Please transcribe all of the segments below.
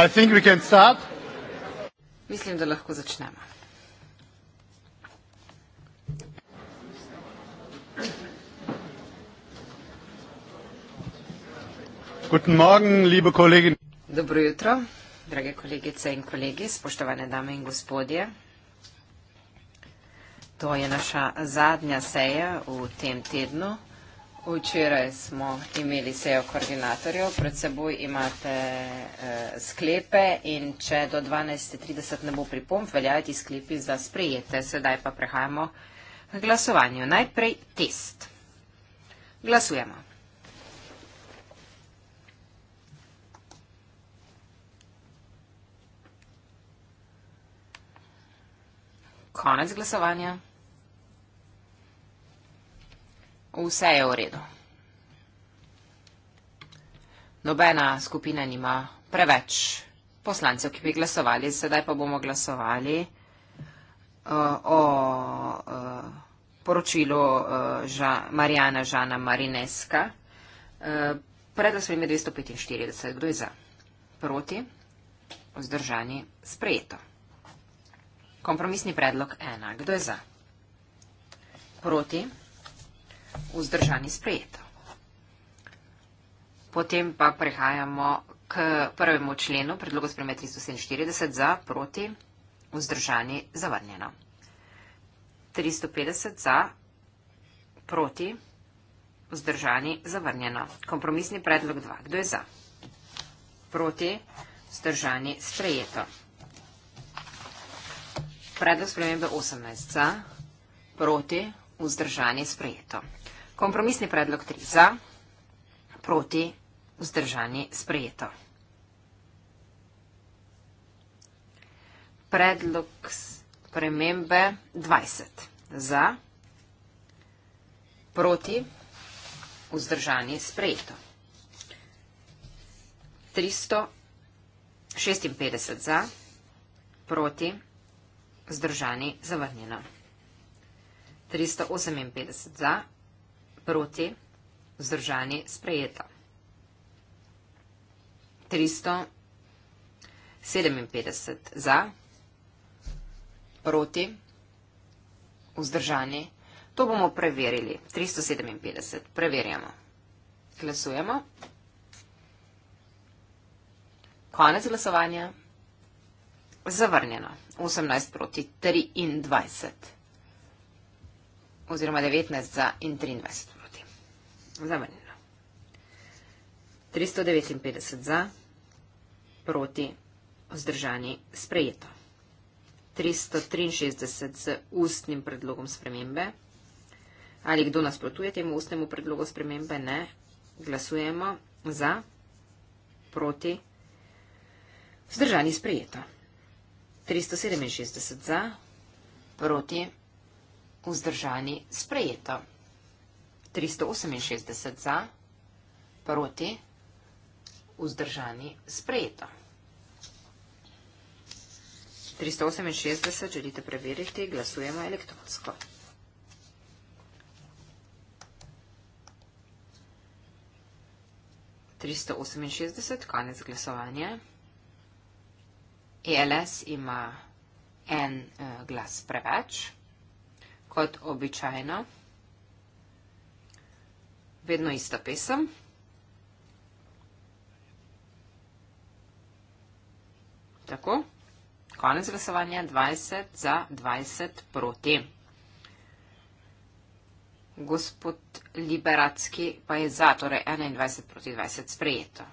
I think we can start. Mislim, da lahko začnemo. Guten Morgen, liebe Kolleginnen. Dobro jutro, drage kolegice in kolegi, spoštovane dame in gospodje. To je naša zadnja seja v tem tednu. Včeraj smo imeli sejo koordinatorjev, pred seboj imate eh, sklepe in če do 12.30 ne bo pripomp, veljajo ti sklepi za sprejete. Sedaj pa prehajamo k glasovanju. Najprej test. Glasujemo. Konec glasovanja. Vse je v redu. Nobena skupina nima preveč poslancev, ki bi glasovali. Sedaj pa bomo glasovali uh, o uh, poročilu uh, Ža, Marijana Žana Marineska. Uh, Predlog smo imeli 245, kdo je za? Proti? Vzdržani? Sprejeto. Kompromisni predlog 1. Kdo je za? Proti? vzdržani sprejeto. Potem pa prehajamo k prvemu členu predlogu spremembe 347 za proti vzdržani zavrnjeno. 350 za proti vzdržani zavrnjeno. Kompromisni predlog 2. Kdo je za? Proti vzdržani sprejeto. Predlog spremembe 18 za proti vzdržani sprejeto. Kompromisni predlog 3 za, proti, vzdržanje sprejeto. Predlog premembe 20 za, proti, vzdržanje sprejeto. 356 za, proti, vzdržanje zavrnjeno. 358 za, proti, vzdržanje sprejeto. Proti. Zdržani. Sprejeta. 357 za. Proti. Vzdržani. To bomo preverili. 357. Preverjamo. Glasujemo. Konec glasovanja. Zavrnjeno. 18 proti 23 oziroma 19 za in 23 proti. Zavrnjeno. 359 za, proti, vzdržani, sprejeto. 363 z ustnim predlogom spremembe. Ali kdo nasprotuje temu ustnemu predlogu spremembe? Ne. Glasujemo za, proti, vzdržani, sprejeto. 367 za, proti, vzdržani vzdržani sprejeto. 368 za, proti, vzdržani sprejeto. 368 želite preveriti, glasujemo elektronsko. Tristo oseminšestdeset, konec glasovanja. ELS ima en eh, glas preveč kot običajno. Vedno ista pesem. Tako, konec glasovanja 20 za 20 proti. Gospod Liberacki pa je za, torej 21 proti 20 sprejeto.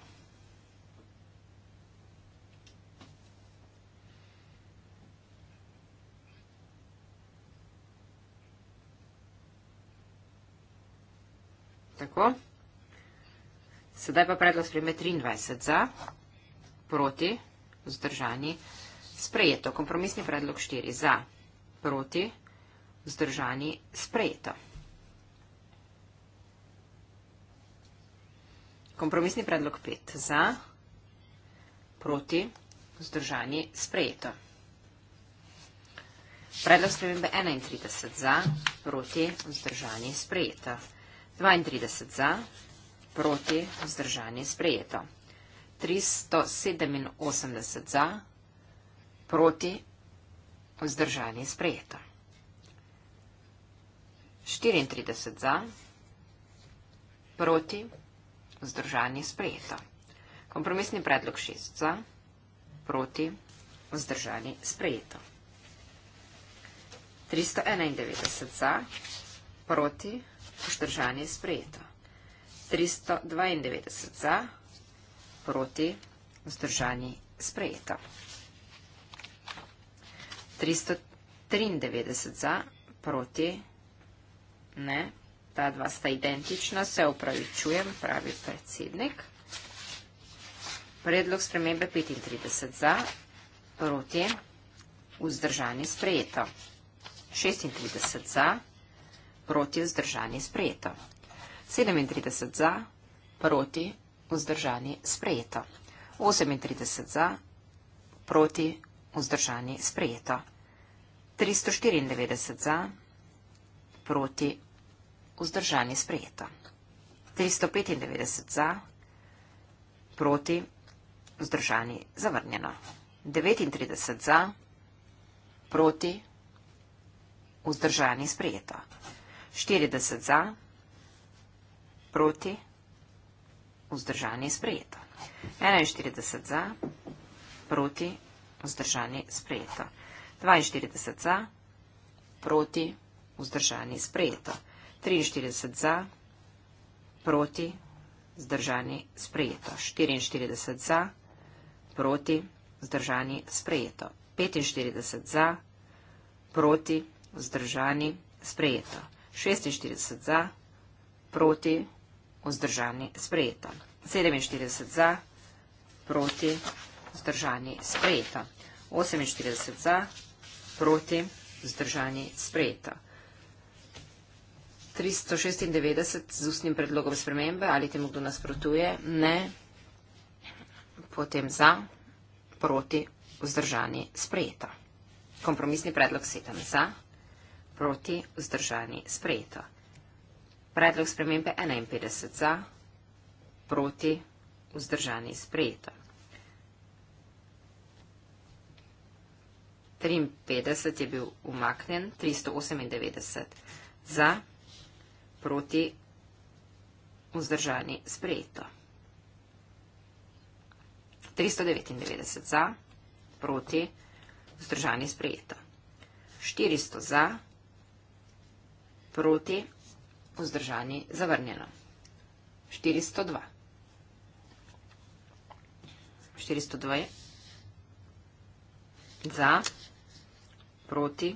Tako. Sedaj pa predlog sprejme 23 za, proti, vzdržani, sprejeto. Kompromisni predlog 4 za, proti, vzdržani, sprejeto. Kompromisni predlog 5 za, proti, vzdržani, sprejeto. Predlog spremembe 31 za, proti, vzdržani, sprejeto. 32 za, proti, vzdržanje sprejeto. 387 za, proti, vzdržanje sprejeto. 34 za, proti, vzdržanje sprejeto. Kompromisni predlog 6 za, proti, vzdržanje sprejeto. 391 za, proti, vzdržanje sprejeto. Vzdržanje je sprejeto. 392 za, proti, vzdržanje je sprejeto. 393 za, proti, ne, ta dva sta identična, se upravičujem, pravi predsednik. Predlog spremembe 35 za, proti, vzdržanje je sprejeto. 36 za, proti, vzdržanje je sprejeto proti vzdržani sprejeto. 37 za, proti vzdržani sprejeto. 38 za, proti vzdržani sprejeto. 394 za, proti vzdržani sprejeto. 395 za, proti vzdržani zavrnjeno. 39 za, proti vzdržani sprejeto. 40 za, proti, vzdržanje sprejeto. 41 za, proti, vzdržanje sprejeto. 42 za, proti, vzdržanje sprejeto. 43 za, proti, vzdržanje sprejeto. 44 za, proti, vzdržanje sprejeto. 45 za, proti, vzdržanje sprejeto. 46 za, proti, vzdržani, sprejeto. 47 za, proti, vzdržani, sprejeto. 48 za, proti, vzdržani, sprejeto. 396 z ustnim predlogom spremembe, ali temu kdo nasprotuje, ne, potem za, proti, vzdržani, sprejeto. Kompromisni predlog 7 za, proti, vzdržani, sprejeto. Predlog spremembe 51 za, proti, vzdržani, sprejeto. 53 je bil umaknen, 398 za, proti, vzdržani, sprejeto. 399 za, proti, vzdržani, sprejeto. 400 za, proti, vzdržani, sprejeto proti, vzdržani, zavrnjeno. 402. 402 za, proti,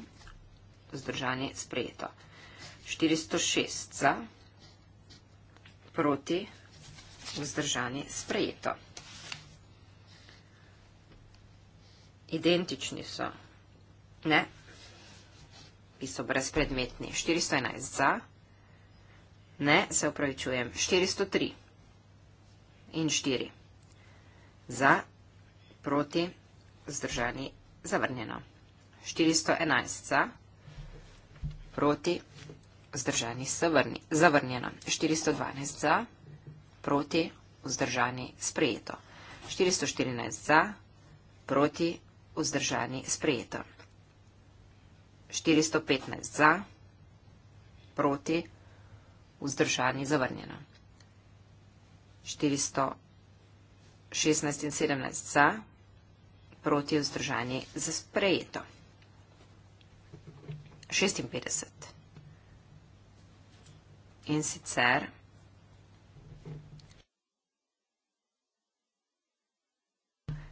vzdržani, sprejeto. 406 za, proti, vzdržani, sprejeto. Identični so, ne? 402 ki so brezpredmetni. 411 za, ne, se upravičujem, 403 in 4 za, proti, zdržani, zavrnjeno. 411 za, proti, zdržani, zavrnjeno. 412 za, proti, vzdržani, sprejeto. 414 za, proti, vzdržani, sprejeto. 415 za, proti, vzdržani, zavrnjeno. 416 in 17 za, proti, vzdržani, za sprejeto. 56. In sicer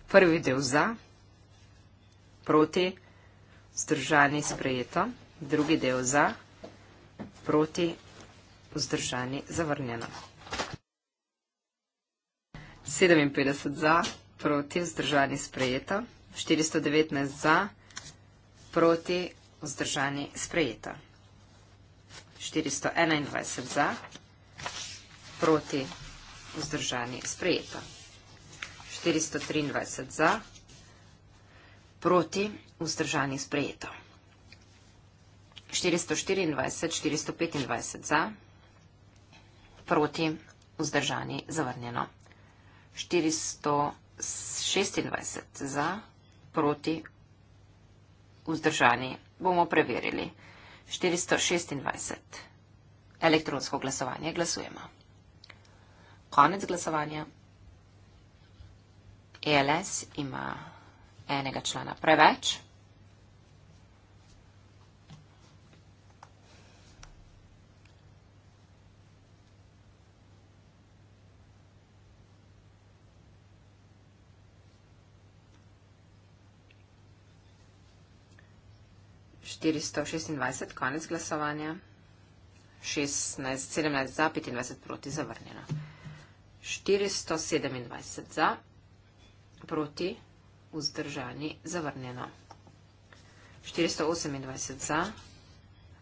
prvi del za, proti, vzdržani, zavrnjeno vzdržani sprejeto, drugi del za, proti, vzdržani zavrnjeno. 57 za, proti, vzdržani sprejeto, 419 za, proti, vzdržani sprejeto, 421 za, proti, vzdržani sprejeto, 423 za, proti, vzdržani sprejeto proti vzdržani sprejeto. 424, 425 za, proti vzdržani zavrnjeno. 426 za, proti vzdržani bomo preverili. 426. Elektronsko glasovanje glasujemo. Konec glasovanja. ELS ima enega člana preveč. Štiristo šestindvajset, konec glasovanja. Šestnaest, sedemnaest za, petindvajset proti, zavrnjeno. Štiristo sedemindvajset za, proti, zavrnjeno vzdržani zavrnjeno. 428 za,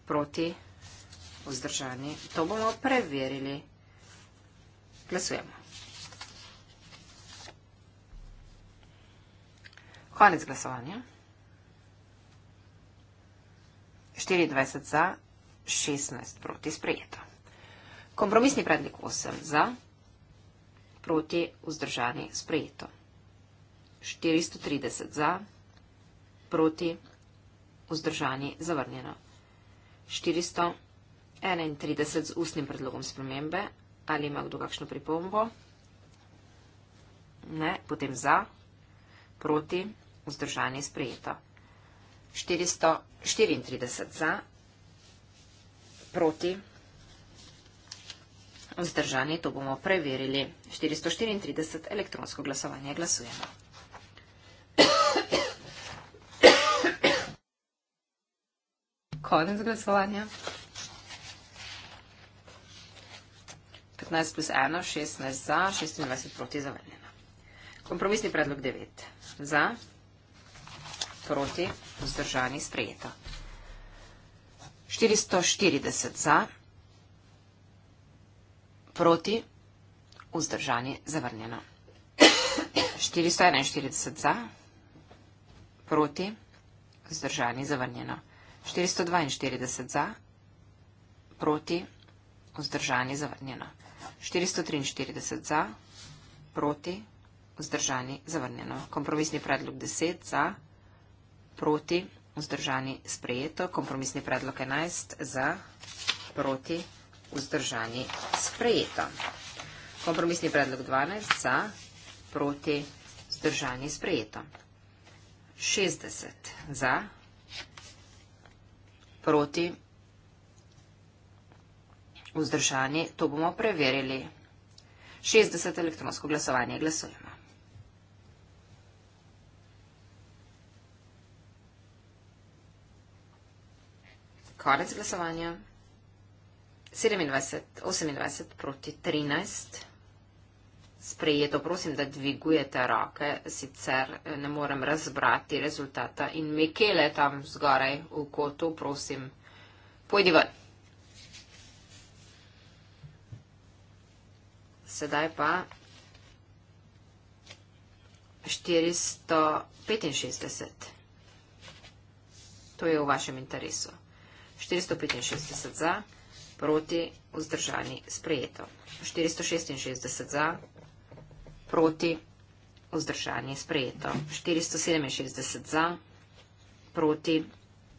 proti vzdržani. To bomo preverili. Glasujemo. Konec glasovanja. 24 za, 16 proti sprejeto. Kompromisni predlik 8 za, proti vzdržani sprejeto. 430 za, proti, vzdržani, zavrnjeno. 431 z ustnim predlogom spremembe. Ali ima kdo kakšno pripombo? Ne, potem za, proti, vzdržani, sprejeto. 434 za, proti, vzdržani, to bomo preverili. 434 elektronsko glasovanje glasujemo. konec glasovanja. 15 plus 1, 16 za, 26 proti zavrnjena. Kompromisni predlog 9. Za, proti, vzdržani, sprejeto. 440 za, proti, vzdržani, zavrnjeno. 441 za, proti, vzdržani, zavrnjeno. 442 za, proti, vzdržani, zavrnjeno. 443 za, proti, vzdržani, zavrnjeno. Kompromisni predlog 10 za, proti, vzdržani, sprejeto. Kompromisni predlog 11 za, proti, vzdržani, sprejeto. Kompromisni predlog 12 za, proti, vzdržani, sprejeto. 60 za, proti, vzdržani, sprejeto proti vzdržani, to bomo preverili. 60 elektronsko glasovanje, glasujemo. Konec glasovanja. 27, 28 proti 13 sprejeto. Prosim, da dvigujete roke, sicer eh, ne morem razbrati rezultata. In Mikele tam zgoraj v kotu, prosim, pojdi ven. Sedaj pa 465. To je v vašem interesu. 465 za, proti, vzdržani, sprejeto. 466 za, proti, vzdržanje je sprejeto. 467 za, proti,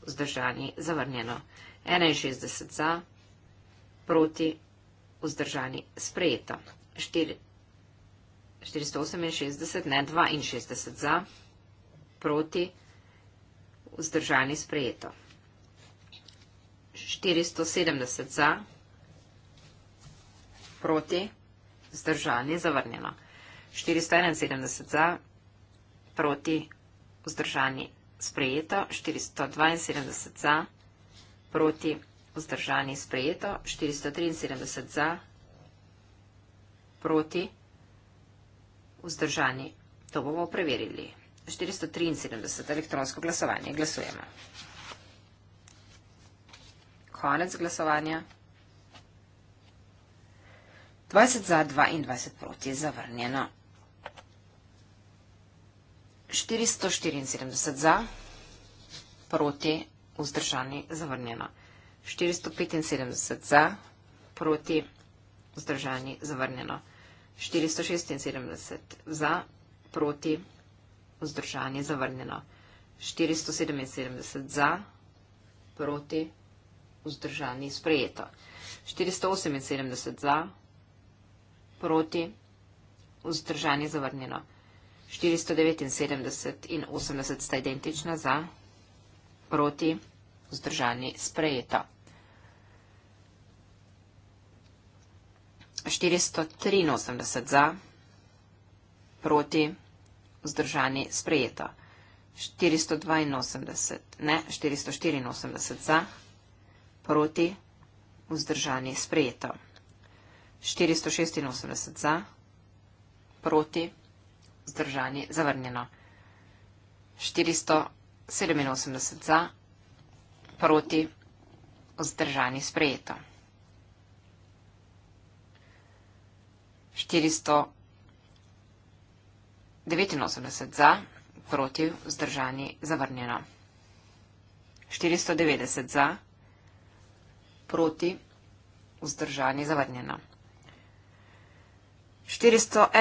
vzdržanje je zavrnjeno. 61 za, proti, vzdržanje je sprejeto. 468 ne, 62 za, proti, vzdržanje je sprejeto. 470 za, proti, vzdržanje je zavrnjeno. 471 za, proti vzdržani sprejeto, 472 za, proti vzdržani sprejeto, 473 za, proti vzdržani. To bomo preverili. 473 elektronsko glasovanje. Glasujemo. Konec glasovanja. 20 za, 22 proti. Zavrnjeno. 474 za, proti, vzdržani, zavrnjeno. 475 za, proti, vzdržani, zavrnjeno. 476 za, proti, vzdržani, zavrnjeno. 477 za, proti, vzdržani, sprejeto. 478 za, proti, vzdržani, zavrnjeno. 479 in 80 sta identična za, proti, vzdržani, sprejeta. 483 za, proti, vzdržani, sprejeta. 482, ne, 484 za, proti, vzdržani, sprejeta. 486 za, proti, vzdržani, sprejeta vzdržani zavrnjeno. 487 za, proti, vzdržani sprejeto. 489 za, proti, vzdržani zavrnjeno. 490 za, proti, vzdržani zavrnjeno. 491 za, proti, vzdržani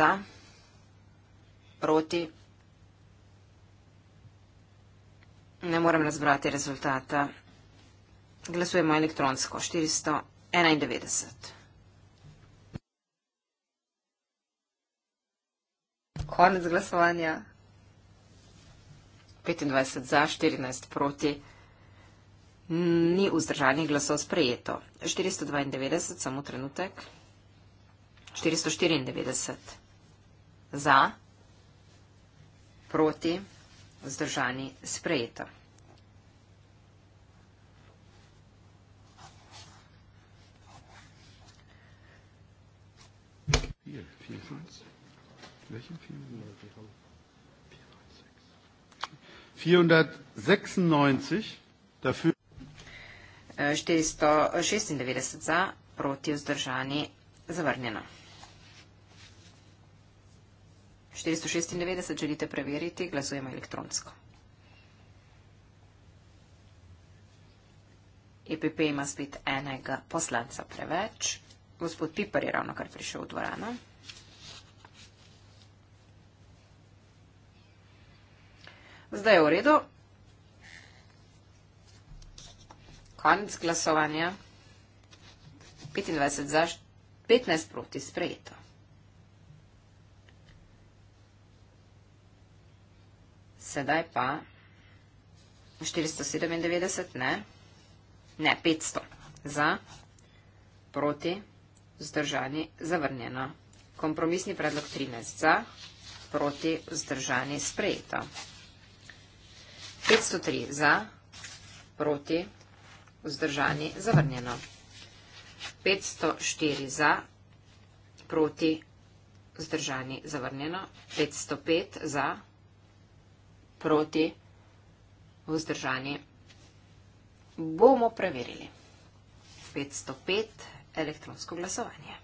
zavrnjeno proti. Ne morem razbrati rezultata. Glasujemo elektronsko. 491. Konec glasovanja. 25 za, 14 proti. Ni vzdržanih glasov sprejeto. 492, samo trenutek. 494 za proti, vzdržani, sprejeto. Štiristo šestindevetdeset za, proti, vzdržani, zavrnjeno. 496 želite preveriti, glasujemo elektronsko. EPP ima spet enega poslanca preveč. Gospod Pipar je ravno kar prišel v dvorano. Zdaj je v redu. Konec glasovanja. 25 za 15 proti sprejeto. sedaj pa 497, ne, ne, 500 za, proti, vzdržani, zavrnjeno. Kompromisni predlog 13 za, proti, vzdržani, sprejeto. 503 za, proti, vzdržani, zavrnjeno. 504 za, proti, vzdržani, zavrnjeno. 505 za, proti, vzdržani, zavrnjeno proti vzdržanju. Bomo preverili. 505 elektronsko glasovanje.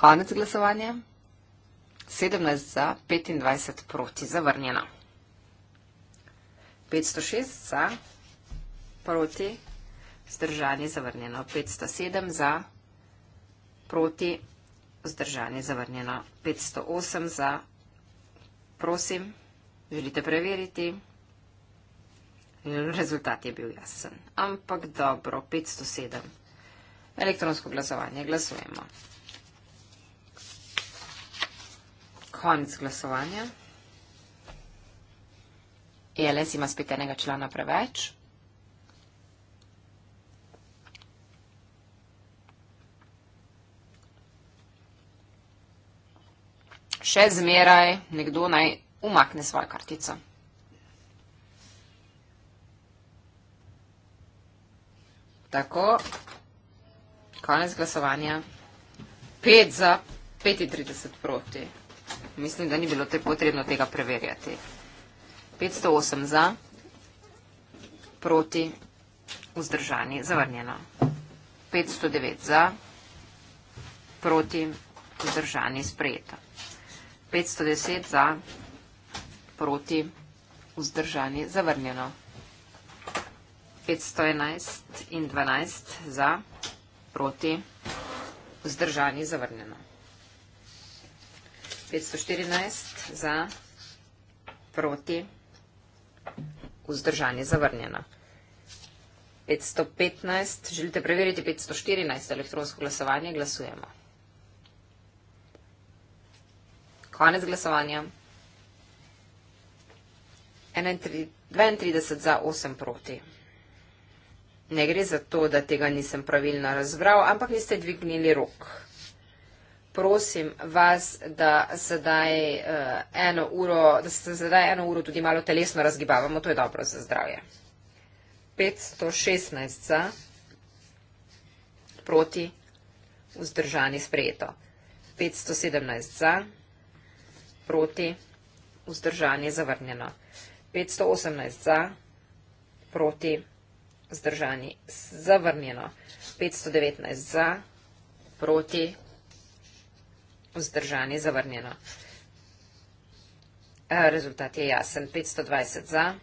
Konec glasovanja. 17 za, 25 proti, zavrnjeno. 506 za, proti, zdržani, zavrnjeno. 507 za, proti, zavrnjeno. Vzdržanje zavrnjeno. 508 za. Prosim, želite preveriti? Rezultat je bil jasen. Ampak dobro, 507. Elektronsko glasovanje. Glasujemo. Konec glasovanja. ELS ima spet enega člana preveč. še zmeraj nekdo naj umakne svojo kartico. Tako, konec glasovanja. 5 za 35 proti. Mislim, da ni bilo te potrebno tega preverjati. 508 za, proti, vzdržani, zavrnjeno. 509 za, proti, vzdržani, sprejeto. 510 za, proti, vzdržani, zavrnjeno. 511 in 12 za, proti, vzdržani, zavrnjeno. 514 za, proti, vzdržani, zavrnjeno. 515, želite preveriti 514 elektronsko glasovanje, glasujemo. 515. Konec glasovanja. 32 za 8 proti. Ne gre za to, da tega nisem pravilno razbral, ampak niste dvignili rok. Prosim vas, da, sedaj, uh, eno uro, da se sedaj eno uro tudi malo telesno razgibavamo, to je dobro za zdravje. 516 za proti vzdržani sprejeto. 517 za proti, vzdržanje zavrnjeno. 518 za, proti, vzdržanje zavrnjeno. 519 za, proti, vzdržanje zavrnjeno. E, rezultat je jasen. 520 za,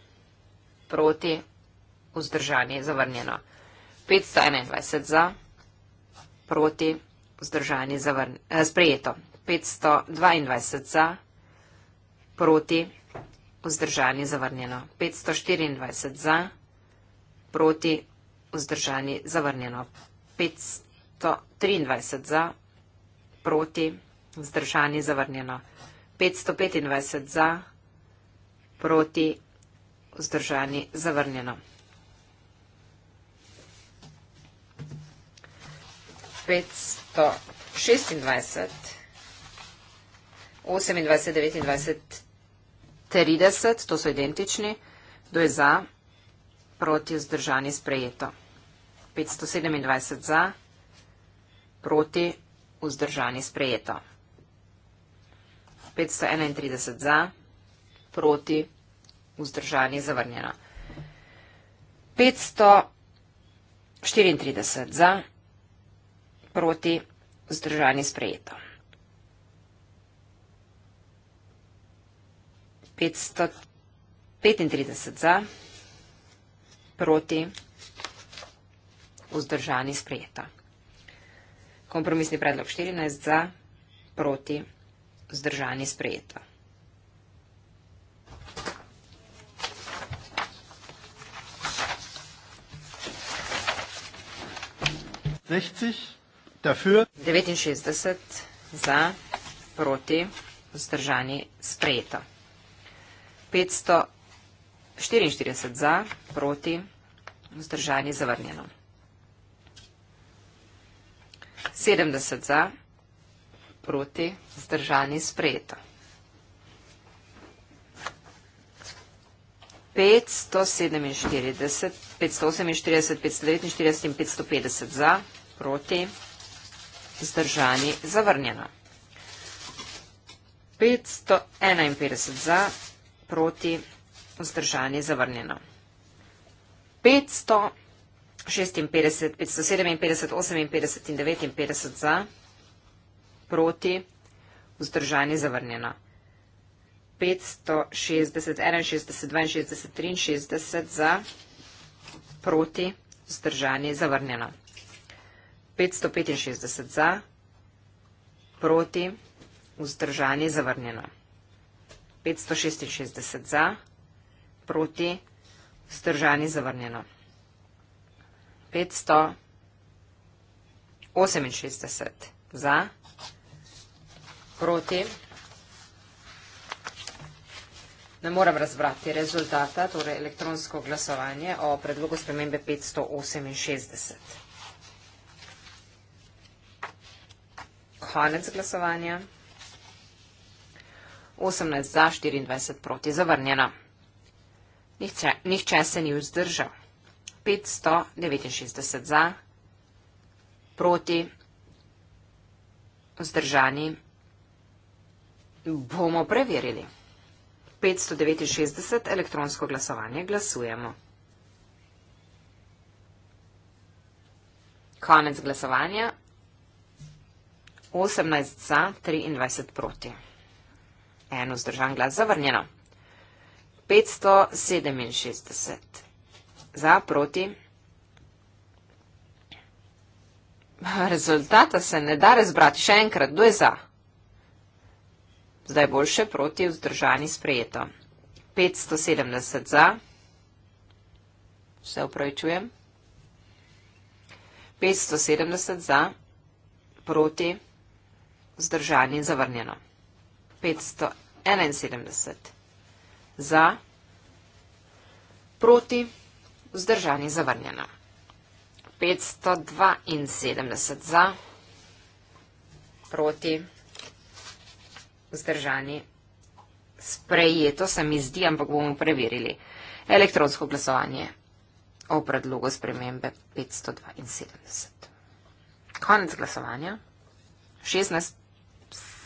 proti, vzdržanje zavrnjeno. 521 za, proti, vzdržanje zavrnjeno. Sprejeto. 522 za, proti, vzdržanje zavrnjeno proti, vzdržani, zavrnjeno. 524 za, proti, vzdržani, zavrnjeno. 523 za, proti, vzdržani, zavrnjeno. 525 za, proti, vzdržani, zavrnjeno. 526, 28, 29, 30, to so identični, kdo je za, proti vzdržani sprejeto. 527 za, proti vzdržani sprejeto. 531 za, proti vzdržani zavrnjeno. 534 za, proti vzdržani sprejeto. 535 za, proti, vzdržani sprejeta. Kompromisni predlog 14 za, proti, vzdržani sprejeta. Dafür. 69 za, proti, vzdržani sprejeta. 544 za, proti, vzdržanje zavrnjeno. 70 za, proti, vzdržanje sprejeto. 547, 548, 549 in 550 za, proti, zdržani, zavrnjeno. 551 za, proti vzdržanje zavrnjeno. 556, 557, 58 in 59 za, proti vzdržanje zavrnjeno. 560, 61, 62, 63 za, proti vzdržanje zavrnjeno. 565 za, proti vzdržanje zavrnjeno. 566 za, proti, vzdržani zavrnjeno. 568 za, proti, ne moram razbrati rezultata, torej elektronsko glasovanje o predlogu spremembe 568. Konec glasovanja. 18 za 24 proti zavrnjena. Nihče, nihče se ni vzdržal. 569 za, proti, vzdržani, bomo preverili. 569 elektronsko glasovanje glasujemo. Konec glasovanja. 18 za, 23 proti en vzdržan glas zavrnjeno. 567 za proti. Rezultata se ne da razbrati. Še enkrat, kdo je za? Zdaj boljše proti vzdržani sprejeto. 570 za. Vse upravičujem. 570 za, proti, vzdržani, zavrnjeno. 571. Za, proti, vzdržani, zavrnjena. 572 za, proti, vzdržani, sprejeto se mi zdi, ampak bomo preverili. Elektronsko glasovanje o predlogu spremembe 572. Konec glasovanja. 16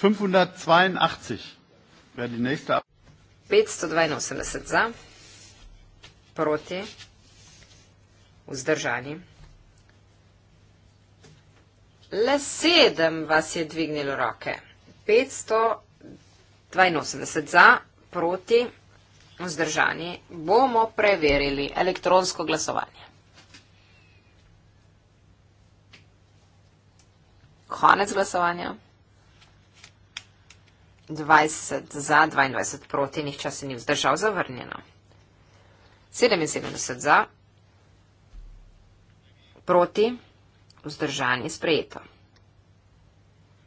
582 ja, ja. wäre die nächste Ab 582 za, proti, vzdržani. Le sedem vas je dvignilo roke. 582 za, proti, vzdržani. Bomo preverili elektronsko glasovanje. konec glasovanja. 20 za, 22 proti, nihče se ni vzdržal, zavrnjeno. 77 za, proti, vzdržani, sprejeto.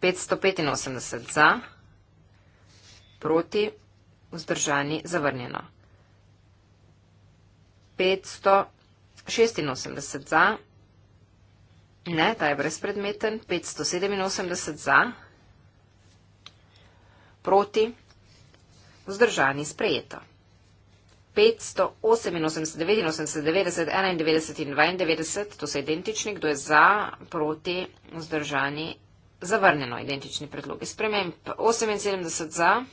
585 za, proti, vzdržani, zavrnjeno. 586 za, Ne, ta je brezpredmeten. 587 za, proti, vzdržani, sprejeto. 588, 89, 90, 91 in 92, to so identični, kdo je za, proti, vzdržani, zavrnjeno, identični predlogi. Sprememb 78 za,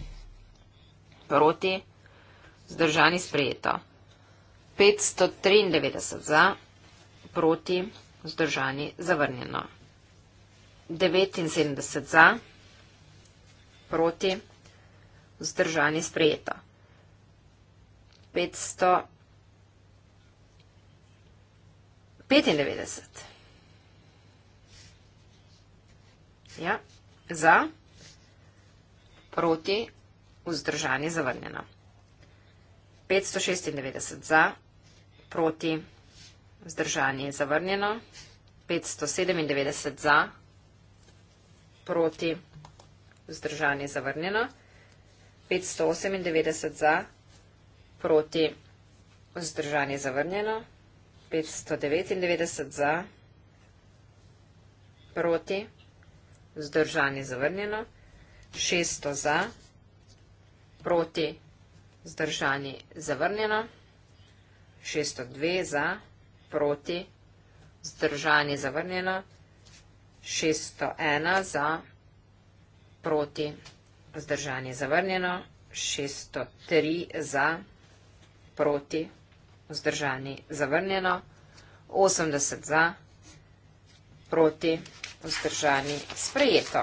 proti, vzdržani, sprejeto. 593 za, proti, vzdržani vzdržani zavrnjeno. 79 za, proti, vzdržani sprejeto. 595. Ja, za, proti, vzdržani zavrnjeno. 596 za, proti, vzdržani zavrnjeno. Vzdržanje je zavrnjeno. 597 za, proti. Vzdržanje je zavrnjeno. 598 za, proti. Vzdržanje je zavrnjeno. 599 za, proti. Vzdržanje je zavrnjeno. 600 za, proti. Vzdržanje je zavrnjeno. 602 za, proti proti, zdržani zavrnjeno, 601 za, proti, zdržani zavrnjeno, 603 za, proti, zdržani zavrnjeno, 80 za, proti, zdržani sprejeto.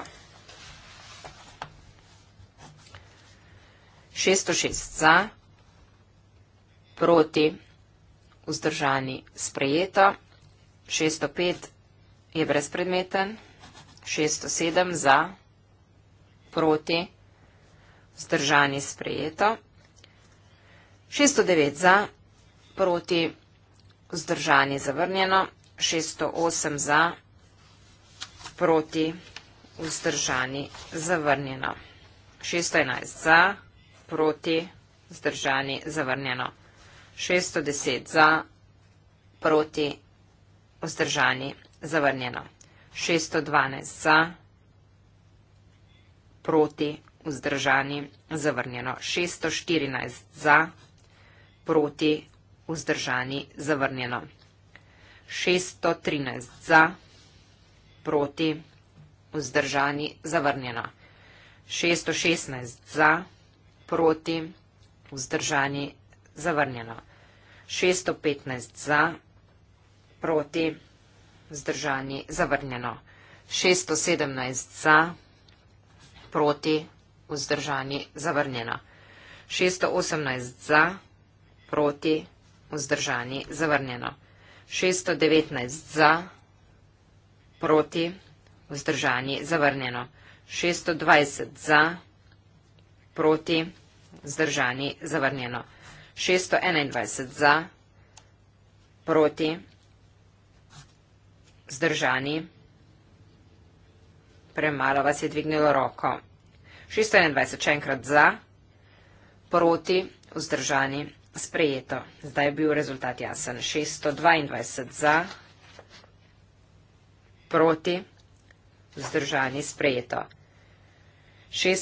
606 za, proti, zdržani sprejeto vzdržani sprejeto, 605 je brezpredmeten, 607 za, proti, vzdržani sprejeto, 609 za, proti, vzdržani zavrnjeno, 608 za, proti, vzdržani zavrnjeno, 611 za, proti, vzdržani zavrnjeno. 610 za, proti, vzdržani, zavrnjeno. 612 za, proti, vzdržani, zavrnjeno. 614 za, proti, vzdržani, zavrnjeno. 613 za, proti, vzdržani, zavrnjeno. 616 za, proti, vzdržani, zavrnjeno zavrnjeno. 615 za, proti, zdržani, zavrnjeno. 617 za, proti, vzdržani, zavrnjeno. 618 za, proti, vzdržani, zavrnjeno. 619 za, proti, vzdržani, zavrnjeno. 620 za, proti, vzdržani, zavrnjeno. 621 za, proti, zdržani, premalo vas je dvignilo roko. 621 še enkrat za, proti, vzdržani, sprejeto. Zdaj je bil rezultat jasen. 622 za, proti, vzdržani, sprejeto. 627 za, proti,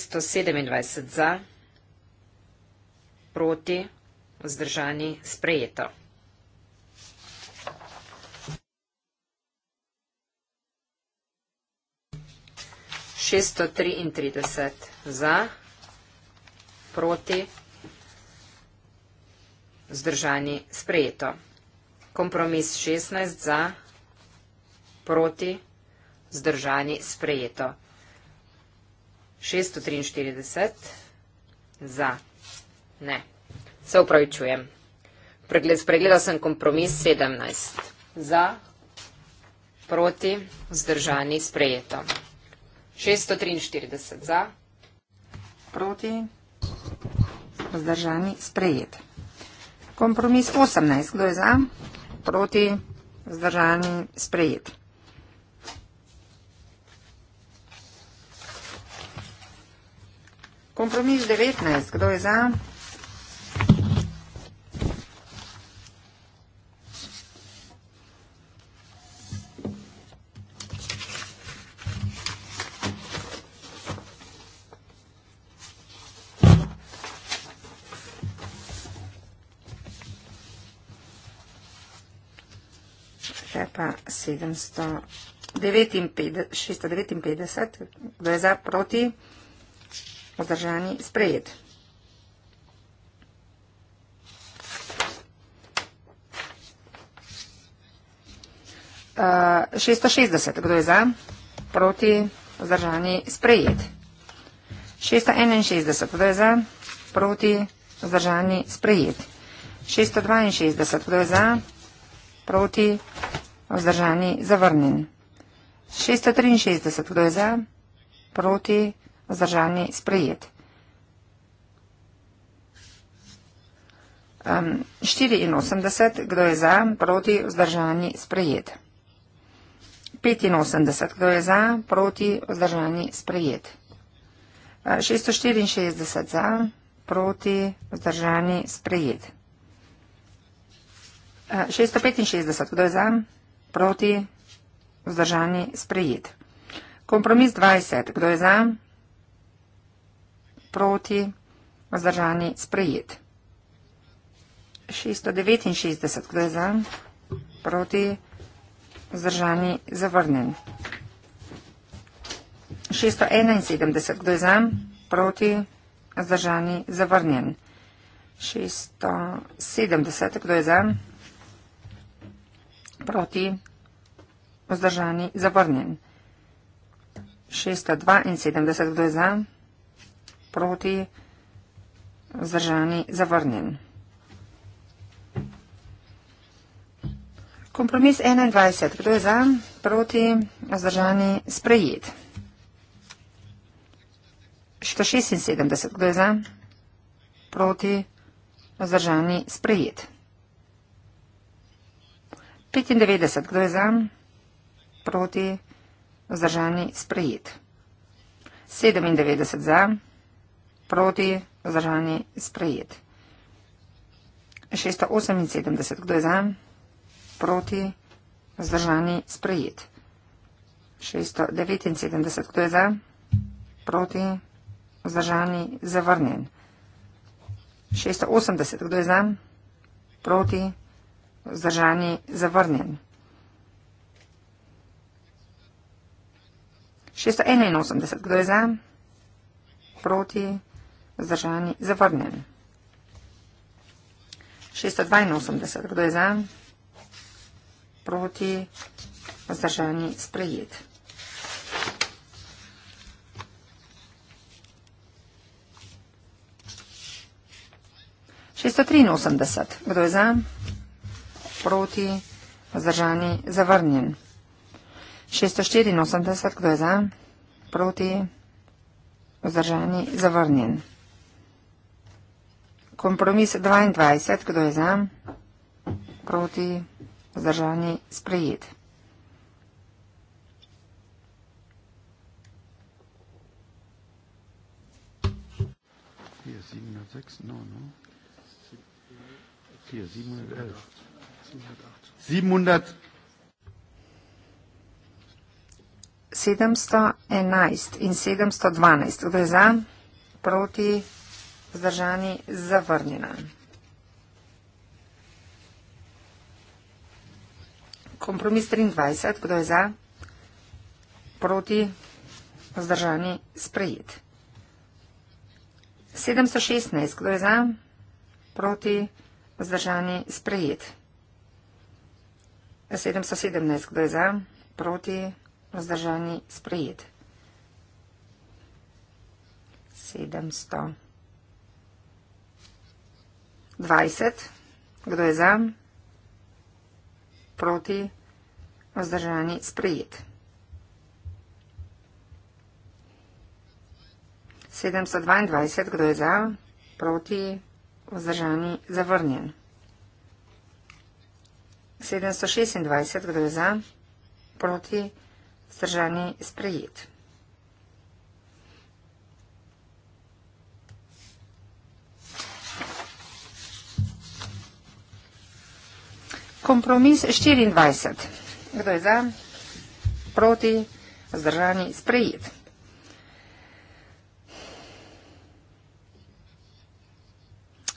vzdržani, sprejeto vzdržani sprejeto. Šesto triintrideset za, proti, vzdržani sprejeto. Kompromis šestnaest za, proti, vzdržani sprejeto. Šesto triinštirideset za, ne. Se upravičujem. Pregled, spregledal sem kompromis 17. Za, proti, vzdržani, sprejeto. 643 za, proti, vzdržani, sprejet. Kompromis 18. Kdo je za, proti, vzdržani, sprejet. Kompromis 19. Kdo je za? 759, kdo je za proti, vzdržani sprejet. Uh, 660, kdo je za, proti, vzdržani, sprejet. 661, kdo je za, proti, vzdržani, sprejet. 662, kdo je za, proti, Vzdržani zavrnjen. 663, kdo je za? Proti, vzdržani sprejet. Um, 84, kdo je za? Proti, vzdržani sprejet. 85, kdo je za? Proti, vzdržani sprejet. 664 za, proti, vzdržani sprejet. 665, kdo je za? proti vzdržani sprejet. Kompromis 20. Kdo je za? Proti vzdržani sprejet. 669. Kdo je za? Proti vzdržani zavrnen. 671. Kdo je za? Proti vzdržani zavrnen. 670. Kdo je za? Proti vzdržani zavrnen proti, vzdržani, zavrnjen. 672, kdo je za, proti, vzdržani, zavrnjen. Kompromis 21, kdo je za, proti, vzdržani, sprejet. 476, kdo je za, proti, vzdržani, sprejet. 95, kdo je za, proti, vzdržani, sprejet. 97 za, proti, vzdržani, sprejet. 678, kdo je za, proti, vzdržani, sprejet. 679, kdo je za, proti, vzdržani, zavrnjen. 680, kdo je za, proti, vzdržani, sprejet vzdržani zavrnjen. 681. Kdo je za? Proti, vzdržani, zavrnjen. 682. Kdo je za? Proti, vzdržani, sprejet. 683. Kdo je za? Proti, vzdržani, sprejet proti, vzdržani, zavrnjen. 684, kdo je za, proti, vzdržani, zavrnjen. Kompromis 22, kdo je za, proti, vzdržani, sprejet. Hier 706, no, no. Hier 711. 711 in 712 odreza proti zdržani zavrnjena. Kompromis 23, kdo je za, proti zdržani sprejet. 716, kdo je za, proti zdržani sprejet. 717, kdo je za, proti, vzdržani, sprejet. 720, kdo je za, proti, vzdržani, sprejet. 722, kdo je za, proti, vzdržani, zavrnjen. 720. 726, kdo je za, proti, zdržani, sprejet. Kompromis 24, kdo je za, proti, zdržani, sprejet.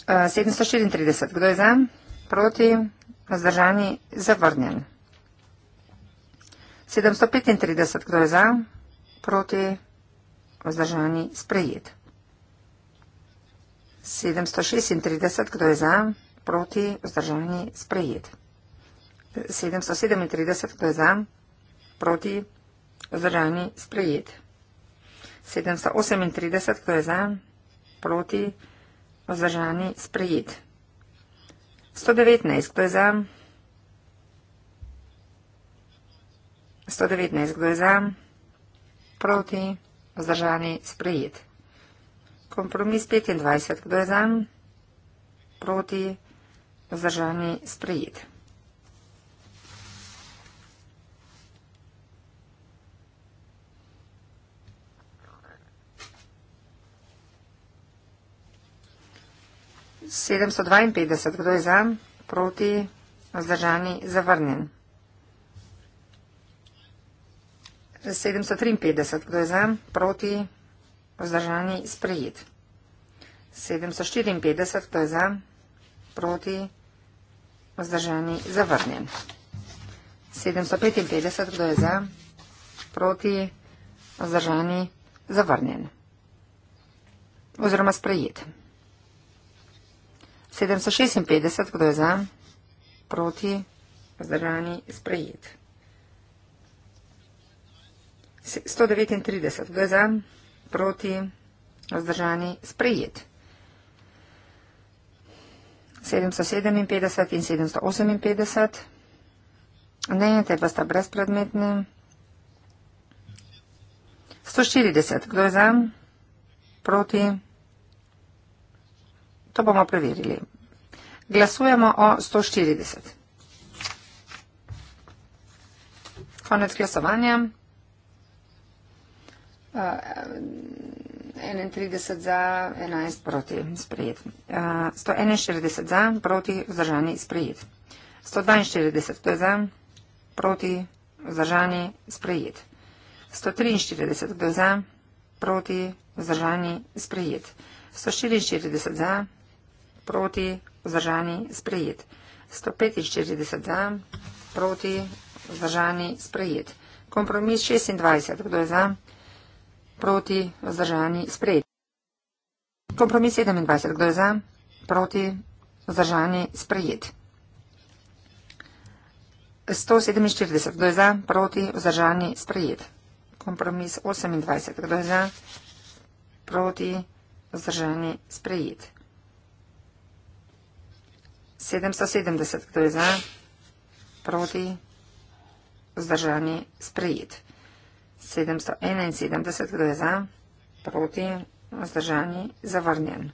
Uh, eh, 734, kdo je za? Proti. Vzdržani zavrnjen. 735, kdo je za, proti, vzdržani sprejet. 736, kdo je za, proti, vzdržani sprejet. 737, kdo je za, proti, vzdržani sprejet. 738, kdo je za, proti, vzdržani sprejet. 739, kdo je za, proti, vzdržani sprejet. 119, kdo je za? 119, kdo je za? Proti, vzdržani, sprejet. Kompromis 25, kdo je za? Proti, vzdržani, sprejet. 752, kdo je za, proti, vzdržani, zavrnjen. 753, kdo je za, proti, vzdržani, sprejet. 754, kdo je za, proti, vzdržani, zavrnjen. 755, kdo je za, proti, vzdržani, zavrnjen. Oziroma sprejet. 756, kdo je za, proti, vzdržani, sprejet. 139, kdo je za, proti, vzdržani, sprejet. 757 in 758. Mnenje te dva sta brezpredmetne. 140, kdo je za, proti, vzdržani, sprejet. To bomo preverili. Glasujemo o 140. Konec glasovanja. 31 eh, za, 11 proti, sprejet. 141 eh, za, proti, vzdržani, sprejet. 142, kdo je za, proti, vzdržani, sprejet. 143, kdo je za, proti, vzdržani, sprejet. 144 za, proti, vzdržani, sprejet proti, vzdržani, sprejet. 145 za, proti, vzdržani, sprejet. Kompromis 26, kdo je za, proti, vzdržani, sprejet. Kompromis 27, kdo je za, proti, vzdržani, sprejet. 147, kdo je za, proti, vzdržani, sprejet. Kompromis 28, kdo je za, proti, vzdržani, sprejet. 770. Kdo je za? Proti? Vzdržani? Sprejet. 771. Kdo je za? Proti? Vzdržani? Zavrnjen.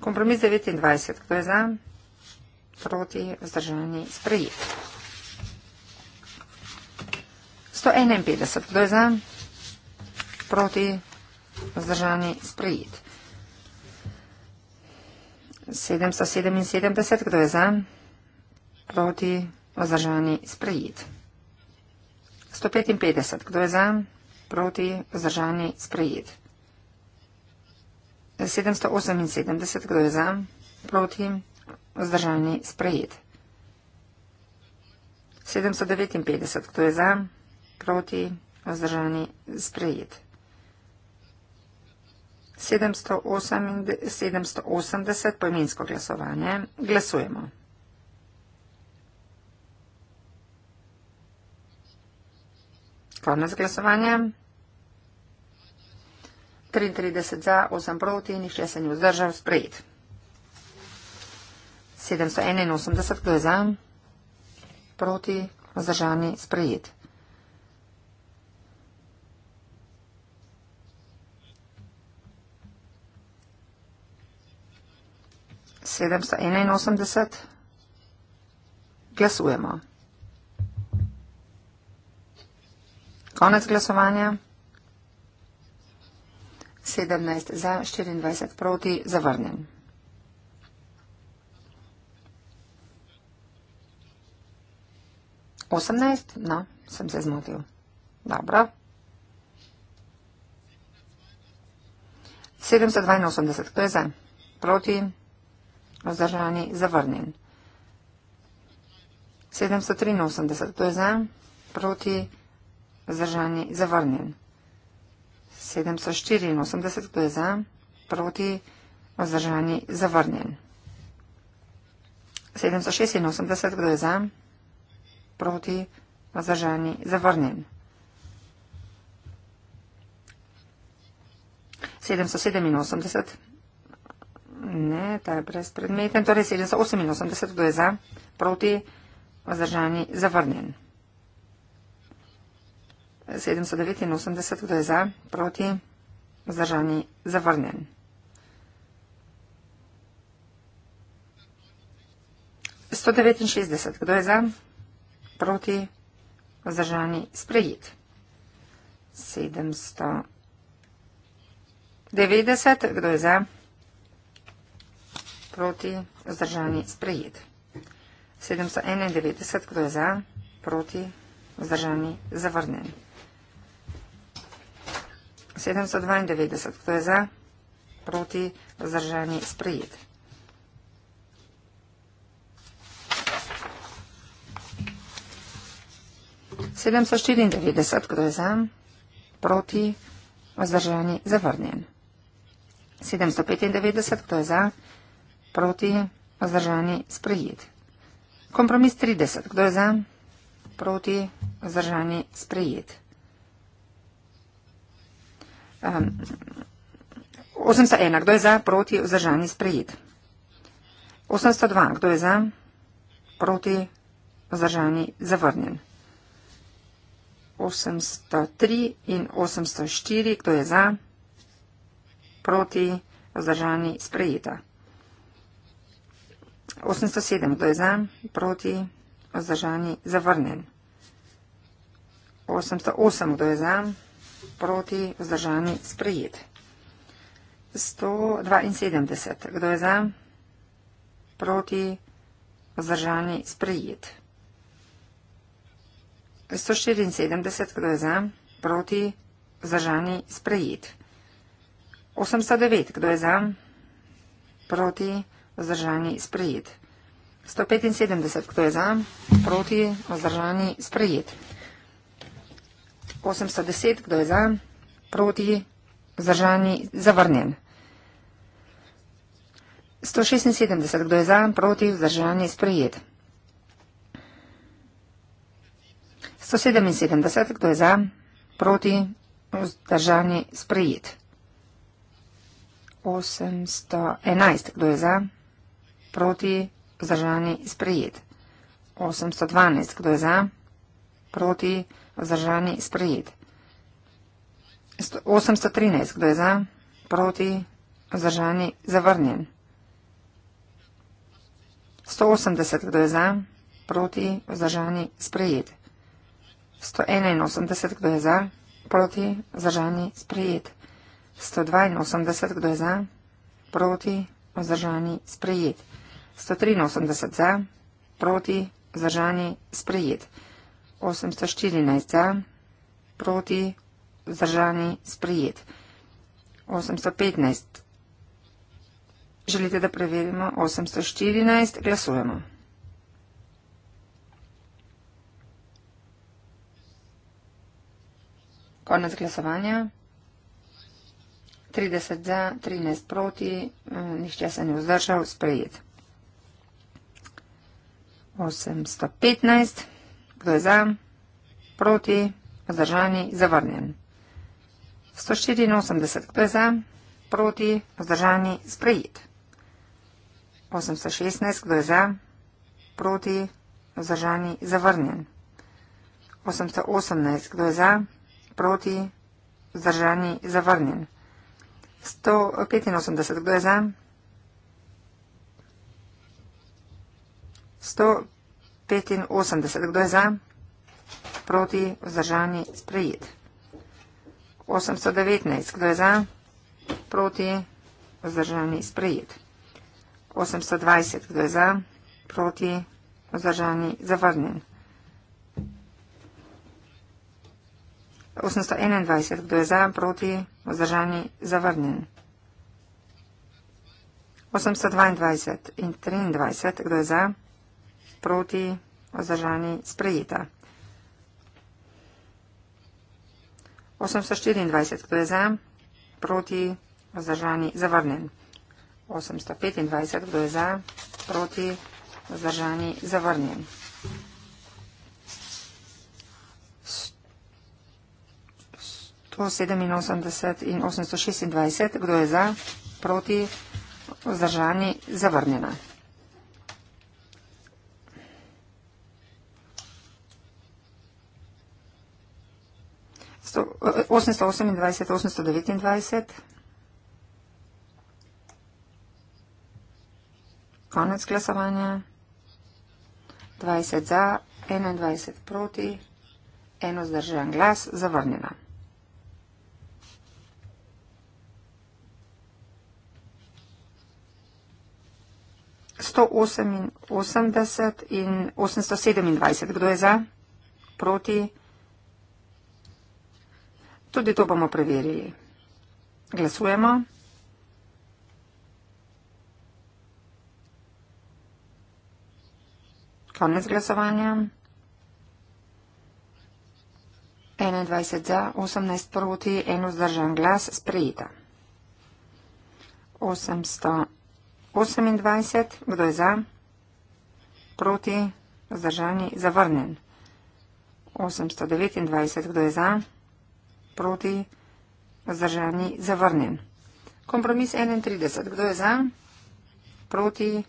Kompromis 29. Kdo je za? Proti? Vzdržani? Sprejet. 151. Kdo je za? Proti? Vzdržani? Sprejet. 777, kdo je za, proti, vzdržani, sprejit. 155, kdo je za, proti, vzdržani, sprejit. 778, kdo je za, proti, vzdržani, sprejit. 759, kdo je za, proti, vzdržani, sprejit. 780 pojmensko glasovanje. Glasujemo. Konec glasovanja. 33 za, 8 proti, nišče se ni vzdržal, sprejet. 781, kdo je za, proti, vzdržani, sprejet. 781. Glasujemo. Konec glasovanja. 17 za, 24 proti, zavrnjen. Osemnajst? No, sem se zmotil. Dobro. Sedemsto dvainosemdeset, kdo je za? Proti? vzdržani, zavrnjen. 783, to je za, proti, vzdržani, zavrnjen. 784, to je za, proti, vzdržani, zavrnjen. 786, kdo je za, proti, vzdržani, zavrnjen. 787, Ne, ta je brez predmeten. Torej 788, kdo je za, proti, vzdržani, zavrnjen. 789, kdo je za, proti, vzdržani, zavrnjen. Sto devetinšestdeset, kdo je za, proti, vzdržani, sprejet. Sedemsto devetdeset, kdo je za, proti proti, vzdržani, sprejet. 791, kdo je za, proti, vzdržani, zavrnen. 792, kdo je za, proti, vzdržani, sprejet. 794, kdo je za, proti, vzdržani, zavrnen. 795, kdo je za, proti, vzdržani, zavrnen. 795, kdo je za, proti, vzdržani, sprejet. Kompromis 30. Kdo je za? Proti, vzdržani, sprejet. Um, 801. Kdo je za? Proti, vzdržani, sprejet. 802. Kdo je za? Proti, vzdržani, zavrnjen. 803 in 804. Kdo je za? Proti, vzdržani, sprejeta. 807, kdo je za, proti, vzdržani, zavrnen. 808, kdo je za, proti, vzdržani, sprejet. 172, kdo je za, proti, vzdržani, sprejet. 174, kdo je za, proti, vzdržani, sprejet. 809, kdo je za, proti, vzdržani, sprejet vzdržani sprejet. 175, kdo je za, proti, vzdržani sprejet. 810, kdo je za, proti, vzdržani zavrnjen. 176, kdo je za, proti, vzdržani sprejet. 177, kdo je za, proti, vzdržani sprejet. 811, kdo je za, proti, vzdržani sprejet proti, vzdržani, sprejet. 812, kdo je za, proti, vzdržani, sprejet. 813, kdo je za, proti, vzdržani, zavrnjen. 180, kdo je za, proti, vzdržani, sprejet. 181, kdo je za, proti, vzdržani, sprejet. 182, kdo je za, proti, vzdržani, sprejet. 183 za, proti, zdržani, sprejet. 814 za, proti, zdržani, sprejet. 815. Želite, da preverimo 814? Glasujemo. Konec glasovanja. 30 za, 13 proti, eh, nihče se ni vzdržal, sprejet. 815, kdo je za, proti, vzdržani, zavrnjen. 184, kdo je za, proti, vzdržani, sprejet. 816, kdo je za, proti, vzdržani, zavrnjen. 818, kdo je za, proti, vzdržani, zavrnjen. 185, kdo je za, 185. Kdo je za? Proti vzdržani sprejet. 819. Kdo je za? Proti vzdržani sprejet. 820. Kdo je za? Proti vzdržani zavrnjen. 821. Kdo je za? Proti vzdržani zavrnjen. 822 in 23. Kdo je za? Proti vzdržani zavrnjen proti vzdržani sprejeta. 824, kdo je za, proti vzdržani zavrnen. 825, kdo je za, proti vzdržani zavrnen. 187 in 826, kdo je za, proti vzdržani zavrnena. 828. Konec glasovanja. 20 za, 21 proti, eno zdržan glas, zavrnjena. Sto osemdeset in osemsto sedemindvajset. Kdo je za? Proti? Tudi to bomo preverili. Glasujemo. Konec glasovanja. 21 za, 18 proti, eno zdržan glas, sprejeta. 828, kdo je za? Proti, zdržani, zavrnen. 829, kdo je za? proti, vzdržani, zavrnjen. Kompromis 31. Kdo je za? Proti,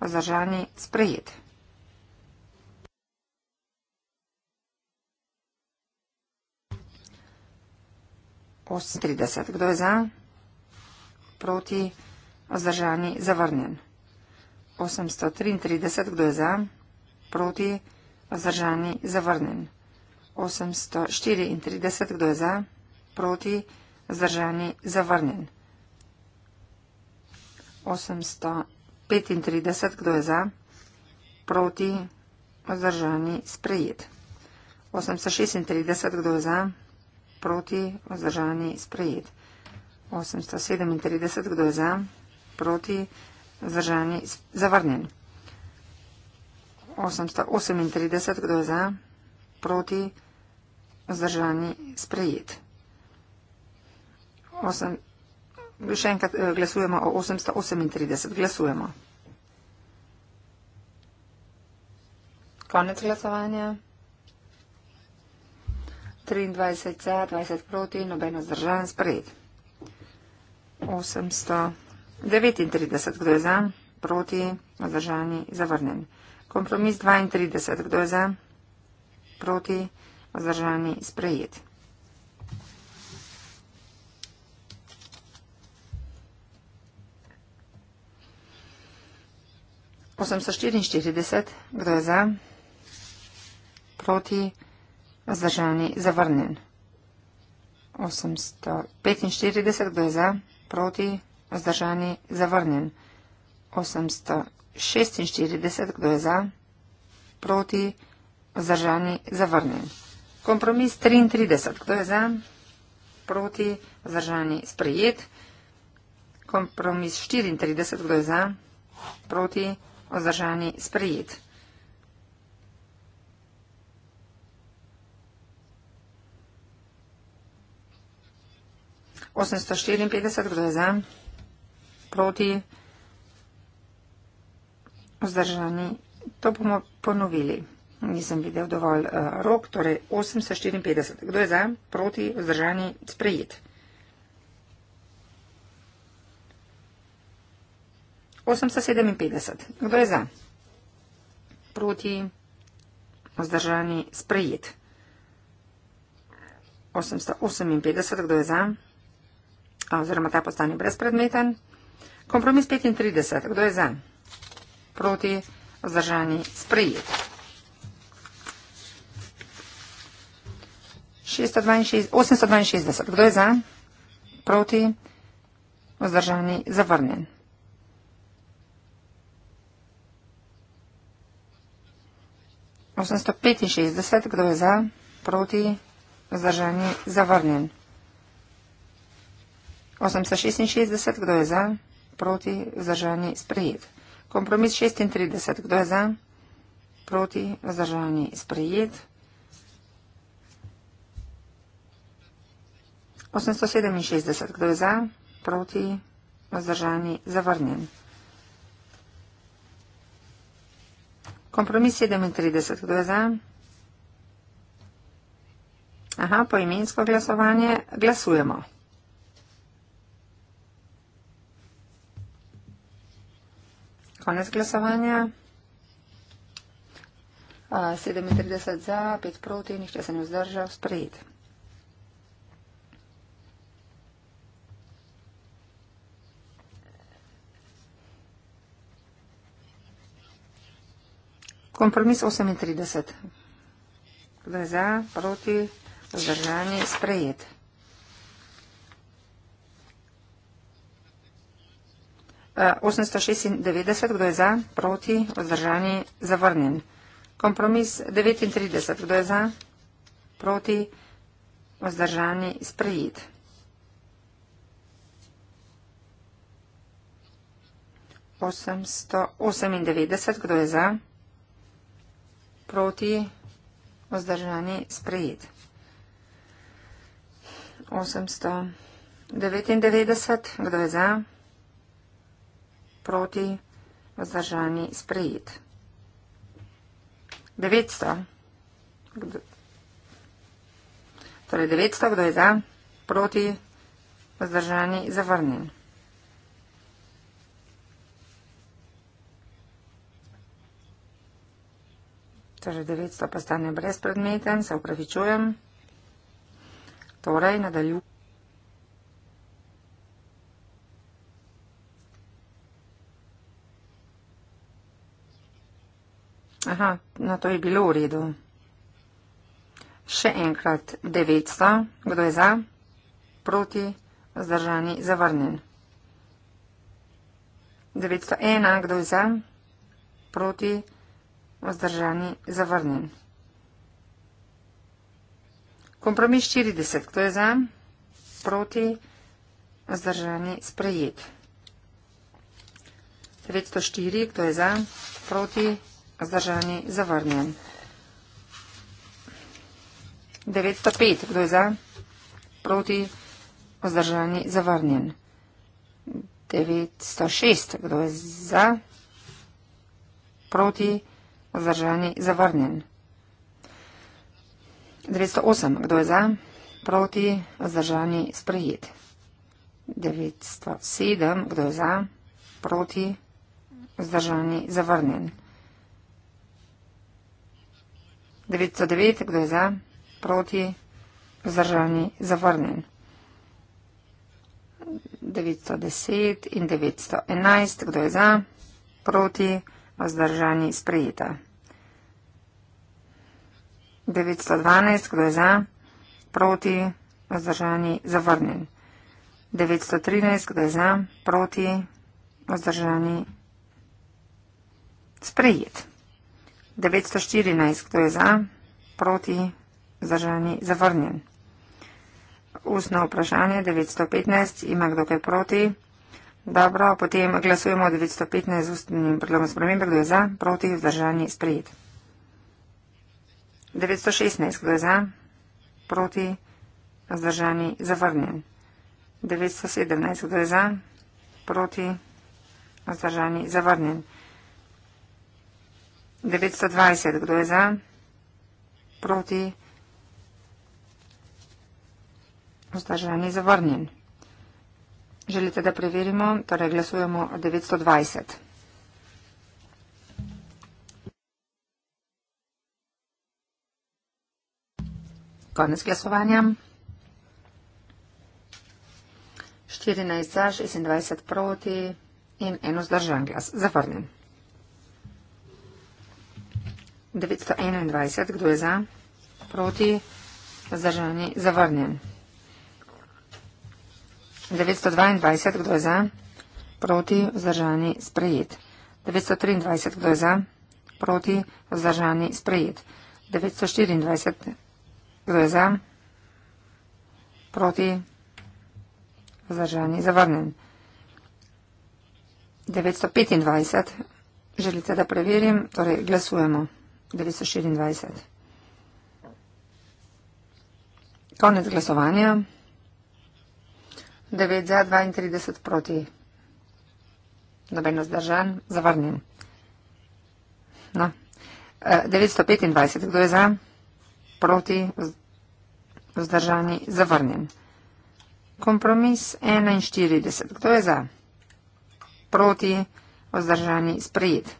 vzdržani, sprejet. Kdo je za? Proti, vzdržani, zavrnjen. 833. Kdo je za? Proti, vzdržani, zavrnjen. 834. 834, kdo je za, proti, zdržani, zavrnjen. 835, kdo je za, proti, vzdržani, sprejet. 836, kdo je za, proti, vzdržani, sprejet. 837, kdo je za, proti, vzdržani, zavrnjen. 838, kdo je za, proti, vzdržani, sprejet proti vzdržani sprejet. Osem, še enkrat eh, glasujemo o 838. Glasujemo. Konec glasovanja. 23 za, 20 proti, noben vzdržan sprejet. 839. Kdo je za? Proti, vzdržani, zavrnen. Kompromis 32. Kdo je za? proti, vzdržani, sprejet. Osemsto štiriinštirideset, kdo je za, proti, vzdržani, zavrnjen. Osemsto petinštirideset, kdo je za, proti, vzdržani, zavrnjen. Osemsto šestinštirideset, kdo je za, proti, vzdržani, zavrnjen vzdržani zavrnjen. Kompromis 33. Kdo je za? Proti. Vzdržani sprejet. Kompromis 34. Kdo je za? Proti. Vzdržani sprejet. Osemsto štiriinpetdeset, kdo je za? Proti. Vzdržani. To bomo ponovili nisem videl dovolj uh, rok, torej 854. Kdo je za, proti, vzdržani, sprejet? 857. Kdo je za? Proti, vzdržani, sprejet. 858. Kdo je za? Oziroma ta postane brezpredmeten. Kompromis 35. Kdo je za? Proti, vzdržani, sprejet. 862. Kdo je za? Proti? Vzdržani? Zavrnjen. Osemsto petinšestdeset, kdo je za, proti, vzdržani, zavrnjen. Osemsto šestinšestdeset, kdo je za, proti, vzdržani, sprejet. Kompromis šestintrideset, kdo je za, proti, vzdržani, sprejet. Osemsto 867. Kdo je za? Proti? Vzdržani? Zavrnjen. Kompromis 37. Kdo je za? Aha, poimensko glasovanje. Glasujemo. Konec glasovanja. 37 za, 5 proti, nihče se ne vzdržal, sprejeti. Kompromis 38. Kdo je za, proti, vzdržanje, sprejet. Uh, e, 896, kdo je za, proti, vzdržanje, zavrnjen. Kompromis 39, kdo je za, proti, vzdržanje, sprejet. Osemsto osemindevetdeset, kdo je za? proti vzdržani sprejet. 899, kdo je za, proti vzdržani sprejet. 900, kdo, torej 900, kdo je za, proti vzdržani zavrnjen. Torej, 900 pa stane brezpredmeten, se upravičujem. Torej, nadaljujem. Aha, na to je bilo v redu. Še enkrat 900. Kdo je za? Proti, zdržani, zavrnen. 901. Kdo je za? Proti, zdržani, zavrnen. Воздержани – завърнен. Компромис 40. Кто е за? Проти. Въздържани – сприет. 304. Кто е за? Проти. Въздържани – завърнен. 905. Кто е за? Проти. Въздържани – завърнен. 906. Кто е за? Проти. Въздържани – завърнен. Zdržani zavrnjen. 208. Kdo je za? Proti. Zdržani sprejet. 907. Kdo je za? Proti. Zdržani zavrnjen. 909. Kdo je za? Proti. Zdržani zavrnjen. 910 in 911, kdo je za, proti vzdržani sprejeta. 912, kdo je za, proti, vzdržani zavrnjen. 913, kdo je za, proti, vzdržani sprejet. 914, kdo je za, proti, vzdržani zavrnjen. Ustno vprašanje 915, ima kdo kaj proti? Dobro, potem glasujemo 915 z ustnim predlogom spremembe, kdo je za, proti, vzdržani, sprejet. 916, kdo je za, proti, vzdržani, zavrnjen. 917, kdo je za, proti, vzdržani, zavrnjen. 920, kdo je za, proti, vzdržani, zavrnjen. 921. Želite, da preverimo? Torej glasujemo 920. Konec glasovanja. 14 za, 26 proti in eno zdržan glas. Zavrnjen. 921, kdo je za? Proti, zdržani, zavrnjen. 922, kdo je za, proti, vzdržani, sprejet. 923, kdo je za, proti, vzdržani, sprejet. 924, kdo je za, proti, vzdržani, zavrnen. 925, želite, da preverim, torej glasujemo. 924. Konec glasovanja. 9 za, 32 proti. Noben zdržan, zavrnjen. No. 925, e, kdo je za, proti, vzdržani, zavrnjen. Kompromis 41, kdo je za, proti, vzdržani, sprejet.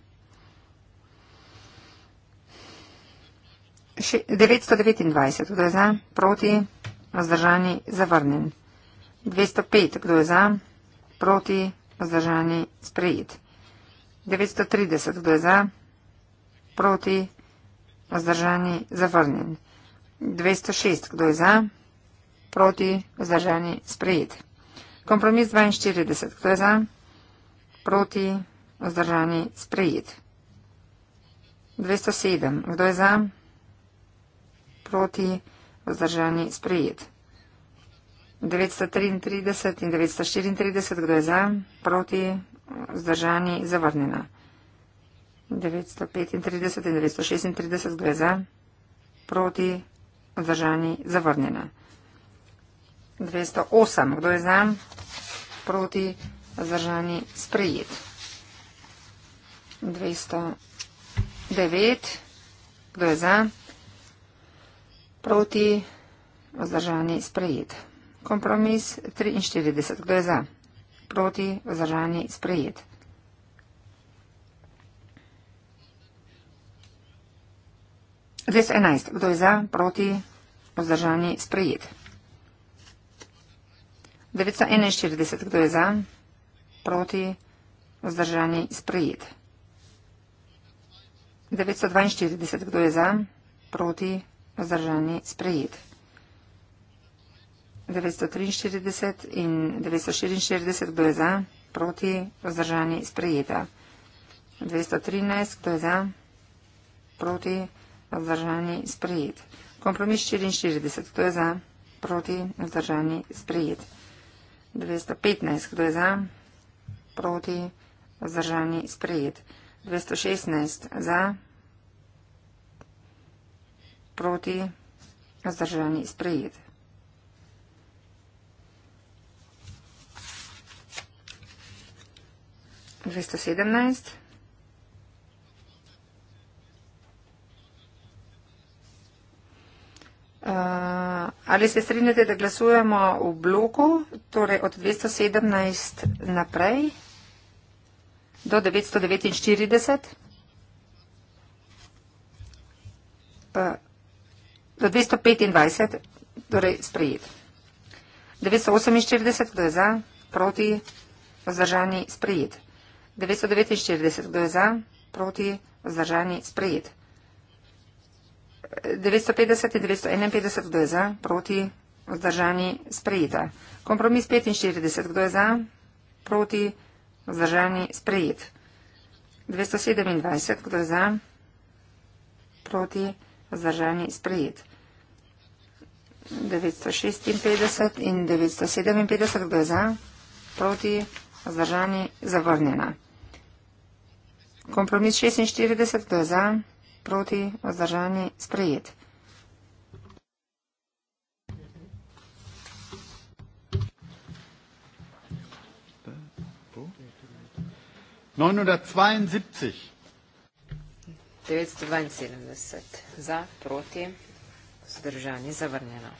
929, kdo je za, proti, vzdržani, zavrnjen. 205, kdo je za, proti, vzdržani, sprejet. 930, kdo je za, proti, vzdržani, zavrnjen. 206, kdo je za, proti, vzdržani, sprejet. Kompromis 42, kdo je za, proti, vzdržani, sprejet. 207, kdo je za, proti, vzdržani, sprejet. 933 in 934, kdo je za, proti, zdržani, zavrnjena. 935 in 936, kdo je za, proti, zdržani, zavrnjena. 208, kdo je za, proti, zdržani, sprejet. 209, kdo je za, proti, zdržani, sprejet. 210. Kompromis 43. Kdo je za? Proti, vzdržanje, sprejet. Zdaj se enajst. Kdo je za, proti, vzdržani, sprejet. 941. Kdo je za, proti, vzdržani, sprejet. 942. Kdo je za, proti, vzdržani, sprejet. 943. 943 in 944, kdo je za, proti, vzdržani, sprejeta. 213, kdo je za, proti, vzdržani, sprejet. Kompromis 44, kdo je za, proti, vzdržani, sprejet. 215, kdo je za, proti, vzdržani, sprejet. 216, za, proti, vzdržani, sprejet. 217. Uh, eh, ali se strinjate, da glasujemo v bloku, torej od 217 naprej do 949? Pa eh, do 225, torej sprejet. 948, to je za, proti, vzdržani, sprejet. 949, kdo je za, proti, vzdržani, sprejet. 950 in 951, kdo je za, proti, vzdržani, sprejeta. Kompromis 45, kdo je za, proti, vzdržani, sprejet. 227, kdo je za, proti, vzdržani, sprejet. 956 in 957, kdo je za, proti, vzdržani, zavrnjena. Kompromis 46, kdo je za, proti, vzdržani, sprejet. devetsto dvainsedemdeset za proti vzdržani zavrnjeno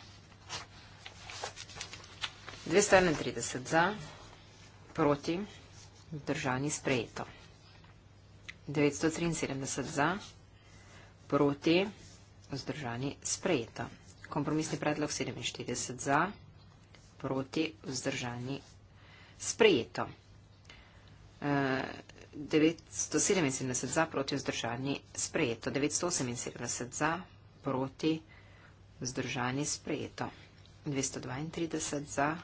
dvesto enaintrideset za proti vzdržani sprejeto 973 za, proti, vzdržani, sprejeto. Kompromisni predlog 47 za, proti, vzdržani, sprejeto. 977 eh, za, proti, vzdržani, sprejeto. 978 za, proti, vzdržani, sprejeto. 232 za,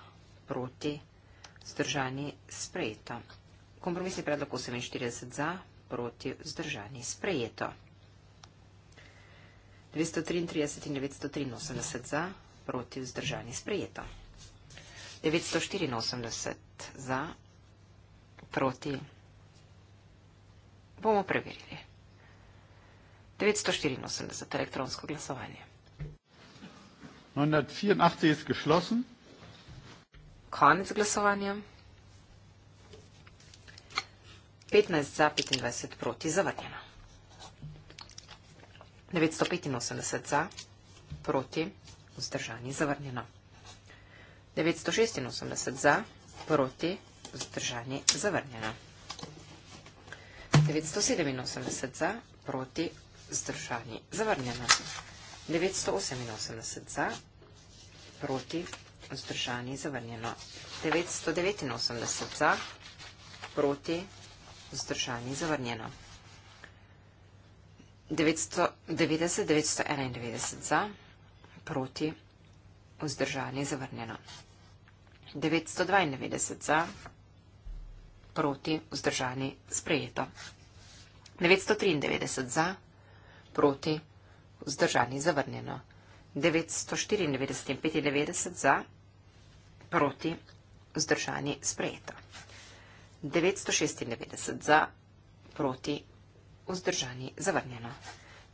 proti, vzdržani, sprejeto. Kompromisni predlog 48 za, proti, vzdržani, sprejeto proti vzdržani sprejeto. 233 in 983 za, proti vzdržani sprejeto. 984 za, proti, bomo preverili. 984 elektronsko glasovanje. 984 je geschlossen. Konec glasovanja. 15 za, 25 proti, zavrnjeno. 985 za, proti, vzdržani, zavrnjeno. 986 za, proti, vzdržani, zavrnjeno. 987 za, proti, vzdržani, zavrnjeno. 988 za, proti, vzdržani, zavrnjeno. 989 za, proti, vzdržani, zavrnjeno vzdržanje zavrnjeno. 990-991 za, proti, vzdržanje zavrnjeno. 992 za, proti, vzdržanje sprejeto. 993 za, proti, vzdržanje zavrnjeno. 994 in 95 za, proti, vzdržanje sprejeto. 996 za, proti, vzdržani, zavrnjeno.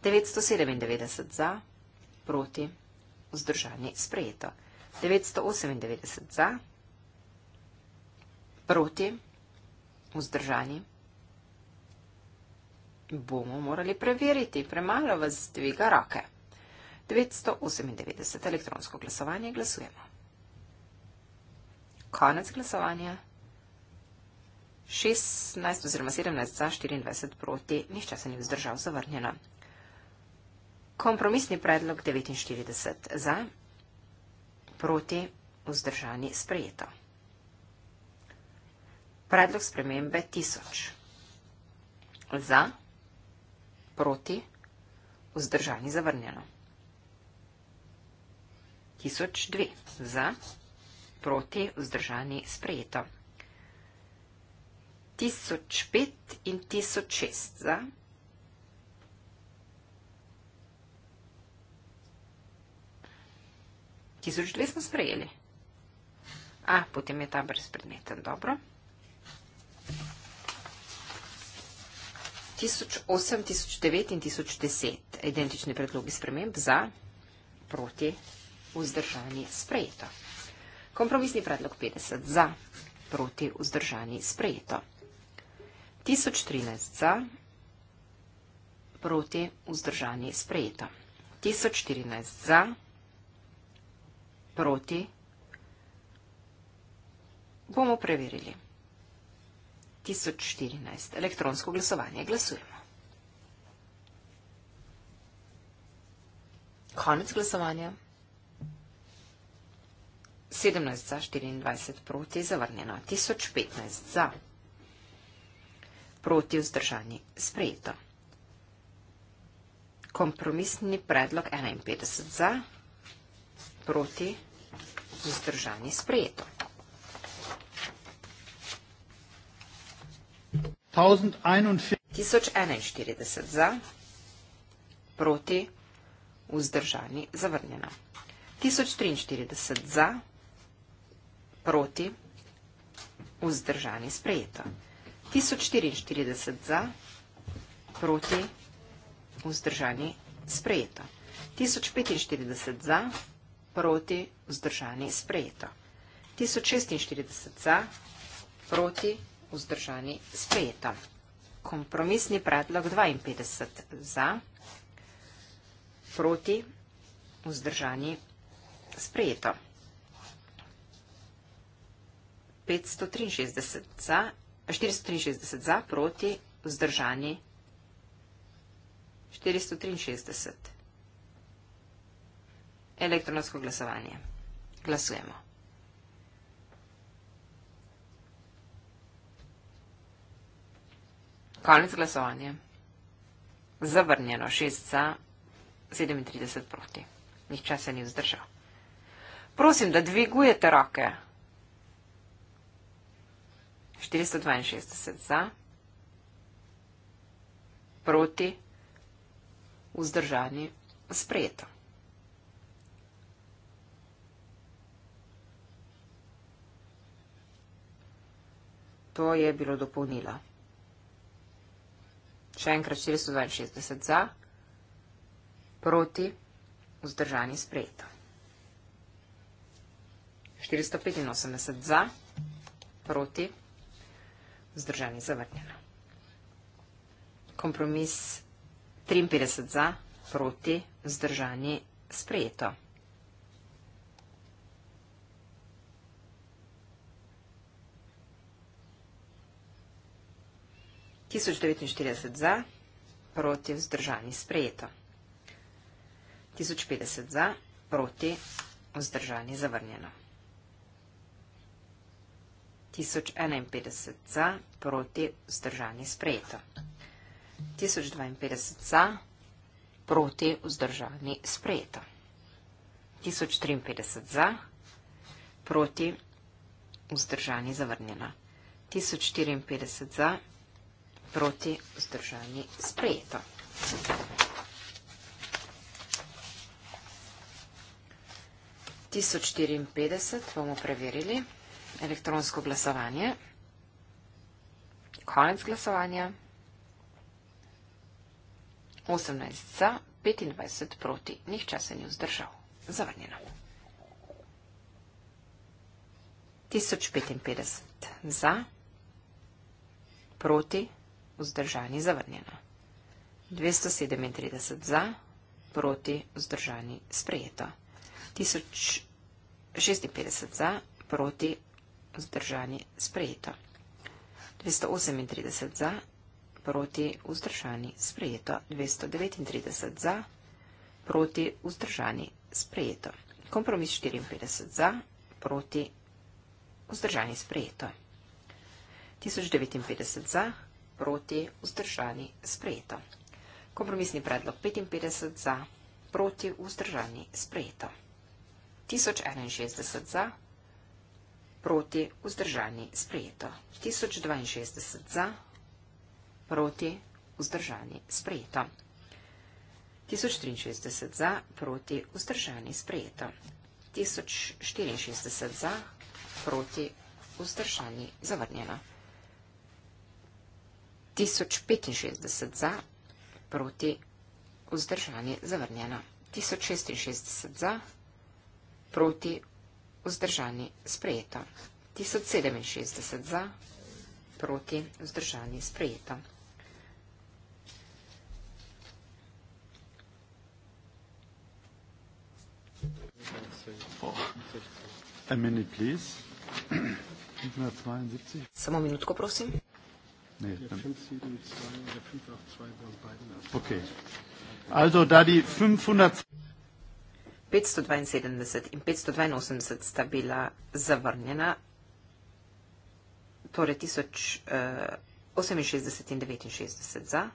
997 za, proti, vzdržani, sprejeto. 998 za, proti, vzdržani, bomo morali preveriti, premalo vas dviga roke. 998 elektronsko glasovanje glasujemo. Konec glasovanja. 16 oziroma 17 za 24 proti, nišče se ni vzdržal zavrnjena. Kompromisni predlog 49 za, proti vzdržani sprejeto. Predlog spremembe 1000 za, proti vzdržani zavrnjeno. 1002 za, proti vzdržani sprejeto. 1005 in 1006. Za. Tisoč dve smo sprejeli. A, potem je ta brezpredmeten, dobro. Tisoč osem, tisoč devet in tisoč deset. Identični predlogi sprememb za, proti, vzdržani, sprejeto. Kompromisni predlog 50 za, proti, vzdržani, sprejeto. 1013 proti vzdržanje sprejeto. 1014 za, proti, bomo preverili. 1014, elektronsko glasovanje, glasujemo. Konec glasovanja. 17 za, 24 proti, zavrnjeno. 1015 za, proti proti vzdržani sprejeto. Kompromisni predlog 51 za, proti vzdržani sprejeto. 1041 za, proti vzdržani zavrnjena. 1043 za, proti vzdržani sprejeto. 1044 za, proti, vzdržani, sprejeto. 1045 za, proti, vzdržani, sprejeto. 1046 za, proti, vzdržani, sprejeto. Kompromisni predlog 52 za, proti, vzdržani, sprejeto. 563 za, 463 za, proti, vzdržani 463. Elektronsko glasovanje. Glasujemo. Konec glasovanja. Zavrnjeno 6 za, 37 proti. Nihče se ni vzdržal. Prosim, da dvigujete roke. 462 za, proti, vzdržani, sprejeto. To je bilo dopolnilo. Še enkrat 462 za, proti, vzdržani, sprejeto. 485 za, proti, vzdržani, sprejeto vzdržani zavrnjeno. Kompromis 53 za, proti, vzdržani sprejeto. Tisoč 49 za, proti, vzdržani sprejeto. Tisoč 50 za, proti, vzdržani zavrnjeno. 1051 za, proti vzdržani sprejeto. 1052 za, proti vzdržani sprejeto. 1053 za, proti vzdržani zavrnjena. 1054 za, proti vzdržani sprejeto. Tisoč štiriinpetdeset bomo preverili elektronsko glasovanje. Konec glasovanja. 18 za, 25 proti. Nihče se ni vzdržal. Zavrnjeno. 1055 za, proti, vzdržani, zavrnjeno. 237 za, proti, vzdržani, sprejeto. 1056 za, proti, vzdržani sprejeto. 238 za, proti vzdržani sprejeto. 239 za, proti vzdržani sprejeto. Kompromis 54 za, proti vzdržani sprejeto. 1059 za, proti vzdržani sprejeto. Kompromisni predlog 55 za, proti vzdržani sprejeto. 1061 za, proti vzdržani sprejeto proti vzdržani sprejeto. 1062 za, proti vzdržani sprejeto. 1063 za, proti vzdržani sprejeto. 1064 za, proti vzdržani zavrnjeno. 1065 za, proti vzdržani zavrnjeno. 1066 za, proti vzdržani sprejeto. 1067 za, proti vzdržani sprejeto. Samo minutko, prosim. Ja, ja, okay. Also, da die 500... 572 in 582 sta bila zavrnjena, torej 1068 eh, in 69 za,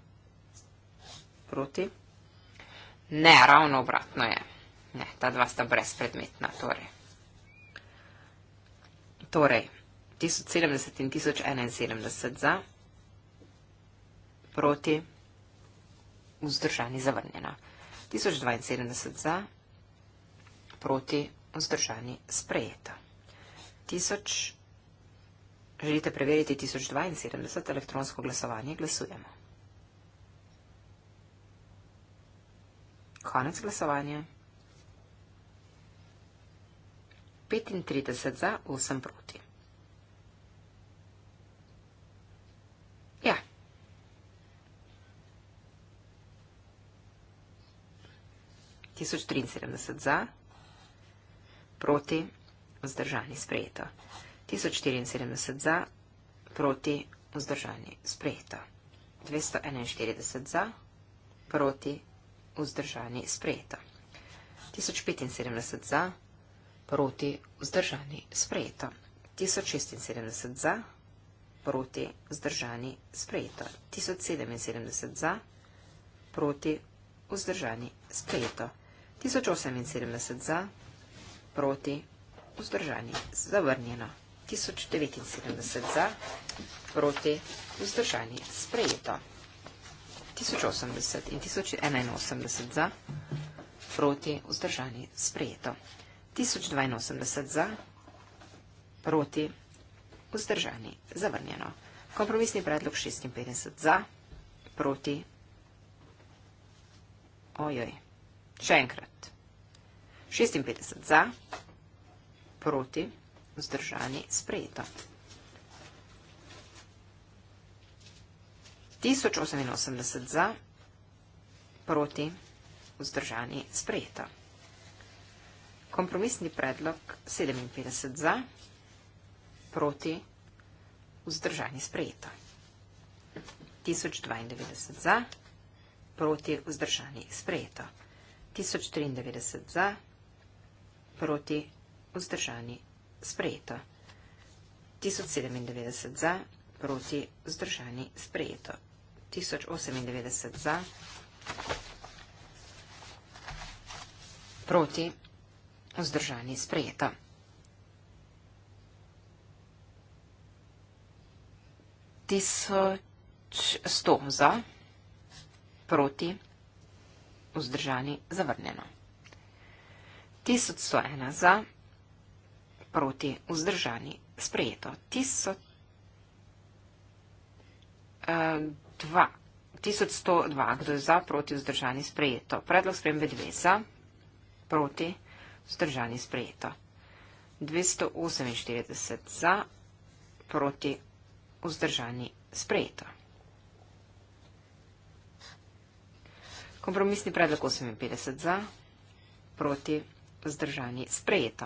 proti. Ne, ravno obratno je. Ne, ta dva sta brezpredmetna, torej. Torej, 1070 in 1071 za, proti, vzdržani zavrnjena. 1072 za, proti vzdržani sprejeta. Tisoč, želite preveriti 1072 elektronsko glasovanje, glasujemo. Konec glasovanja. 35 za, 8 proti. Ja. Tisoč 73 za, proti, vzdržani sprejeto. 1074 za, proti, vzdržani sprejeto. 241 za, proti, vzdržani sprejeto. 1075 za, proti, vzdržani sprejeto. 1076 za, proti, vzdržani sprejeto. 1077 za, proti, vzdržani sprejeto. 1078 za, proti, vzdržani, zavrnjeno, 1079 za, proti, vzdržani, sprejeto, 1080 in 1081 za, proti, vzdržani, sprejeto, 1082 za, proti, vzdržani, zavrnjeno, kompromisni predlog 56 za, proti, ojoj, še enkrat, 56 za, proti, vzdržani, sprejeto. 1088 za, proti, vzdržani, sprejeto. Kompromisni predlog 57 za, proti, vzdržani, sprejeto. 1092 za, proti, vzdržani, sprejeto. 1093 za, proti, vzdržani, sprejeto proti vzdržani sprejeto. 1097 za proti vzdržani sprejeto. 1098 za proti vzdržani sprejeto. Tisoč sto za, proti, vzdržani, zavrneno. 1101 za, proti, vzdržani, sprejeto. 1102, eh, kdo je za, proti, vzdržani, sprejeto. Predlog spremembe 2 za, proti, vzdržani, sprejeto. 248 za, proti, vzdržani, sprejeto. Kompromisni predlog 58 za, proti, vzdržani, sprejeto vzdržani sprejeto.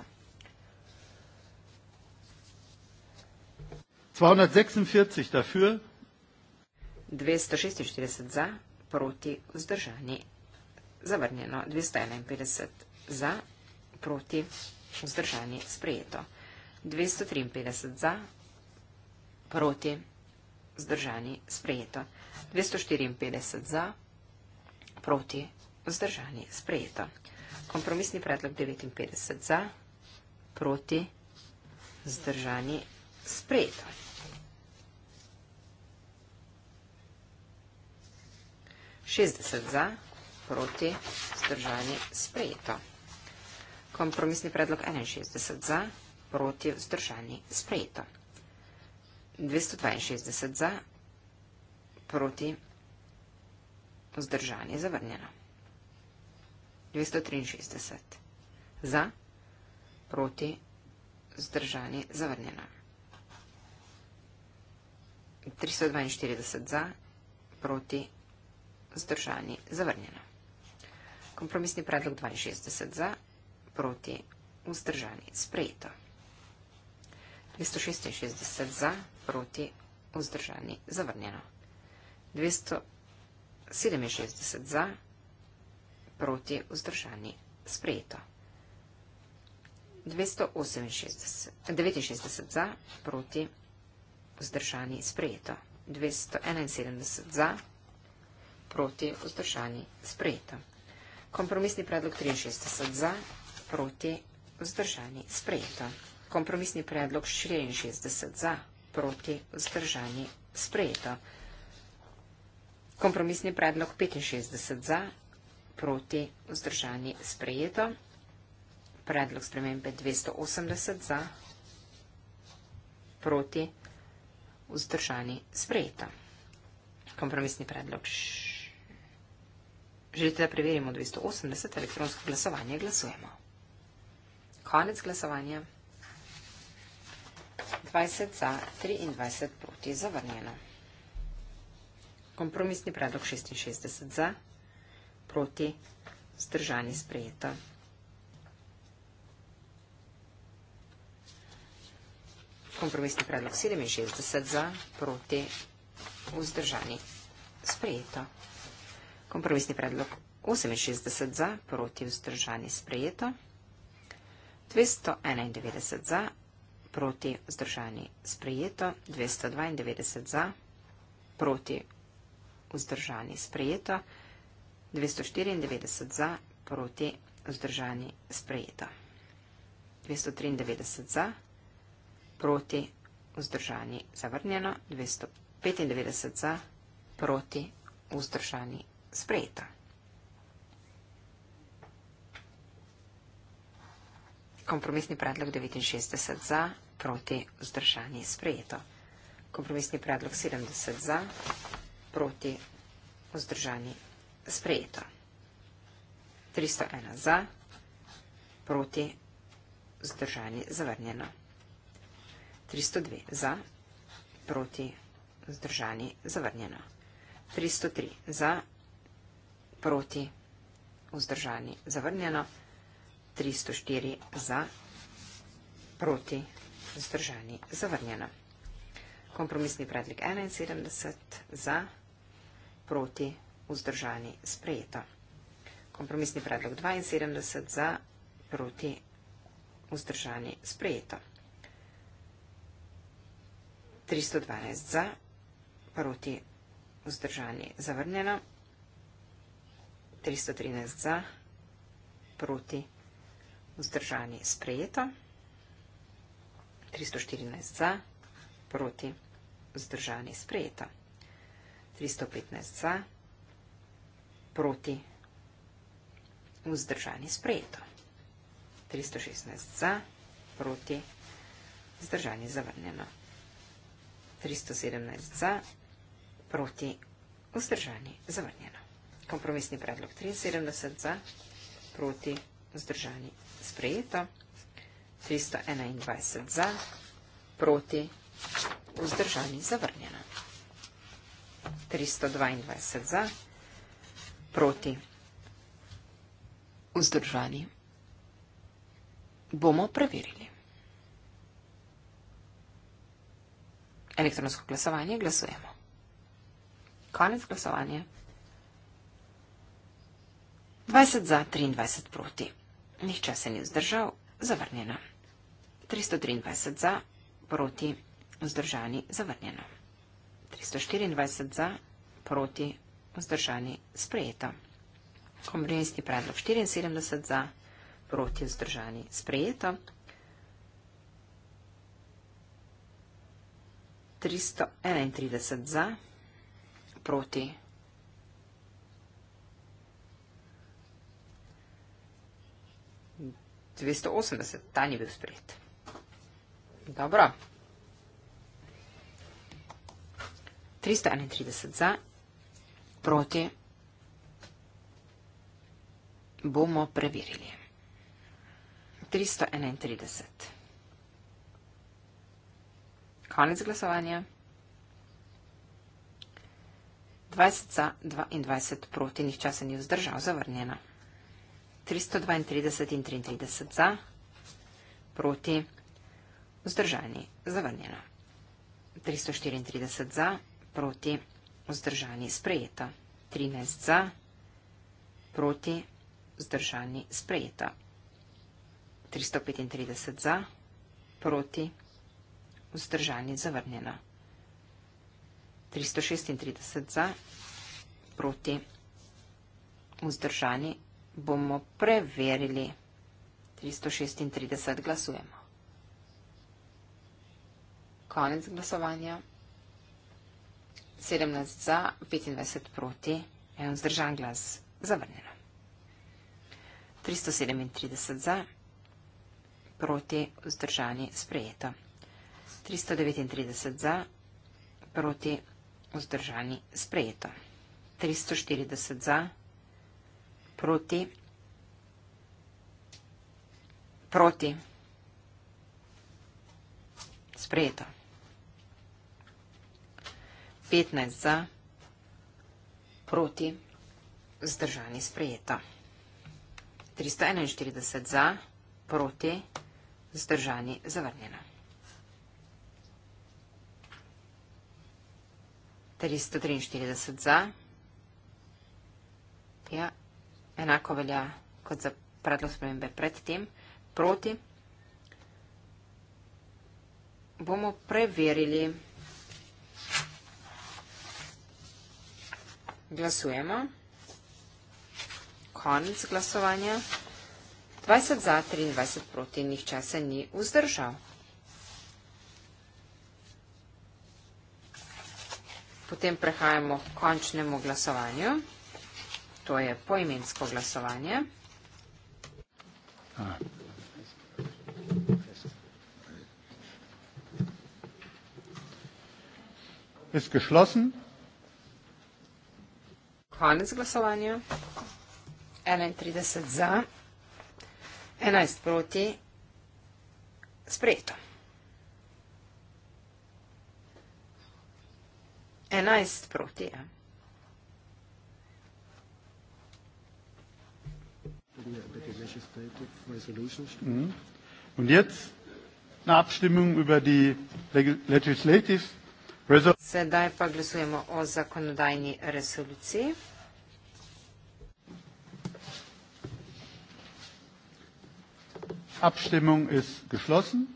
246 za, proti vzdržani. Zavrnjeno. 251 za, proti vzdržani sprejeto. 253 za, proti vzdržani sprejeto. 254 za, proti vzdržani sprejeto. Kompromisni predlog 59 za, proti, zdržani, sprejeto. Šestdeset za, proti, zdržani, sprejeto. Kompromisni predlog 61 za, proti, zdržani, sprejeto. 262 za, proti, zdržani, zavrnjeno. 263. Za, proti, zdržani, zavrnjena. 342 za, proti, zdržani, zavrnjena. Kompromisni predlog 62 za, proti, vzdržani, sprejeto. 266 za, proti, vzdržani, zavrnjeno. 267 za, proti, vzdržani, zavrnjeno. 267 za, proti vzdržani sprejeto. 269 za proti vzdržani sprejeto. 271 za proti vzdržani sprejeto. Kompromisni predlog 63 za proti vzdržani sprejeto. Kompromisni predlog 64 za proti vzdržani sprejeto. Kompromisni predlog 65 za proti vzdržani sprejeto proti vzdržani sprejeto. Predlog spremembe 280 za proti vzdržani sprejeto. Kompromisni predlog. Želite, da preverimo 280 elektronsko glasovanje? Glasujemo. Konec glasovanja. 20 za, 23 proti, zavrnjeno. Kompromisni predlog 66 za, proti zdržani sprejeta. Kompromisni predlog 67 za proti vzdržani sprejeto. Kompromisni predlog 68 za proti vzdržani sprejeto. 291 za proti vzdržani sprejeto. 292 za proti vzdržani sprejeto. 294 za, proti, vzdržani, sprejeto. 293 za, proti, vzdržani, zavrnjeno. 295 za, proti, vzdržani, sprejeto. Kompromisni predlog 69 za, proti, vzdržani, sprejeto. Kompromisni predlog 70 za, proti, vzdržani, sprejeto sprejeta. 301 za, proti, zdržani, zavrnjeno. 302 za, proti, zdržani, zavrnjeno. 303 za, proti, vzdržani, zavrnjeno. 304 za, proti, vzdržani, zavrnjeno. Kompromisni predlik 71 za, proti, vzdržani, zavrnjeno vzdržani sprejeta. Kompromisni predlog 72 za proti vzdržani sprejeta. 312 za proti vzdržani zavrnjena. 313 za proti vzdržani sprejeta. 314 za proti vzdržani sprejeta. 315 za proti vzdržani sprejeta proti. Vzdržani sprejeto. 316 za, proti. Vzdržani zavrnjeno. 317 za, proti. Vzdržani zavrnjeno. Kompromisni predlog 73 za, proti. Vzdržani sprejeto. 321 za, proti. Vzdržani zavrnjeno. 322 za, proti proti. Vzdržani. Bomo preverili. Elektronsko glasovanje glasujemo. Konec glasovanja. 20 za, 23 proti. Nihče se ni vzdržal, zavrnjeno. 323 za, proti, vzdržani, zavrnjeno. 324 za, proti, vzdržani vzdržani sprejeta. Kompromisni predlog 74 za, proti vzdržani sprejeta. 331 za, proti dvesto osemdeset, ta ni bil sprejet. Dobro. tristo enaintrideset za proti, bomo preverili. 331. Konec glasovanja. 20 za, 22 proti, nihče se ni vzdržal, zavrnjeno. 332 in 33 za, proti, vzdržani, zavrnjeno. 334 za, proti, vzdržani vzdržani sprejeta. 13 za, proti, vzdržani sprejeta. 335 za, proti, vzdržani zavrnjena. 336 za, proti, vzdržani bomo preverili. 336 glasujemo. Konec glasovanja. 17 za, 25 proti, en vzdržan glas zavrnjeno. 337 za, proti vzdržani sprejeto. 339 za, proti vzdržani sprejeto. 340 za, proti, proti, sprejeto. 15 za, proti, vzdržani sprejeta. 341 za, proti, vzdržani zavrnjena. 343 za, ja, enako velja kot za predlog spremembe pred tem, proti, bomo preverili vzdržani. Glasujemo. Konec glasovanja. 20 za, 23 proti, nihče se ni vzdržal. Potem prehajamo k končnemu glasovanju. To je poimensko glasovanje. A. Ist geschlossen konec glasovanja. 31 za, 11 proti, sprejeto. 11 proti, ja. Mhm. Und jetzt eine Abstimmung über die Legislative Resolution. Abstimmung ist geschlossen.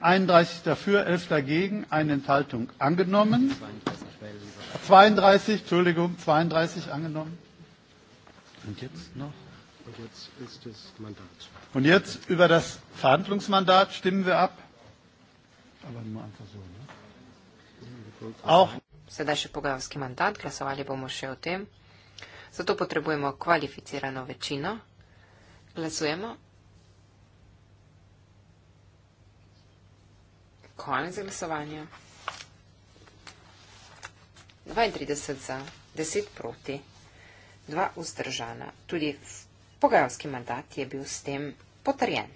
31 dafür, 11 dagegen, eine Enthaltung angenommen. 32, Entschuldigung, 32 angenommen. Und jetzt noch? Und jetzt ist das Mandat. Und jetzt über das Verhandlungsmandat stimmen wir ab. Aber nur einfach so, ne? Auch. Sedaj pogajalski mandat, glasovali bomo še o tem. Zato potrebujemo kvalificirano večino. Glasujemo. Konec glasovanja. 32 za, 10 proti, 2 vzdržana. Tudi pogajalski mandat je bil s tem potrjen.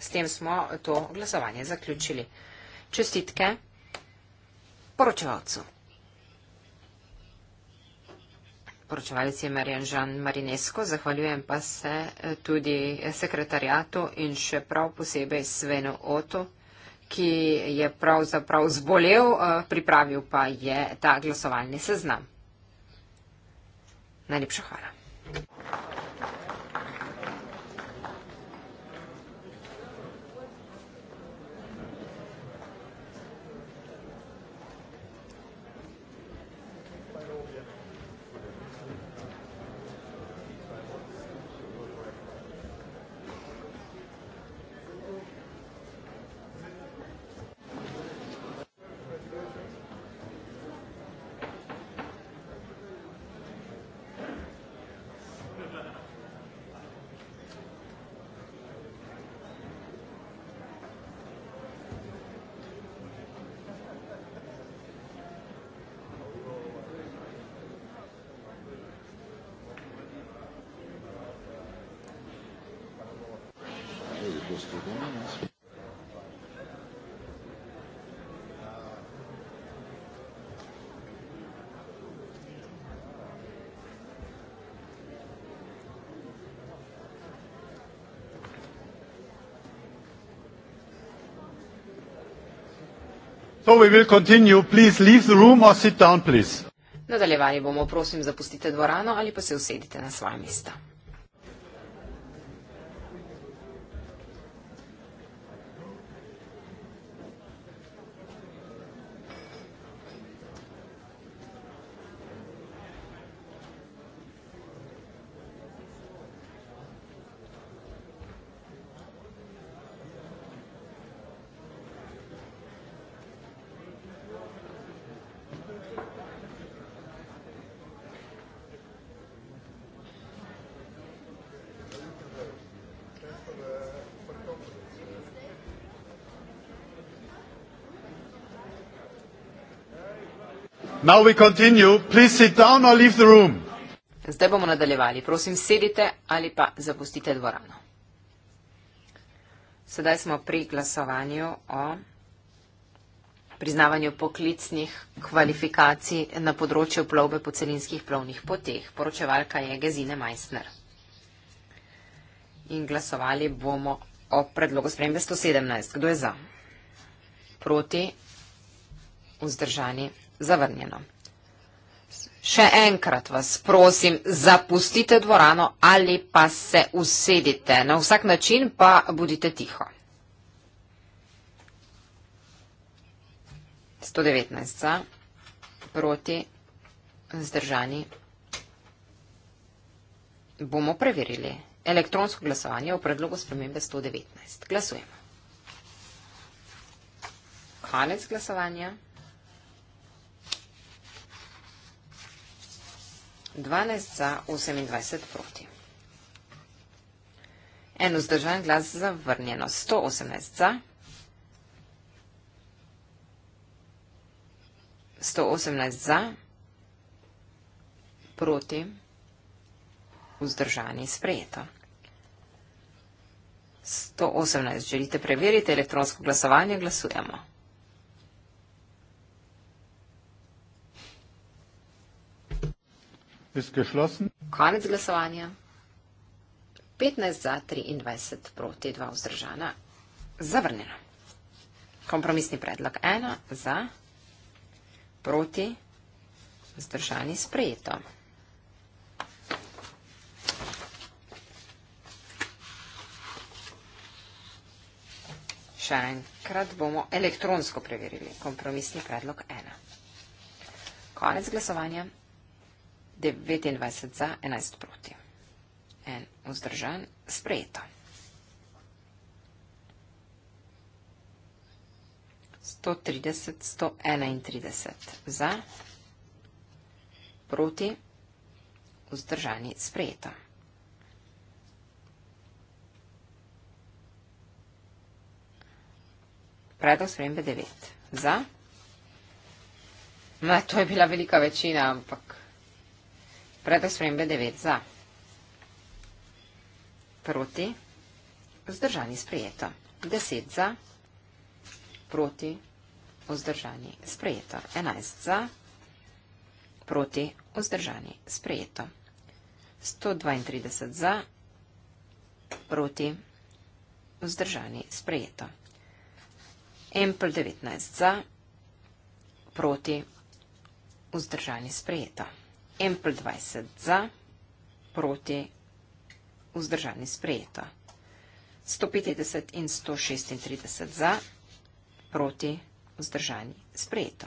S tem smo to glasovanje zaključili. Čestitke poročevalcu. poročevalec je Marjan Žan Marinesko, zahvaljujem pa se eh, tudi sekretarjatu in še prav posebej Svenu Otu, ki je pravzaprav zbolel, eh, pripravil pa je ta glasovalni seznam. Najlepša hvala. Thank you. So we will continue. Please leave the room or sit down, please. Nadaljevanje bomo prosim zapustite dvorano ali pa se usedite na svoje mesto. Now we continue. Please sit down or leave the room. Zdaj bomo nadaljevali. Prosim, sedite ali pa zapustite dvorano. Sedaj smo pri glasovanju o priznavanju poklicnih kvalifikacij na področju plovbe po celinskih plovnih poteh. Poročevalka je Gezine Meissner. In glasovali bomo o predlogu spremembe 117. Kdo je za? Proti? Vzdržani? zavrnjeno. Še enkrat vas prosim, zapustite dvorano ali pa se usedite. Na vsak način pa budite tiho. 119. Proti. Zdržani. Bomo preverili elektronsko glasovanje o predlogu spremembe 119. Glasujemo. Konec glasovanja. 12 za, 28 proti. En vzdržan glas zavrnjeno. 118 za. 118 za. Proti. Vzdržani sprejeto. 118. Želite preveriti elektronsko glasovanje? Glasujemo. 118. Konec glasovanja. 15 za, 23 proti, 2 vzdržana. Zavrnjena. Kompromisni predlog 1 za, proti, vzdržani sprejeto. Še enkrat bomo elektronsko preverili. Kompromisni predlog 1. Konec glasovanja. 29 za, 11 proti. En vzdržan, sprejeto. 130, 131 za, proti, vzdržani, sprejeto. Predlog spremembe 9 za. No, to je bila velika večina, ampak Predostrembe 9 za. Proti. Vzdržani sprejeto. 10 za. Proti. Vzdržani sprejeto. 11 za. Proti. Vzdržani sprejeto. 132 za. Proti. Vzdržani sprejeto. Ample 19 za. Proti. Vzdržani sprejeto. 21 za, proti, vzdržani sprejeto. 150 in 136 za, proti, vzdržani sprejeto.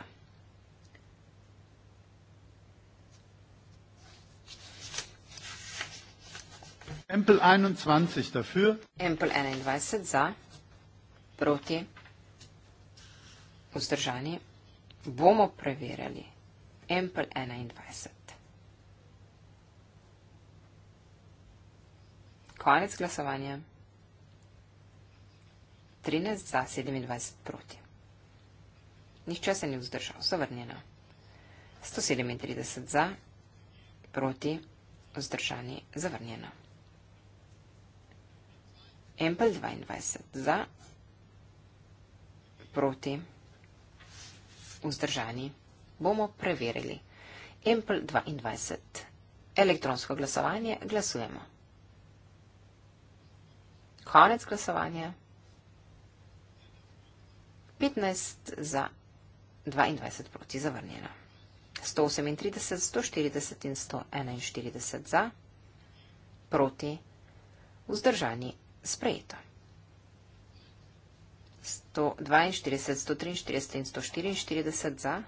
Empel 21 dafür. Empel 21 za, proti, vzdržani, bomo preverjali. Empel 21. Konec glasovanja. 13 za 27 proti. Nihče se ni vzdržal, zavrnjeno. 137 za, proti, vzdržani, zavrnjeno. Empel 22 za, proti, vzdržani, bomo preverili. Empel 22. Elektronsko glasovanje, glasujemo. Konec glasovanja. 15 za, 22 proti zavrnjeno. 138, 140 in 141 za, proti, vzdržani, sprejeto. 142, 143 in 144 za,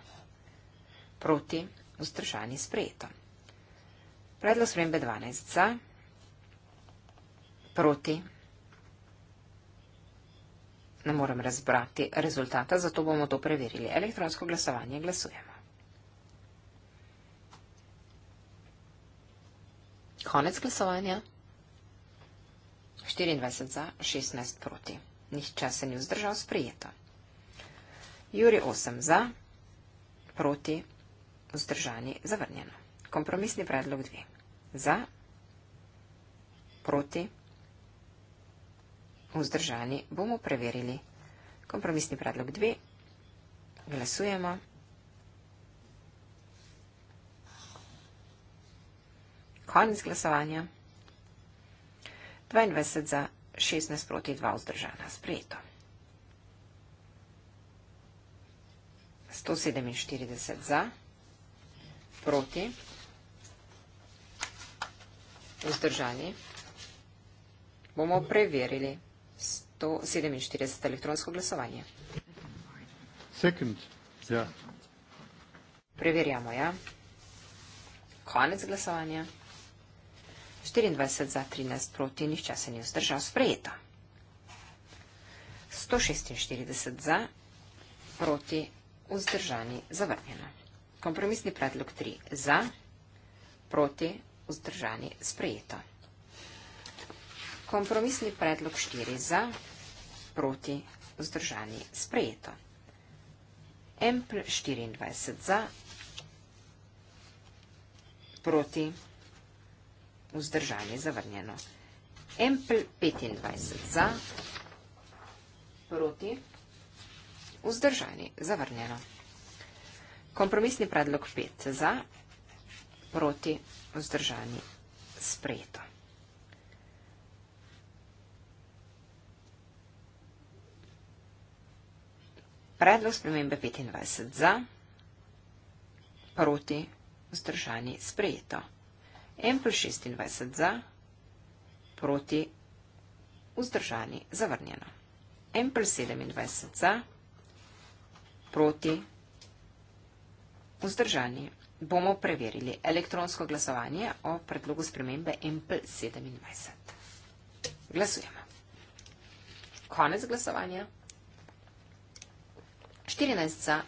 proti, vzdržani, sprejeto. Predlog spremembe 12 za, proti, vzdržani, sprejeto ne morem razbrati rezultata, zato bomo to preverili. Elektronsko glasovanje glasujemo. Konec glasovanja. 24 za, 16 proti. Nihče se ni vzdržal sprejeto. Juri 8 za, proti, vzdržani, zavrnjeno. Kompromisni predlog 2. Za, proti, vzdržani vzdržani, bomo preverili. Kompromisni predlog 2. Glasujemo. Konec glasovanja. 22 za 16 proti 2 vzdržana. Sprejeto. 147 za proti vzdržani. Bomo preverili to 47. elektronsko glasovanje. Ja. Preverjamo, ja. Konec glasovanja. 24 za 13 proti, nišče se ni vzdržal, sprejeta. 146 za proti, vzdržani, zavrnjeno. Kompromisni predlog 3 za proti, vzdržani, sprejeto. Kompromisni predlog 4 za proti, vzdržani, sprejeto proti vzdržani sprejeto. M 24 za, proti vzdržani zavrnjeno. M 25 za, proti vzdržani zavrnjeno. Kompromisni predlog 5 za, proti vzdržani sprejeto. Predlog spremembe 25 za, proti, vzdržani, sprejeto. M plus 26 za, proti, vzdržani, zavrnjeno. M plus 27 za, proti, vzdržani. Bomo preverili elektronsko glasovanje o predlogu spremembe M plus 27. Glasujemo. Konec glasovanja. 14 za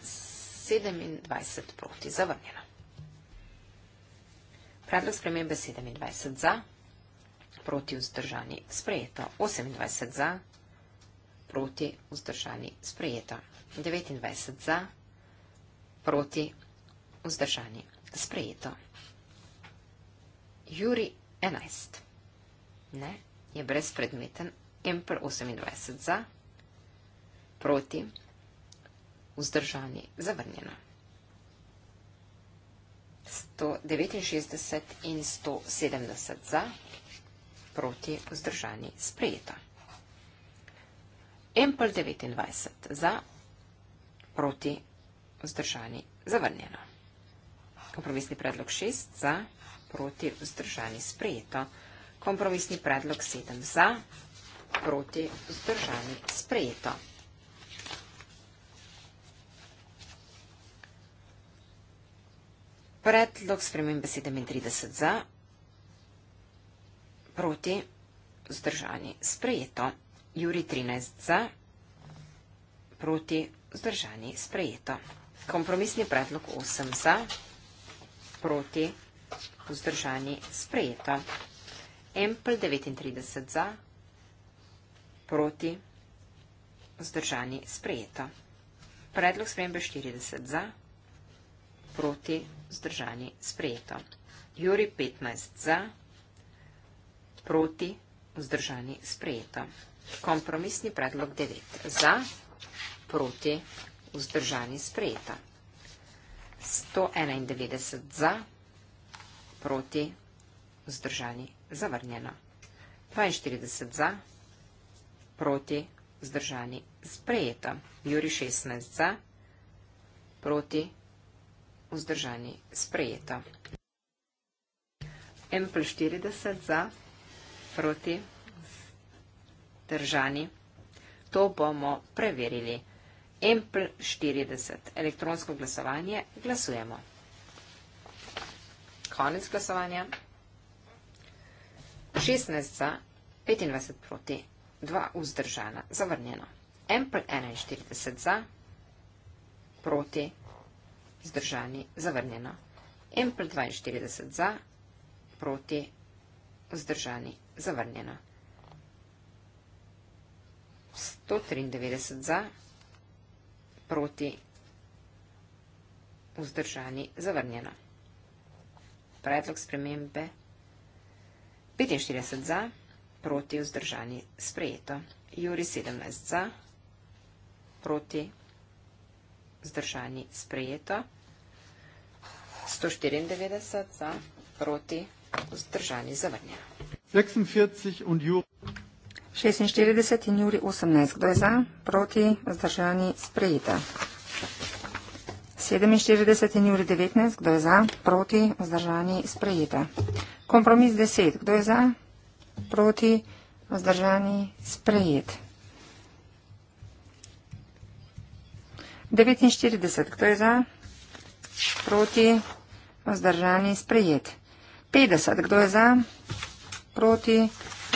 27 proti zavrnjeno. Predlog spremembe 27 za, proti vzdržani sprejeto. 28 za, proti vzdržani sprejeto. 29 za, proti vzdržani sprejeto. Juri 11. Ne, je brezpredmeten. Emper 28 za, proti vzdržani sprejeto vzdržani zavrnjena. 169 in 170 za, proti vzdržani sprejeta. Empel 29 za, proti vzdržani zavrnjena. Kompromisni predlog 6 za, proti vzdržani sprejeta. Kompromisni predlog 7 za, proti vzdržani sprejeta. Predlog spremembe 37 za, proti, vzdržani, sprejeto. Juri 13 za, proti, vzdržani, sprejeto. Kompromisni predlog 8 za, proti, vzdržani, sprejeto. Empel 39 za, proti, vzdržani, sprejeto. Predlog spremembe 40 za, proti, vzdržani, sprejeto vzdržani sprejeto. Juri 15 za, proti vzdržani sprejeto. Kompromisni predlog 9 za, proti vzdržani sprejeto. 191 za, proti vzdržani zavrnjeno. 42 za, proti vzdržani sprejeto. Juri 16 za, proti vzdržani sprejeto vzdržani sprejeto. M plus 40 za, proti, držani. To bomo preverili. M plus 40. Elektronsko glasovanje. Glasujemo. Konec glasovanja. 16 za, 25 proti, 2 vzdržana. Zavrnjeno. M plus 41 za, proti, držani. Zdržani, zavrnjeno. M plus 42 za, proti, vzdržani, zavrnjeno. 193 za, proti, vzdržani, zavrnjeno. Predlog spremembe. 45 za, proti, vzdržani, sprejeto. Juri 17 za, proti, vzdržani, sprejeto. 194 za, proti, vzdržani, zavrnjen. 46 in Juri 18. Kdo je za? Proti, vzdržani, sprejeta. 47 in Juri 19. Kdo je za? Proti, vzdržani, sprejeta. Kompromis 10. Kdo je za? Proti, vzdržani, sprejet. 49. Kdo je za? Proti, vzdržani sprejet. 50, kdo je za, proti,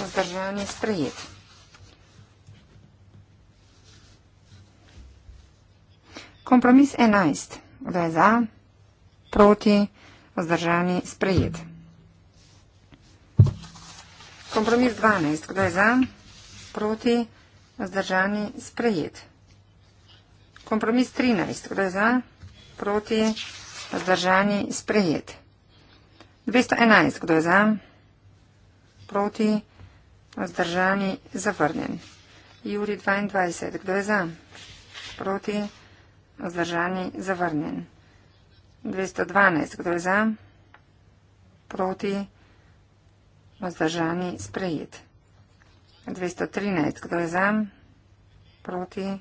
vzdržani sprejet. Kompromis 11, kdo je za, proti, vzdržani sprejet. Kompromis 12, kdo je za, proti, vzdržani sprejet. Kompromis 13, kdo je za, proti, vzdržani sprejet. Zdržani sprejet. 211, kdo je za? Proti. Zdržani zavrnjen. Juri 22, kdo je za? Proti. Zdržani zavrnjen. 212, kdo je za? Proti. Zdržani sprejet. 213, kdo je za? Proti.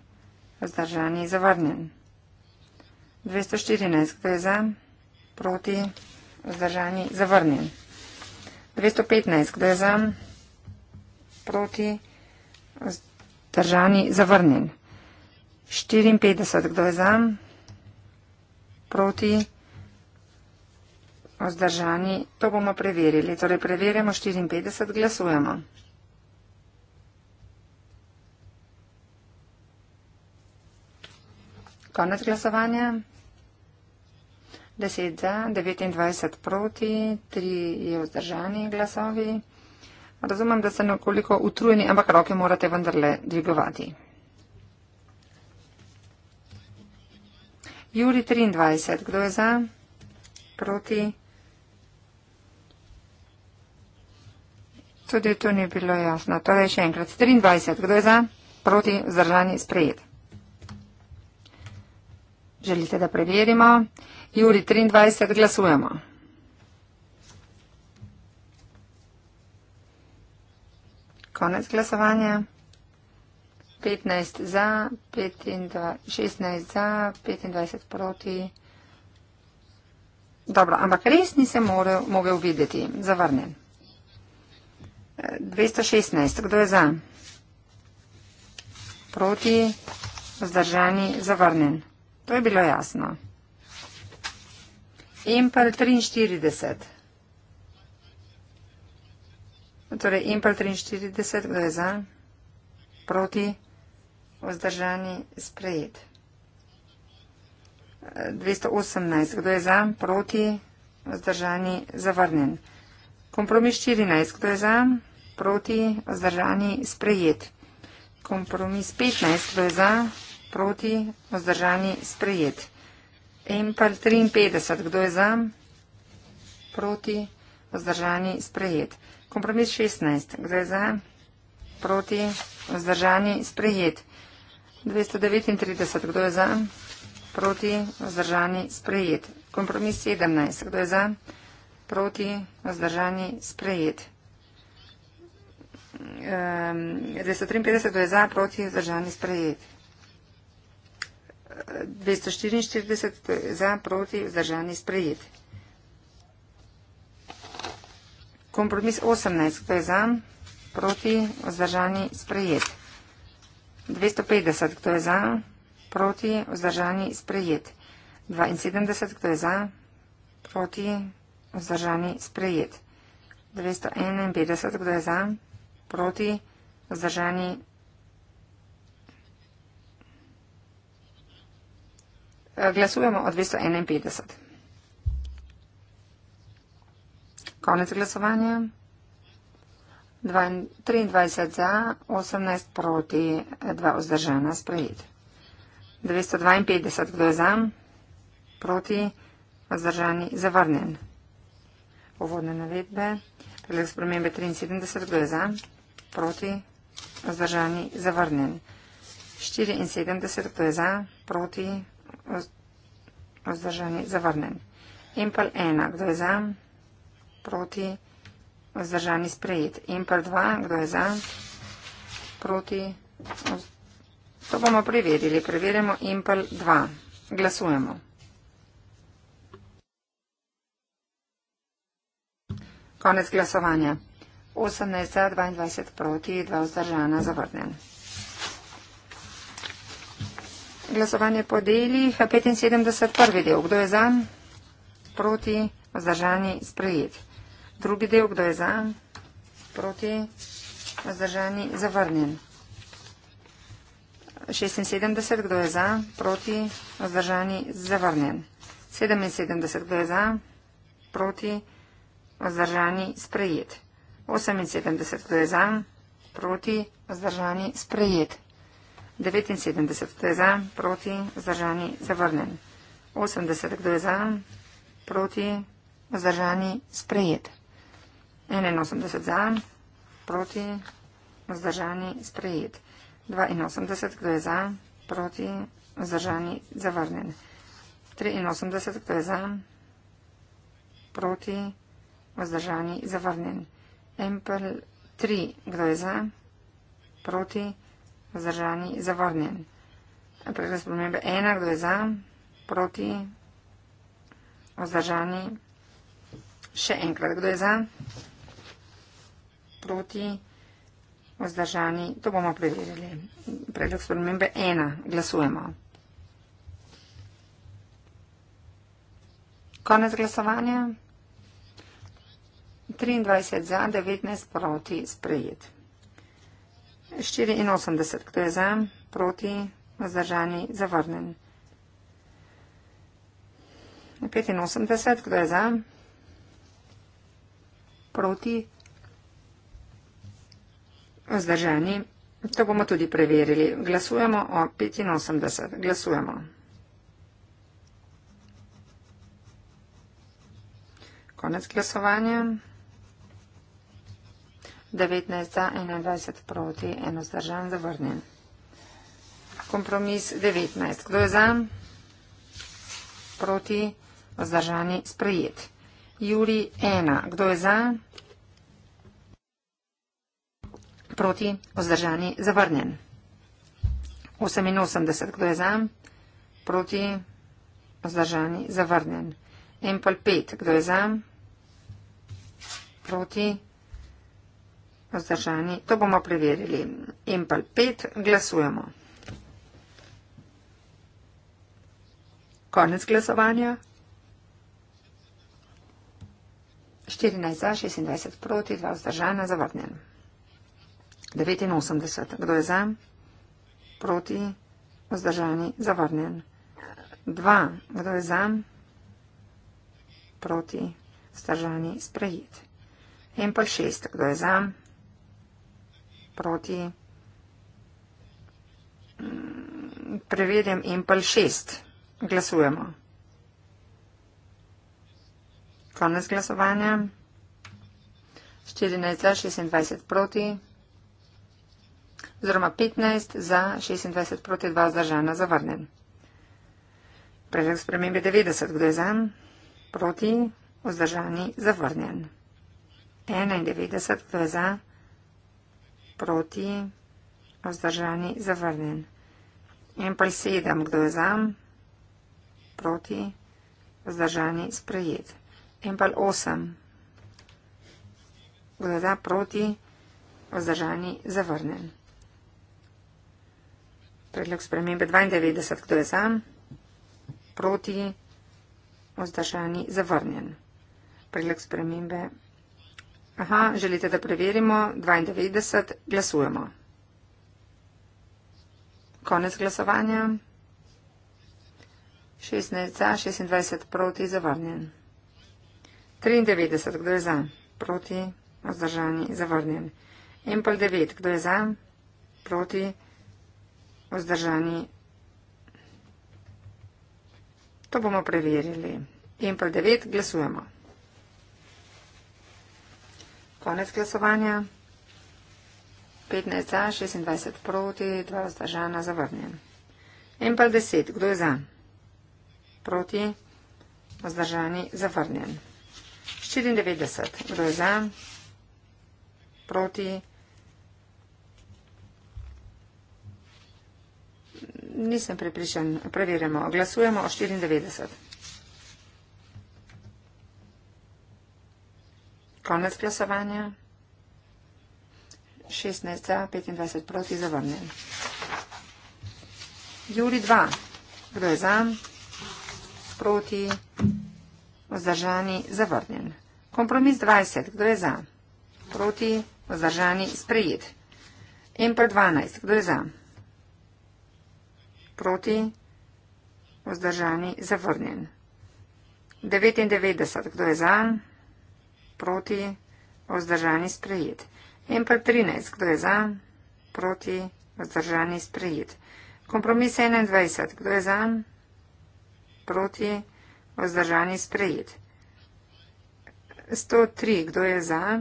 Zdržani zavrnjen. 214. 214, kdo je za, proti, vzdržani, zavrnjen. 215, kdo je za, proti, vzdržani, zavrnjen. 54, kdo je za, proti, vzdržani, to bomo preverili. Torej, preverjamo 54, glasujemo. 54. Konec glasovanja. 10 za, 29 proti, 3 je vzdržani glasovi. Razumem, da ste nekoliko utrujeni, ampak roke morate vendarle dvigovati. Juri 23, kdo je za? Proti. Tudi to ni bilo jasno. Torej še enkrat. 23, kdo je za? Proti, vzdržani, sprejeti. Želite, da preverimo? Juri 23, glasujemo. Konec glasovanja. 15 za, 25, 16 za, 25 proti. Dobro, ampak res nisem mogel videti. Zavrnen. 216, kdo je za? Proti, vzdržani, zavrnen. To je bilo jasno. Impel 43. Torej, Impel 43, kdo je za? Proti, vzdržani, sprejet. 218, kdo je za? Proti, vzdržani, zavrnen. Kompromis 14, kdo je za? Proti, vzdržani, sprejet. Kompromis 15, kdo je za? proti, vzdržani, sprejet. Empel 53, kdo je za, proti, vzdržani, sprejet. Kompromis 16, kdo je za, proti, vzdržani, sprejet. 239, kdo je za, proti, vzdržani, sprejet. Kompromis 17, kdo je za, proti, vzdržani, sprejet. 253, ehm, kdo je za, proti, vzdržani, sprejet. 244 za, proti, vzdržani, sprejeti. Kompromis 18, kdo je za, proti, vzdržani, sprejeti. 250, kdo je za, proti, vzdržani, sprejeti. 72, kdo je za, proti, vzdržani, sprejeti. 251, kdo je za, proti, vzdržani, sprejeti. Glasujemo o 251. Konec glasovanja. 23 za, 18 proti, 2 vzdržana, sprejet. 252, kdo je za, proti, vzdržani, zavrnen. Uvodne navedbe, predlog spremembe 73, kdo je za, proti, vzdržani, zavrnen. 74, kdo je za, proti, vzdržani, zavrnen. Impel 1, kdo je za, proti, vzdržani, sprejet. Impel 2, kdo je za, proti, to bomo preverili. Preverimo Impel 2. Glasujemo. Konec glasovanja. 18 za, 22 proti, 2 vzdržana, zavrnen glasovanje po delih. 75. del. Kdo je za? Proti. Vzdržani sprejet. Drugi del. Kdo je za? Proti. Vzdržani zavrnjen. 76. Kdo je za? Proti. Vzdržani zavrnjen. 77. Kdo je za? Proti. Vzdržani sprejet. 78. Kdo je za? Proti. Vzdržani sprejet. 79, kdo je za, proti, vzdržani, zavrnen. 80, kdo je za, proti, vzdržani, sprejet. 81 za, proti, vzdržani, sprejet. 82, kdo je za, proti, vzdržani, zavrnen. 83, kdo je za, proti, vzdržani, zavrnen. Empel 3, kdo je za, proti, vzdržani, zavrnen vzdržani, zavrnjen. Predlog spremembe ena, kdo je za, proti, vzdržani, še enkrat, kdo je za, proti, vzdržani, to bomo preverili. Predlog spremembe ena, glasujemo. Konec glasovanja. 23 za, 19 proti sprejeti. 84, kdo je za, proti, vzdržani, zavrnen. 85, kdo je za, proti, vzdržani. To bomo tudi preverili. Glasujemo o 85. Glasujemo. Konec glasovanja. 19 za 21 proti, enostržan zavrnjen. Kompromis 19. Kdo je za? Proti, vzdržani, sprejet. Juri 1. Kdo je za? Proti, vzdržani, zavrnjen. 88. Kdo je za? Proti, vzdržani, zavrnjen. Empel 5. Kdo je za? Proti, vzdržani, zavrnjen. Vzdržani, to bomo preverili. Impel 5, glasujemo. Konec glasovanja. 14 za, 26 proti, 2 vzdržana, zavrnjen. 89, kdo je za? Proti, vzdržani, zavrnjen. 2, kdo je za? Proti, vzdržani, sprejet. Impel 6, kdo je za? Proti proti preverjam impel 6. Glasujemo. Konec glasovanja. 14 za 26 proti. Oziroma 15 za 26 proti 2 zdržana zavrnen. Predlog spremembe 90. Kdo je za? Proti. Vzdržani zavrnjen. 91. Kdo je za? proti, vzdržani, zavrnen. In pa sedem, kdo je zam, proti, vzdržani, sprejet. In pa osem, kdo je za, proti, vzdržani, zavrnen. Predlog spremembe 92, kdo je zam, proti, vzdržani, zavrnen. Predlog spremembe 92. Aha, želite, da preverimo. 92. Glasujemo. Konec glasovanja. 16 za, 26 proti, zavrnjen. 93. Kdo je za? Proti, vzdržani, zavrnjen. Empel 9. Kdo je za? Proti, vzdržani. To bomo preverili. Empel 9. Glasujemo. Konec glasovanja. 15 za, 26 proti, 2 vzdržana za vrnjen. In pa 10. Kdo je za? Proti, vzdržani za vrnjen. 94. Kdo je za? Proti. Nisem pripričan. Preverjamo. Glasujemo o 94. 94. Konec glasovanja. 16 za, 25 proti, zavrnjen. Juli 2. Kdo je za? Proti, vzdržani, zavrnjen. Kompromis 20. Kdo je za? Proti, vzdržani, sprejet. Impr 12. Kdo je za? Proti, vzdržani, zavrnjen. 99. Kdo je za? Proti, vzdržani, zavrnjen proti, vzdržani sprejet. In pa 13, kdo je za, proti, vzdržani sprejet. Kompromis 21, kdo je za, proti, vzdržani sprejet. 103, kdo je za,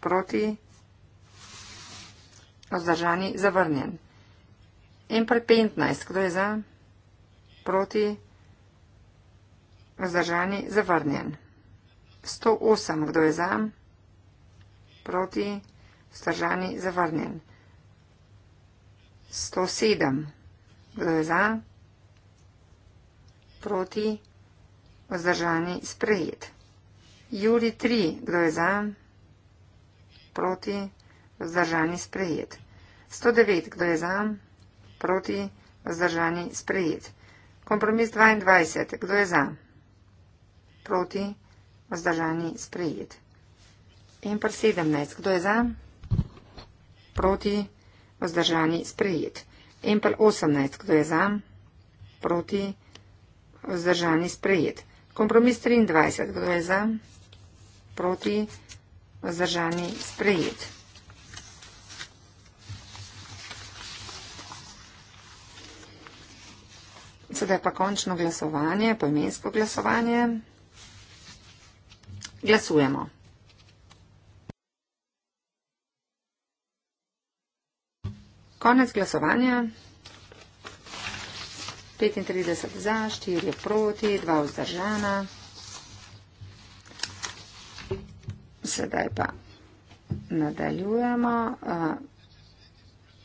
proti, vzdržani zavrnjen. In pa 15, kdo je za, proti, vzdržani zavrnjen. 108. Kdo je za? Proti. Vzdržani. Zavrnjen. 107. Kdo je za? Proti. Vzdržani. Sprejet. Juri 3. Kdo je za? Proti. Vzdržani. Sprejet. 109. Kdo je za? Proti. Vzdržani. Sprejet. Kompromis 22. Kdo je za? Proti. Vzdržani. Sprejet vzdržani sprejet. In pa 17. Kdo je za? Proti vzdržani sprejet. In pa 18. Kdo je za? Proti vzdržani sprejet. Kompromis 23. Kdo je za? Proti vzdržani sprejet. Sedaj pa končno glasovanje, pojmensko glasovanje. Glasujemo. Konec glasovanja. 35 za, 4 proti, 2 vzdržana. Sedaj pa nadaljujemo.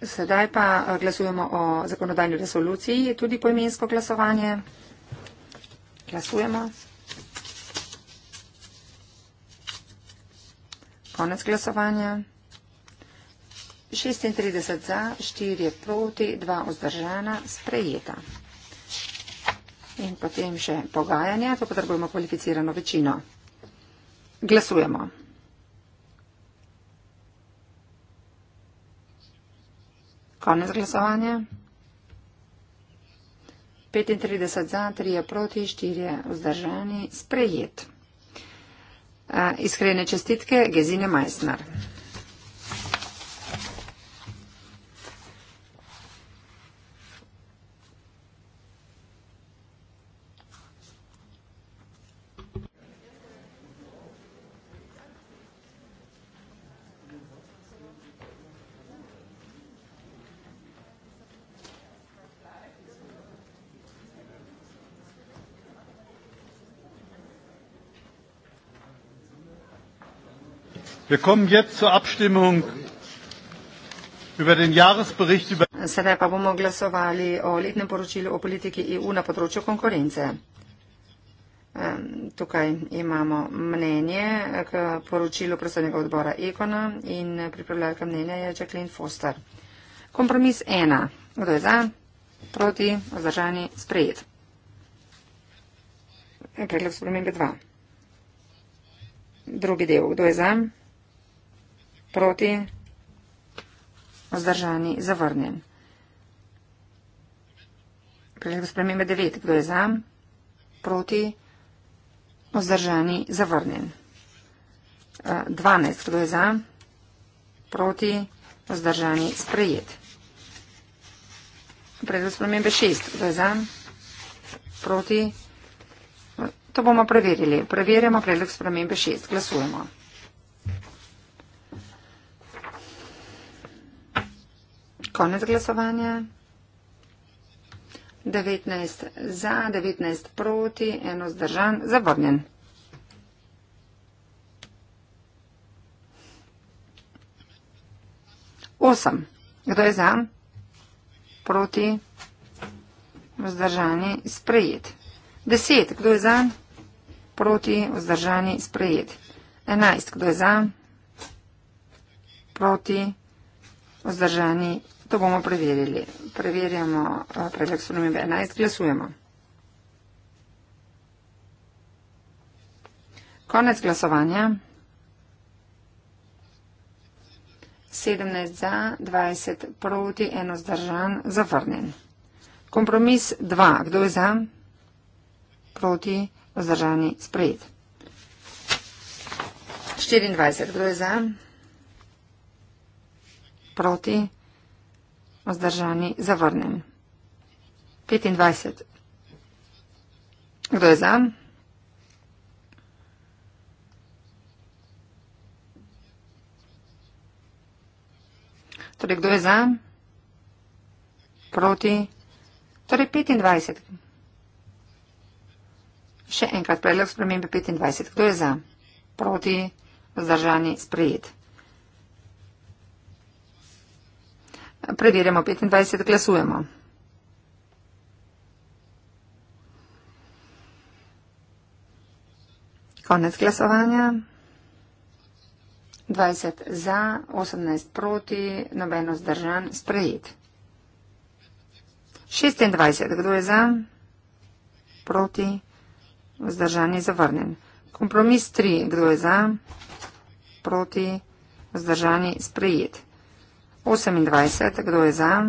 Sedaj pa glasujemo o zakonodajni resoluciji, tudi poimensko glasovanje. Glasujemo. Konec glasovanja. 36 za, 4 proti, 2 vzdržana, sprejeta. In potem še pogajanja, to potrebujemo kvalificirano večino. Glasujemo. Konec glasovanja. 35 za, 3 proti, 4 vzdržani, sprejet. Iskrene čestitke, Gezine Meissner. Wir kommen jetzt zur Abstimmung über den Jahresbericht über Sedaj pa bomo glasovali o letnem poročilu o politiki EU na področju konkurence. Tukaj imamo mnenje k poročilu predsednega odbora Ekona in pripravljalka mnenja je Jacqueline Foster. Kompromis ena. Kdo je za? Proti? Vzdržani? Sprejet. Predlog spremembe dva. Drugi del. Kdo je za? proti vzdržani zavrnjen. Predlog spremembe 9. Kdo je za? Proti vzdržani zavrnjen. 12. Eh, Kdo je za? Proti vzdržani sprejet. Predlog spremembe 6. Kdo je za? Proti. Eh, to bomo preverili. Preverjamo predlog spremembe 6. Glasujemo. Konec glasovanja. 19 za, 19 proti, eno zdržan, zavrnjen. Osem. Kdo je za? Proti. Vzdržani sprejet. Deset. Kdo je za? Proti. Vzdržani sprejet. Enajst. Kdo je za? Proti. Vzdržani To bomo preverili. Preverjamo eh, predlog spremembe 11. Glasujemo. Konec glasovanja. 17 za, 20 proti, eno zdržan, zavrnen. Kompromis 2. Kdo je za? Proti, vzdržani, sprejet. 24. Kdo je za? Proti, vzdržani, sprejet vzdržani zavrnem. 25. Kdo je za? Torej, kdo je za? Proti? Torej, 25. Še enkrat, predlog spremembe 25. Kdo je za? Proti? Vzdržani sprejet. Preverjamo 25, glasujemo. Konec glasovanja. 20 za, 18 proti, nobeno zdržan, sprejet. 26, kdo je za? Proti, vzdržan je zavrnen. Kompromis 3, kdo je za? Proti, vzdržan je sprejet. 28, kdo je za,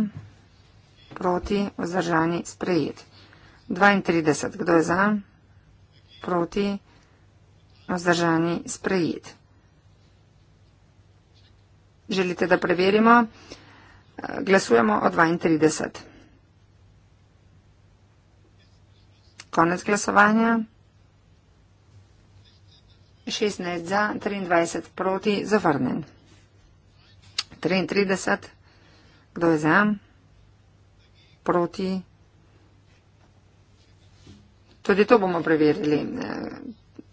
proti, vzdržani, sprejet. 32, kdo je za, proti, vzdržani, sprejet. Želite, da preverimo? Glasujemo o 32. Konec glasovanja. 16 za, 23 proti, zavrnen. 33, kdo je za, proti. Tudi to bomo preverili. E,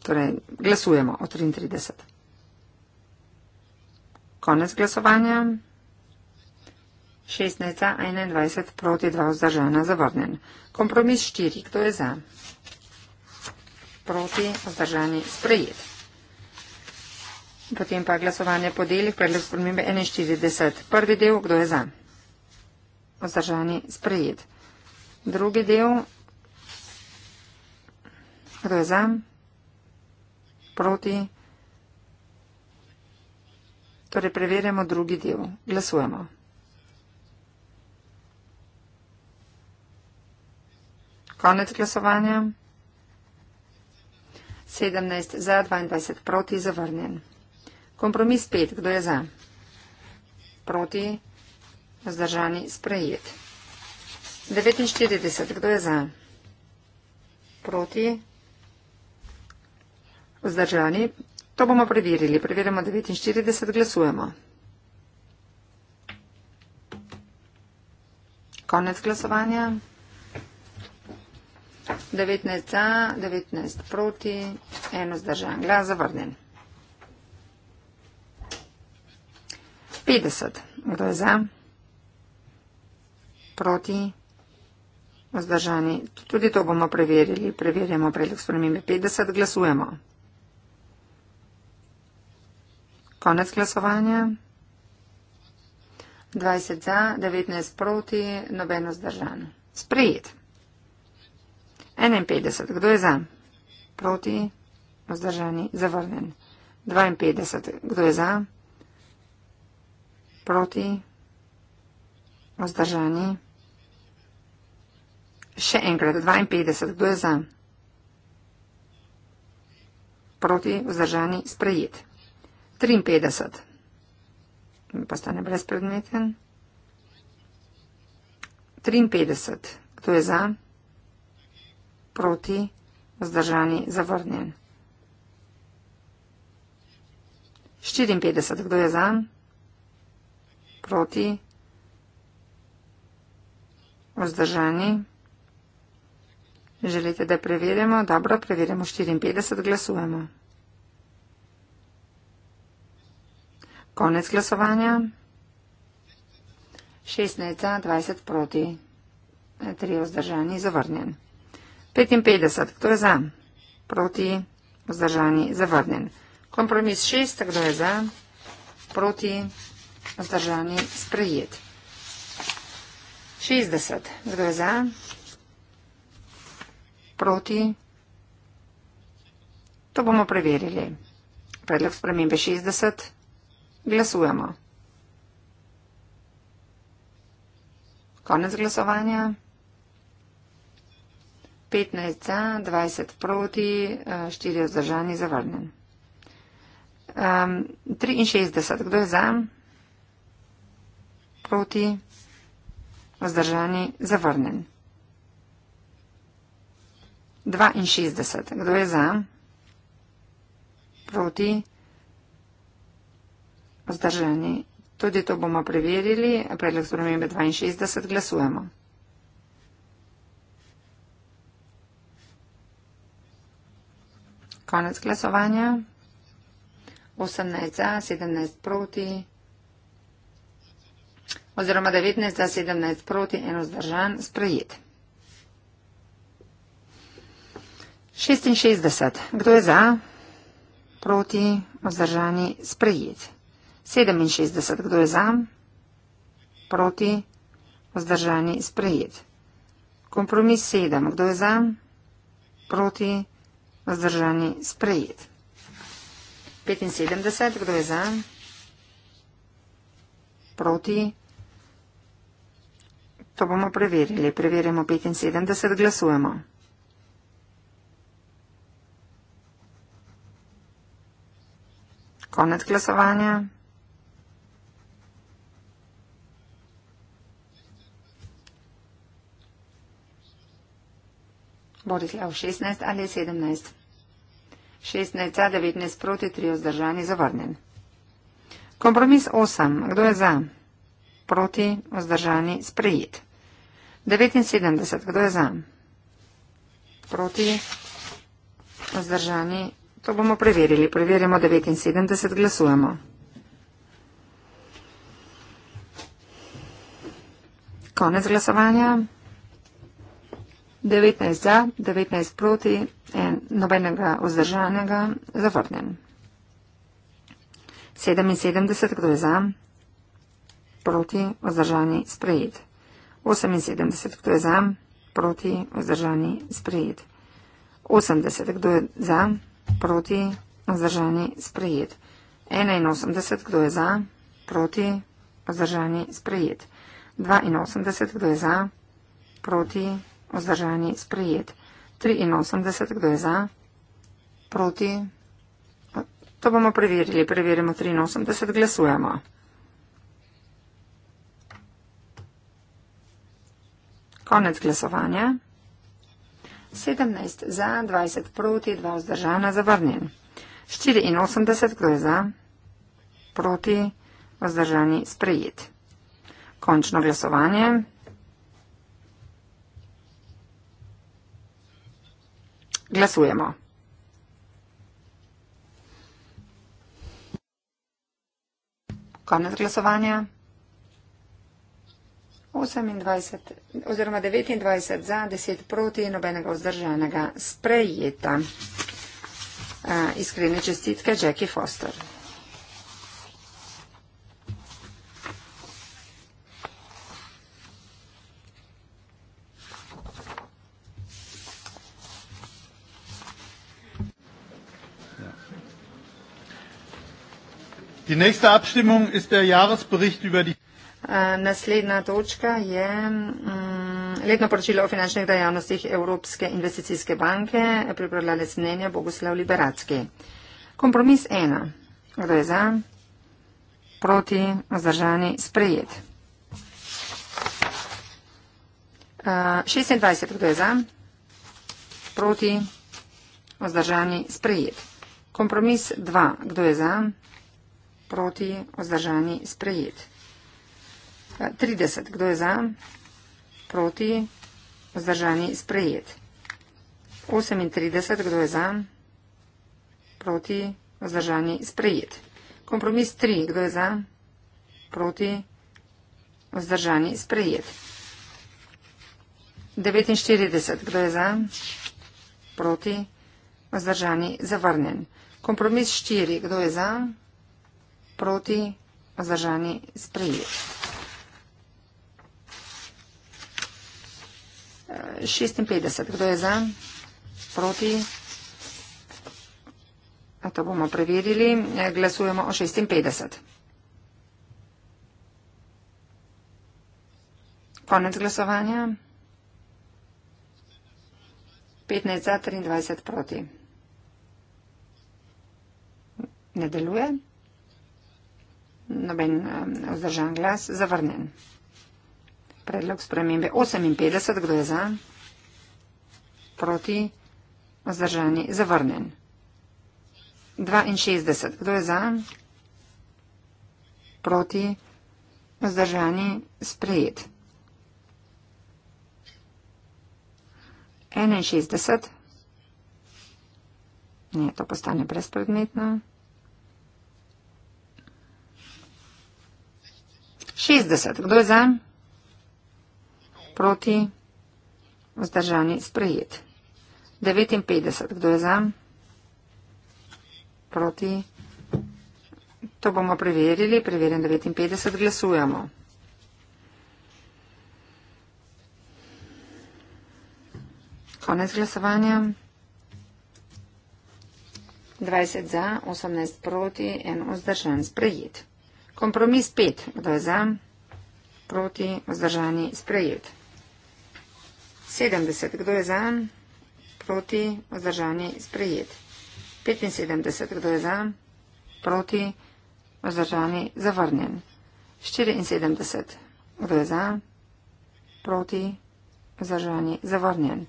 torej, glasujemo o 33. Konec glasovanja. 16, 21, proti 2, vzdržana, zavrnjen. Kompromis 4, kdo je za? Proti, vzdržani, sprejet. Potem pa glasovanje po delih predlog spremembe 41. Prvi del, kdo je za? Ozdržani sprejet. Drugi del, kdo je za? Proti. Torej preverjamo drugi del. Glasujemo. Konec glasovanja. 17 za, 22 proti, zavrnjen. Kompromis pet. Kdo je za? Proti. Zdržani. Sprejet. 49. Kdo je za? Proti. Zdržani. To bomo preverili. Preverimo 49. Glasujemo. Konec glasovanja. 19 za, 19 proti, eno zdržan glas, zavrnen. 50. Kdo je za? Proti? Vzdržani? Tudi to bomo preverili. Preverjamo predlog spremembe 50. Glasujemo. Konec glasovanja. 20 za, 19 proti, nobeno zdržan. Sprejet. 51. Kdo je za? Proti, vzdržani, zavrnen. 52. Kdo je za? proti, vzdržani. Še enkrat, 52, kdo je za? Proti, vzdržani, sprejet. 53, pa stane brezpredmeten. 53, kdo je za? Proti, vzdržani, zavrnjen. 54, kdo je za? Proti, vzdržani, zavrnjen proti, vzdržani. Želite, da preverimo? Dobro, preverimo 54, glasujemo. Konec glasovanja. 16, 20 proti, 3 vzdržani, zavrnjen. 55, kdo je za? Proti, vzdržani, zavrnjen. Kompromis 6, kdo je za? Proti, vzdržani vzdržan in sprejet. 60. Zgleza proti. To bomo preverili. Predlog spremembe 60. Glasujemo. Konec glasovanja. 15 za, 20 proti, 4 vzdržani zavrnjen. 63. Ehm, Kdo je za? proti, vzdržani, zavrnen. 62. Kdo je za? Proti, vzdržani. Tudi to bomo preverili. Predlog spremembe 62. Glasujemo. Konec glasovanja. 18 za, 17 proti oziroma 19 za 17 proti 1 zdržan sprejet. 66. Kdo je za? Proti vzdržani sprejet. 67. Kdo je za? Proti vzdržani sprejet. Kompromis 7. Kdo je za? Proti vzdržani sprejet. 75. Kdo je za? Proti vzdržani sprejet proti. To bomo preverili. Preverimo 75, glasujemo. Konec glasovanja. Borislav 16 ali 17. 16 za 19 proti 3 vzdržani zavrnjen. Kompromis 8. Kdo je za? Proti, vzdržani, sprejet. 79. Kdo je za? Proti, vzdržani, to bomo preverili. Preverimo 79, glasujemo. Konec glasovanja. 19 za, 19 proti, en, nobenega vzdržanega, zavrnjen. 77, kdo je za, proti, vzdržani, sprejet. 78, kdo je za, proti, vzdržani, sprejet. 80, kdo je za, proti, vzdržani, sprejet. 81, kdo je za, proti, vzdržani, sprejet. 82, kdo je za, proti, vzdržani, sprejet. 83, kdo je za, proti, vzdržani, sprejet. To bomo preverili. Preverimo 83, glasujemo. Konec glasovanja. 17 za, 20 proti, 2 vzdržana, zavrnjen. 84, kdo je za, proti, vzdržani, sprejet. Končno glasovanje. Glasujemo. Konec glasovanja. 28 oziroma 29 za, 10 proti, nobenega vzdržanega sprejeta. Iskrene čestitke, Jackie Foster. Die nächste Abstimmung ist der Jahresbericht über die. Eh, naslednja točka je mm, letno poročilo o finančnih dejavnostih Evropske investicijske banke, pripravila le mnenje Bogoslav Liberacki. Kompromis ena. Kdo je za? Proti? Vzdržani? Sprejet. 26. Eh, Kdo je za? Proti? Vzdržani? Sprejet. Kompromis dva. Kdo je za? proti, vzdržani, sprejet. 30. E, Kdo je za, proti, vzdržani, sprejet. 38. Kdo je za, proti, vzdržani, sprejet. Kompromis 3. Kdo je za, proti, vzdržani, sprejet. 49. Kdo je za, proti, vzdržani, zavrnen. Kompromis 4. Kdo je za, proti, vzdržani, sprejet proti vzdržani sprejet. 56. Eh, Kdo je za? Proti? To bomo preverili. Eh, glasujemo o 56. Konec glasovanja. 15 za, 23 proti. Ne deluje noben vzdržan glas, zavrnen. Predlog spremembe 58, kdo je za? Proti, vzdržani, zavrnen. 62, kdo je za? Proti, vzdržani, sprejet. 61, ne, to postane brezpredmetno. 60. Kdo je za? Proti. Vzdržani. Sprejet. 59. Kdo je za? Proti. To bomo preverili. Preverjen 59. Glasujemo. Konec glasovanja. 20 za, 18 proti, 1 vzdržan. Sprejet. Kompromis 5. Kdo je za? Proti, vzdržani, sprejet. 70. Kdo je za? Proti, vzdržani, sprejet. 75. Kdo je za? Proti, vzdržani, zavrnjen. 74. Kdo je za? Proti, vzdržani, zavrnjen.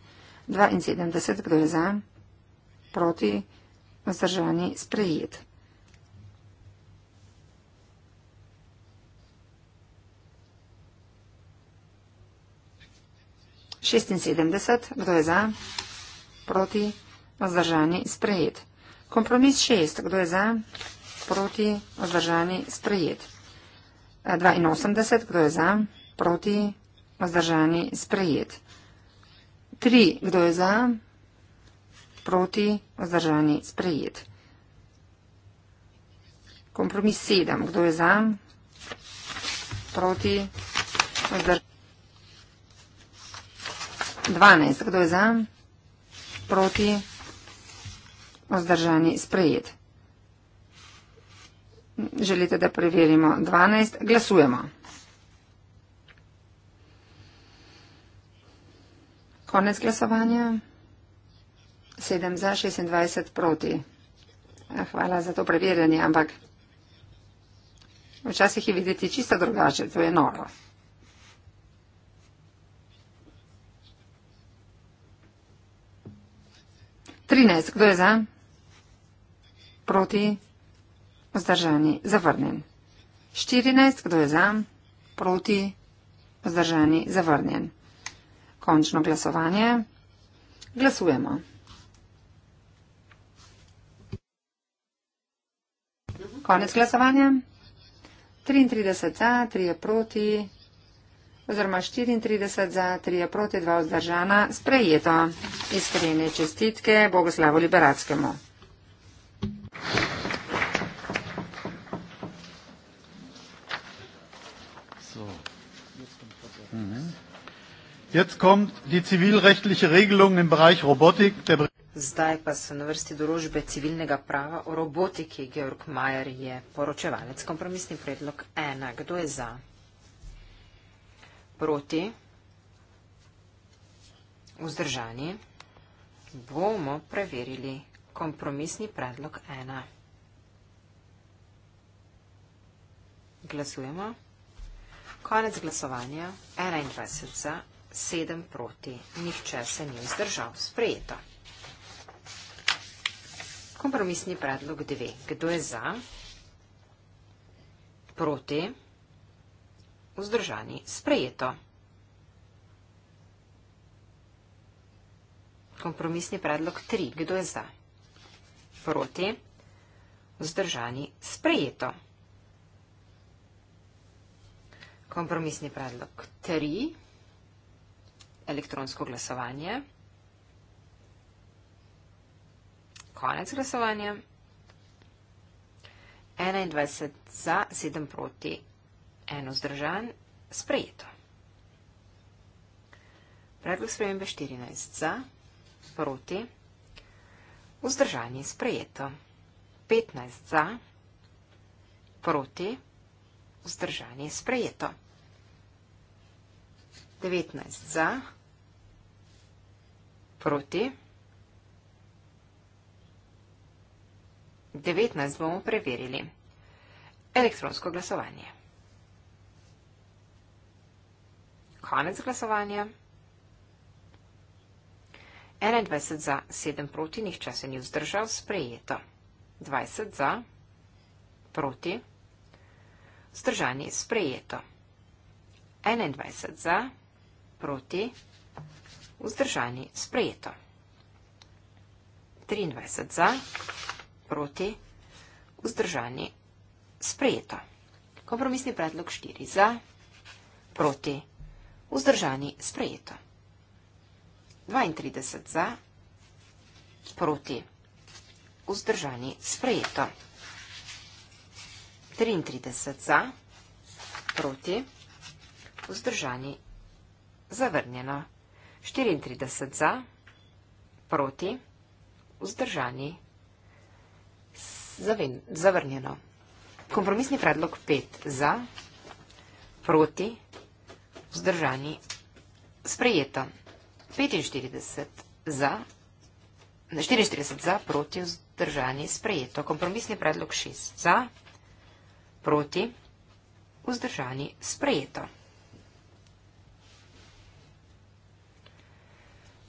72. Kdo je za? Proti, vzdržani, sprejet. 76, kdo je za, proti, vzdržani, sprejet. Kompromis 6, kdo je za, proti, vzdržani, sprejet. 82, kdo je za, proti, vzdržani, sprejet. 3, kdo je za, proti, vzdržani, sprejet. Kompromis 7, kdo je za, proti, vzdržani. 12. Kdo je za? Proti. Vzdržani sprejet. Želite, da preverimo 12? Glasujemo. Konec glasovanja. 7 za, 26 proti. Eh, hvala za to preverjanje, ampak včasih je videti čisto drugače, to je noro. 13. Kdo je za? Proti. Vzdržani. Zavrnjen. 14. Kdo je za? Proti. Vzdržani. Zavrnjen. Končno glasovanje. Glasujemo. Konec glasovanja. 33 za, 3 proti oziroma 34 za, 3 proti, 2 vzdržana, sprejeto. Iskrene čestitke Bogoslavu Liberatskemu. Mhm. Zdaj pa so na vrsti določbe civilnega prava o robotiki. Georg Majer je poročevalec. Kompromisni predlog ena. Kdo je za? proti, vzdržani, bomo preverili kompromisni predlog 1. Glasujemo. Konec glasovanja. 21 za, 7 proti. Nihče se ni vzdržal. Sprejeto. Kompromisni predlog 2. Kdo je za? Proti vzdržani sprejeto. Kompromisni predlog 3. Kdo je za? Proti. Vzdržani sprejeto. Kompromisni predlog 3. Elektronsko glasovanje. Konec glasovanja. 21 za, 7 proti, eno zdržan, sprejeto. Predlog spremembe 14 za, proti, vzdržanje sprejeto. 15 za, proti, vzdržanje sprejeto. 19 za, proti, 19 bomo preverili. Elektronsko glasovanje. Konec glasovanja. 21 za, 7 proti, nihče se ni vzdržal, sprejeto. 20 za, proti, vzdržani, sprejeto. 21 za, proti, vzdržani, sprejeto. 23 za, proti, vzdržani, sprejeto. Kompromisni predlog 4 za, proti, vzdržani vzdržani sprejeto. 32 za, proti, vzdržani sprejeto. 33 za, proti, vzdržani zavrnjeno. 34 za, proti, vzdržani zavrnjeno. Kompromisni predlog 5 za, proti, vzdržani. Sprejeto. 45 za, 44 za, proti vzdržani. Sprejeto. Kompromisni predlog 6 za, proti vzdržani. Sprejeto.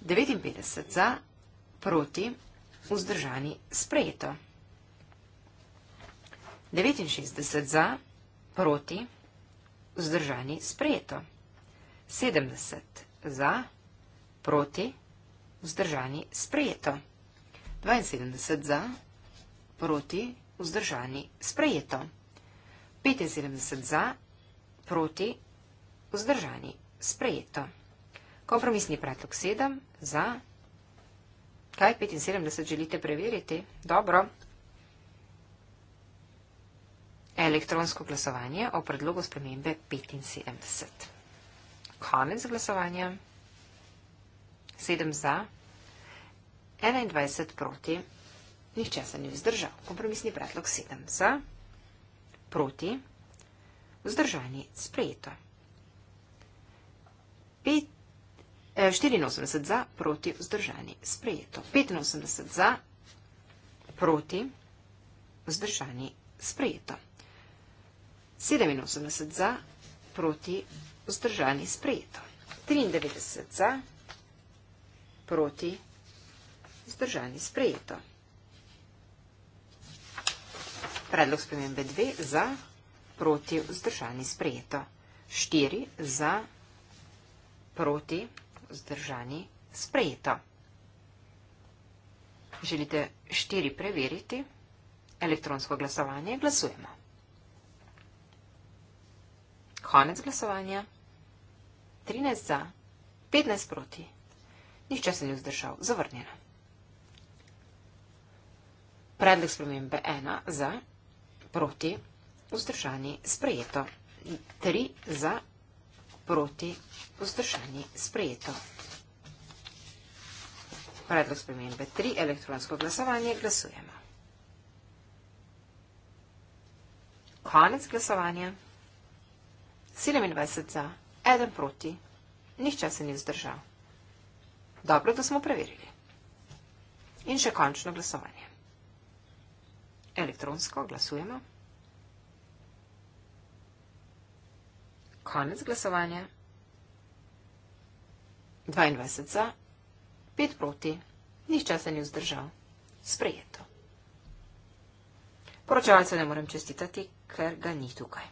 59 za, proti vzdržani. Sprejeto. 69 za, proti vzdržani. Sprejeto. 70 za, proti, vzdržani, sprejeto. 72 za, proti, vzdržani, sprejeto. 75 za, proti, vzdržani, sprejeto. Kompromisni predlog 7 za. Kaj 75 želite preveriti? Dobro. Elektronsko glasovanje o predlogu spremembe 75. Konec glasovanja. 7 za, 21 proti. Nihče se ni vzdržal. Kompromisni predlog 7 za, proti. Vzdržani sprejeto. 84 eh, za, proti. Vzdržani sprejeto. 85 za, proti. Vzdržani sprejeto. 87 za, proti. Vzdržani sprejeto vzdržani sprejeto. 93 za, proti, vzdržani sprejeto. Predlog spremembe 2 za, proti, vzdržani sprejeto. 4 za, proti, vzdržani sprejeto. Želite 4 preveriti? Elektronsko glasovanje glasujemo. Konec glasovanja. 13 za, 15 proti. Nihče se ni vzdržal, zavrnjena. Predlog spremembe 1 za, proti, vzdržani, sprejeto. 3 za, proti, vzdržani, sprejeto. Predlog spremembe 3, elektronsko glasovanje, glasujemo. Konec glasovanja. 27 za, eden proti. Nihče se ni vzdržal. Dobro, da smo preverili. In še končno glasovanje. Elektronsko glasujemo. Konec glasovanja. 22 za, 5 proti. Nihče se ni vzdržal. Sprejeto. Poročevalce ne morem čestitati, ker ga ni tukaj.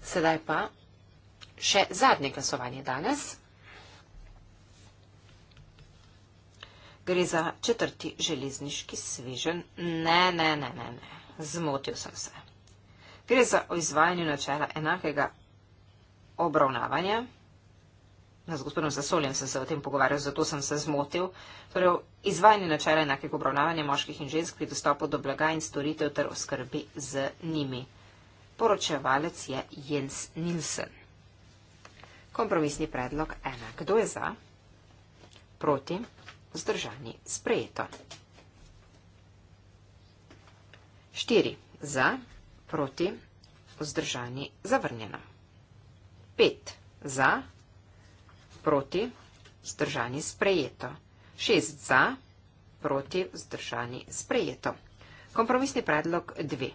Sedaj pa še zadnje glasovanje danes. Gre za četrti železniški svežen. Ne, ne, ne, ne, ne. Zmotil sem se. Gre za o izvajanju načela enakega obravnavanja. Z gospodom Zasoljem sem se o tem pogovarjal, zato sem se zmotil. Torej, izvajanje načela enakega obravnavanja moških in žensk pri dostopu do blaga in storitev ter oskrbi z njimi poročevalec je Jens Nilsen. Kompromisni predlog ena. Kdo je za? Proti. Zdržani. Sprejeto. Štiri. Za. Proti. Zdržani. Zavrnjeno. Pet. Za. Proti. Zdržani. Sprejeto. Šest. Za. Proti. Zdržani. Sprejeto. Kompromisni predlog dve.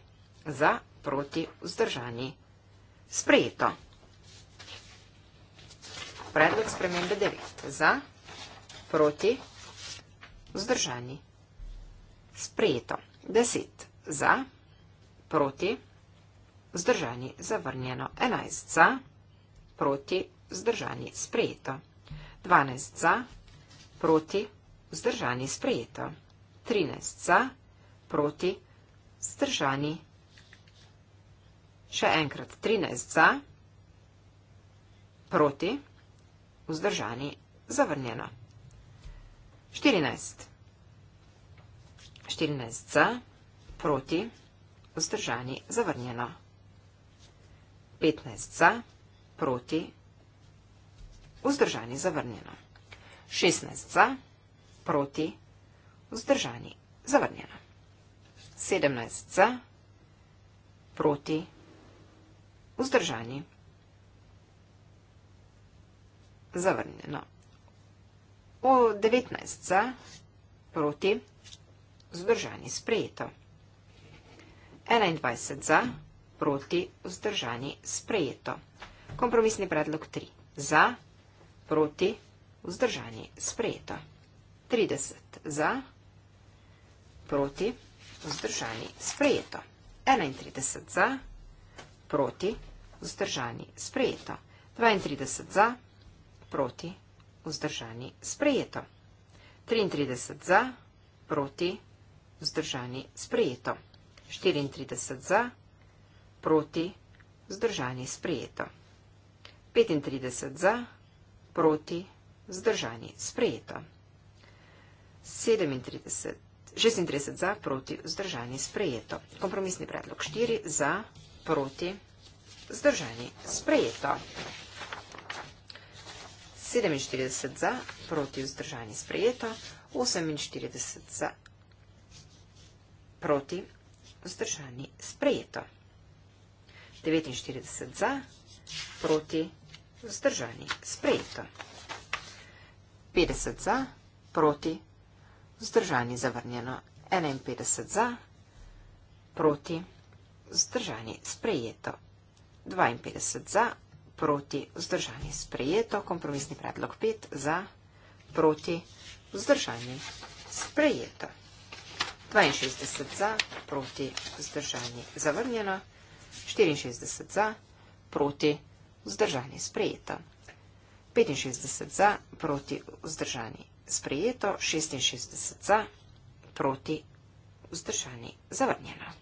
Za proti vzdržani. Sprejeto. Predlog spremembe 9. Za, proti, vzdržani. Sprejeto. 10. Za, proti, vzdržani. Zavrnjeno. 11. Za, proti, vzdržani. Sprejeto. 12. Za, proti, vzdržani. Sprejeto. 13. Za, proti, vzdržani. Sprejeto. Še enkrat 13 za, proti, vzdržani, zavrnjeno. 14. 14 za, proti, vzdržani, zavrnjeno. 15 za, proti, vzdržani, zavrnjeno. 16 za, proti, vzdržani, zavrnjeno. 17 za, proti, vzdržani, zavrnjeno vzdržani. Zavrnjeno. O 19. proti, vzdržani sprejeto. 21. za, proti, vzdržani sprejeto. Kompromisni predlog 3. Za, proti, vzdržani sprejeto. 30. Za, proti, vzdržani sprejeto. 31. za, proti, vzdržani, sprejeto. 32 za, proti, vzdržani, sprejeto. 33 za, proti, vzdržani, sprejeto. 34 za, proti, vzdržani, sprejeto. 35 za, proti, vzdržani, sprejeto. 37. 36 za, proti, vzdržani, sprejeto. Kompromisni predlog 4 za, proti, vzdržani vzdržani sprejeto. 47 za, proti vzdržani sprejeto, 48 za, proti vzdržani sprejeto, 49 za, proti vzdržani sprejeto, 50 za, proti vzdržani zavrnjeno, 51 za, proti vzdržani sprejeto, 52 za, proti vzdržani sprejeto, kompromisni predlog 5 za, proti vzdržani sprejeto. 62 za, proti vzdržani zavrnjeno, 64 za, proti vzdržani sprejeto. 65 za, proti vzdržani sprejeto, 66 za, proti vzdržani zavrnjeno.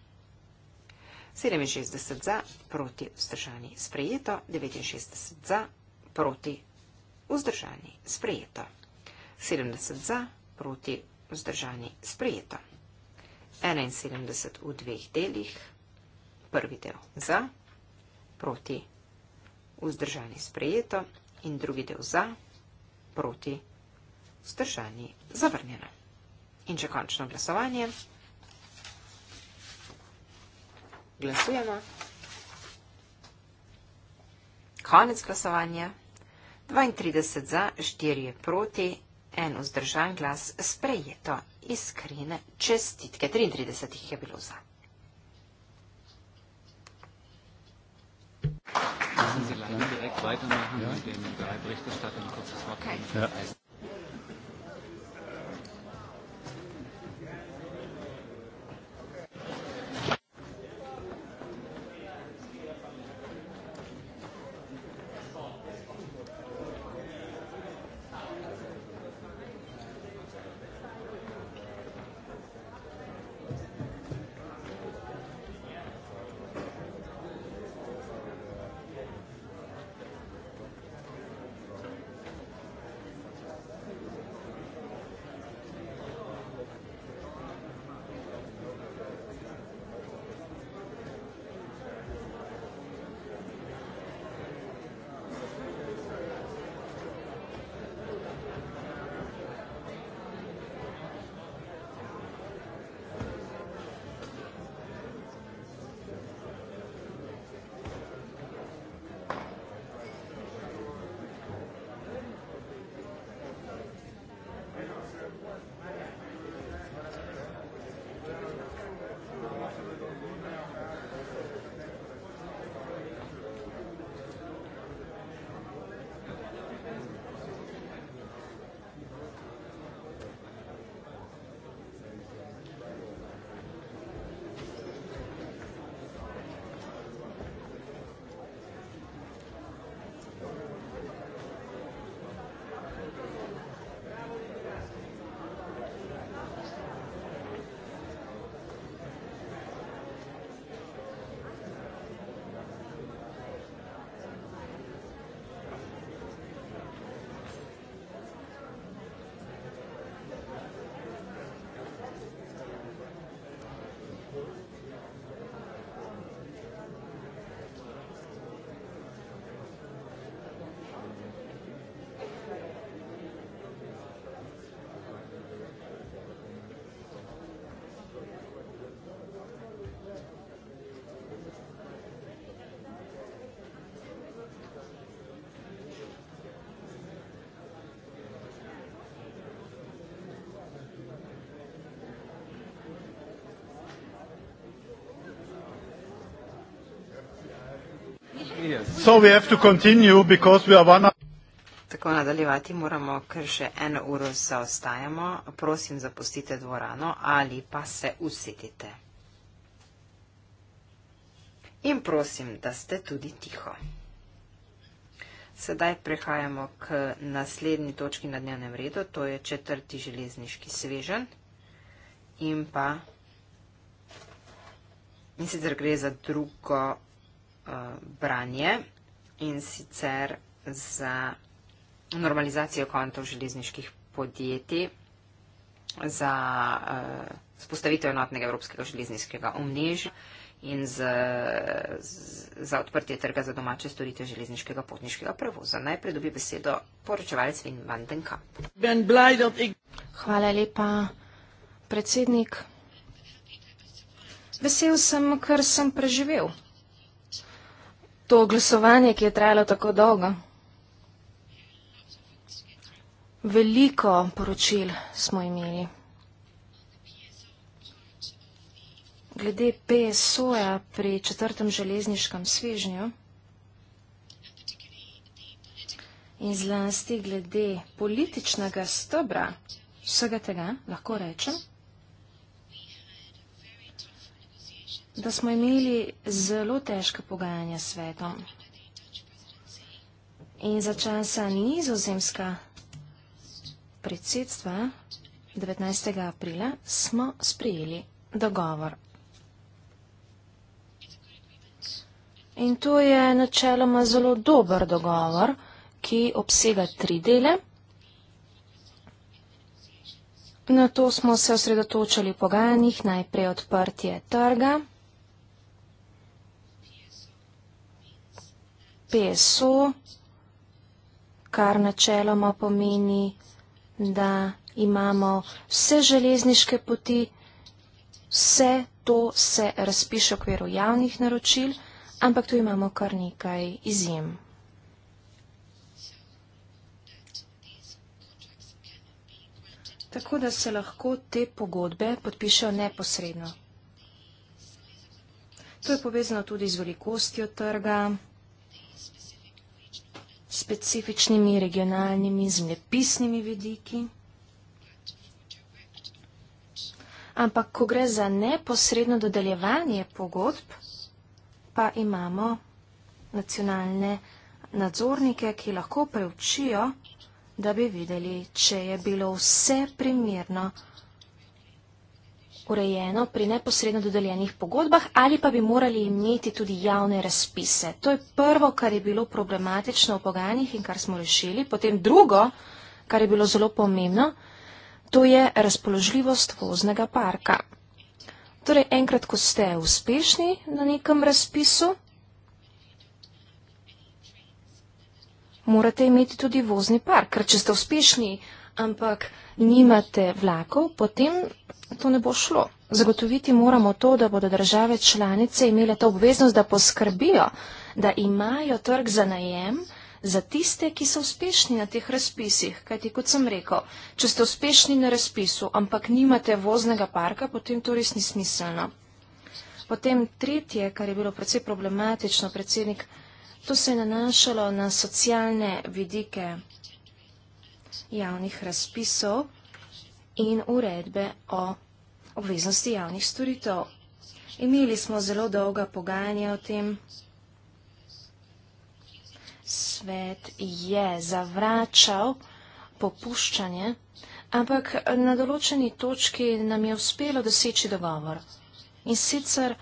67 za, proti vzdržani sprejeto, 69 za, proti vzdržani sprejeto, 70 za, proti vzdržani sprejeto, 71 v dveh delih, prvi del za, proti vzdržani sprejeto in drugi del za, proti vzdržani zavrnjeno. In če končno glasovanje. Glasujemo. Konec glasovanja. 32 za, 4 proti, 1 vzdržan glas, sprejeto, iskrene čestitke. 33 jih je bilo za. Lassen Sie lange direkt weitermachen, ja. mit den drei Berichterstattern kurzes Wort. Okay. Ja. Tako nadaljevati moramo, ker še eno uro zaostajamo. Prosim, zapustite dvorano ali pa se usitite. In prosim, da ste tudi tiho. Sedaj prehajamo k naslednji točki na dnevnem redu, to je četrti železniški svežen in pa. In sicer gre za drugo branje in sicer za normalizacijo kontov železniških podjetij, za spostavitev eh, enotnega evropskega železniškega omnežja in z, z, za odprtje trga za domače storitev železniškega potniškega prevoza. Najprej dobi besedo poročevalec Vin van den Kamp. Hvala lepa, predsednik. Vesel sem, ker sem preživel to glasovanje, ki je trajalo tako dolgo. Veliko poročil smo imeli. Glede PSO-ja pri četrtem železniškem svežnju in zlasti glede političnega stobra vsega tega, lahko rečem, da smo imeli zelo težke pogajanja s svetom. In za časa nizozemska predsedstva 19. aprila smo sprejeli dogovor. In to je načeloma zelo dober dogovor, ki obsega tri dele. Na to smo se osredotočili pogajanjih, najprej odprtje trga. peso, kar načeloma pomeni, da imamo vse železniške poti, vse to se razpiše v okviru javnih naročil, ampak tu imamo kar nekaj izjem. Tako da se lahko te pogodbe podpišejo neposredno. To je povezano tudi z velikostjo trga specifičnimi regionalnimi zmepisnimi vidiki. Ampak, ko gre za neposredno dodeljevanje pogodb, pa imamo nacionalne nadzornike, ki lahko preučijo, da bi videli, če je bilo vse primerno urejeno pri neposredno dodeljenih pogodbah ali pa bi morali imeti tudi javne razpise. To je prvo, kar je bilo problematično v pogajanjih in kar smo rešili. Potem drugo, kar je bilo zelo pomembno, to je razpoložljivost voznega parka. Torej, enkrat, ko ste uspešni na nekem razpisu, morate imeti tudi vozni park, ker če ste uspešni ampak nimate vlakov, potem to ne bo šlo. Zagotoviti moramo to, da bodo države članice imele to obveznost, da poskrbijo, da imajo trg za najem za tiste, ki so uspešni na teh razpisih. Kajti, kot sem rekel, če ste uspešni na razpisu, ampak nimate voznega parka, potem to res ni smiselno. Potem tretje, kar je bilo predvsej problematično, predsednik, to se je nanašalo na socialne vidike javnih razpisov in uredbe o obveznosti javnih storitev. Imeli smo zelo dolga pogajanja o tem. Svet je zavračal popuščanje, ampak na določeni točki nam je uspelo doseči dogovor. In sicer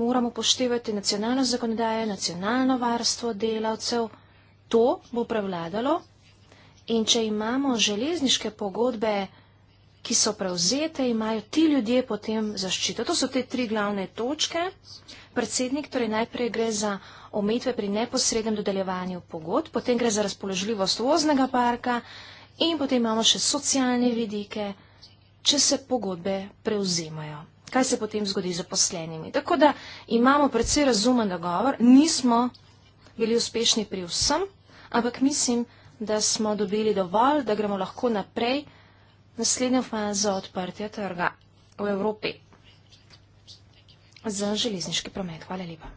moramo poštevati nacionalno zakonodajo, nacionalno varstvo delavcev. To bo prevladalo In če imamo železniške pogodbe, ki so prevzete, imajo ti ljudje potem zaščito. To so te tri glavne točke. Predsednik torej najprej gre za omejitve pri neposrednem dodeljevanju pogodb, potem gre za razpoložljivost voznega parka in potem imamo še socialne vidike, če se pogodbe prevzemajo. Kaj se potem zgodi z zaposlenimi? Tako da imamo predvsej razumen dogovor, nismo bili uspešni pri vsem, ampak mislim, da smo dobili dovolj, da gremo lahko naprej v naslednjo fazo odprtja trga v Evropi za železniški promet. Hvala lepa.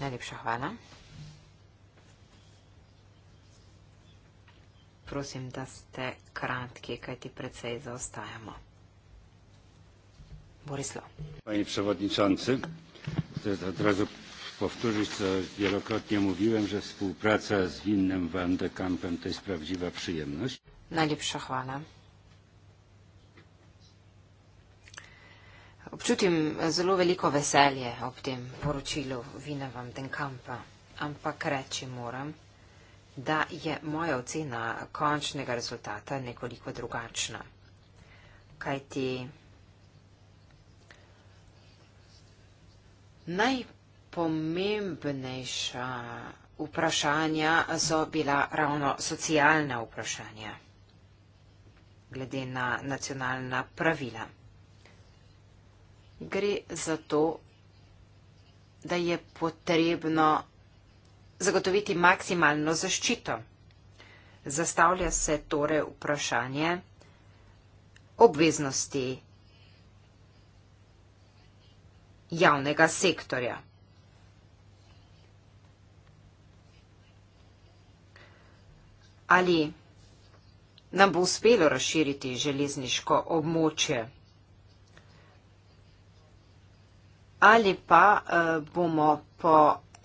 Najlepša hvala. Prosim, da ste kratki, kaj ti predvsej zaostajamo. Borislav. Pani przewodniczący, chcę od razu powtórzyć co wielokrotnie mówiłem, że współpraca z winnym Van de Kampem to jest prawdziwa przyjemność. Najlepsza chwała. Občutim zelo veliko veselje ob tem poročilu Vina Van den Kampa, ampak reči moram, da je moja ocena končnega rezultata nekoliko drugačna. Kaj ti... Naj pomembnejša vprašanja so bila ravno socialna vprašanja glede na nacionalna pravila. Gre za to, da je potrebno zagotoviti maksimalno zaščito. Zastavlja se torej vprašanje obveznosti javnega sektorja. ali nam bo uspelo razširiti železniško območje. Ali pa eh, bomo po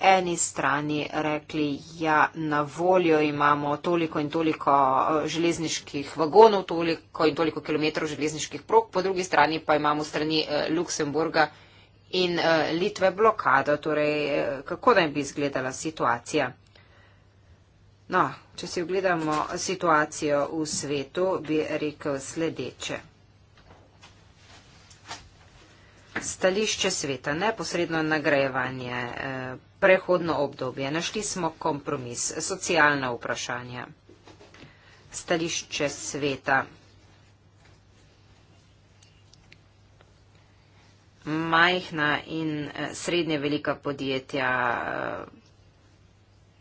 eni strani rekli, ja, na voljo imamo toliko in toliko eh, železniških vagonov, toliko in toliko kilometrov železniških prog, po drugi strani pa imamo strani eh, Luksemburga in Litve blokado. Torej, kako naj bi izgledala situacija? No, če si ogledamo situacijo v svetu, bi rekel sledeče. Stališče sveta, neposredno nagrajevanje, eh, prehodno obdobje, našli smo kompromis, socialna vprašanja. Stališče sveta. Majhna in eh, srednje velika podjetja eh,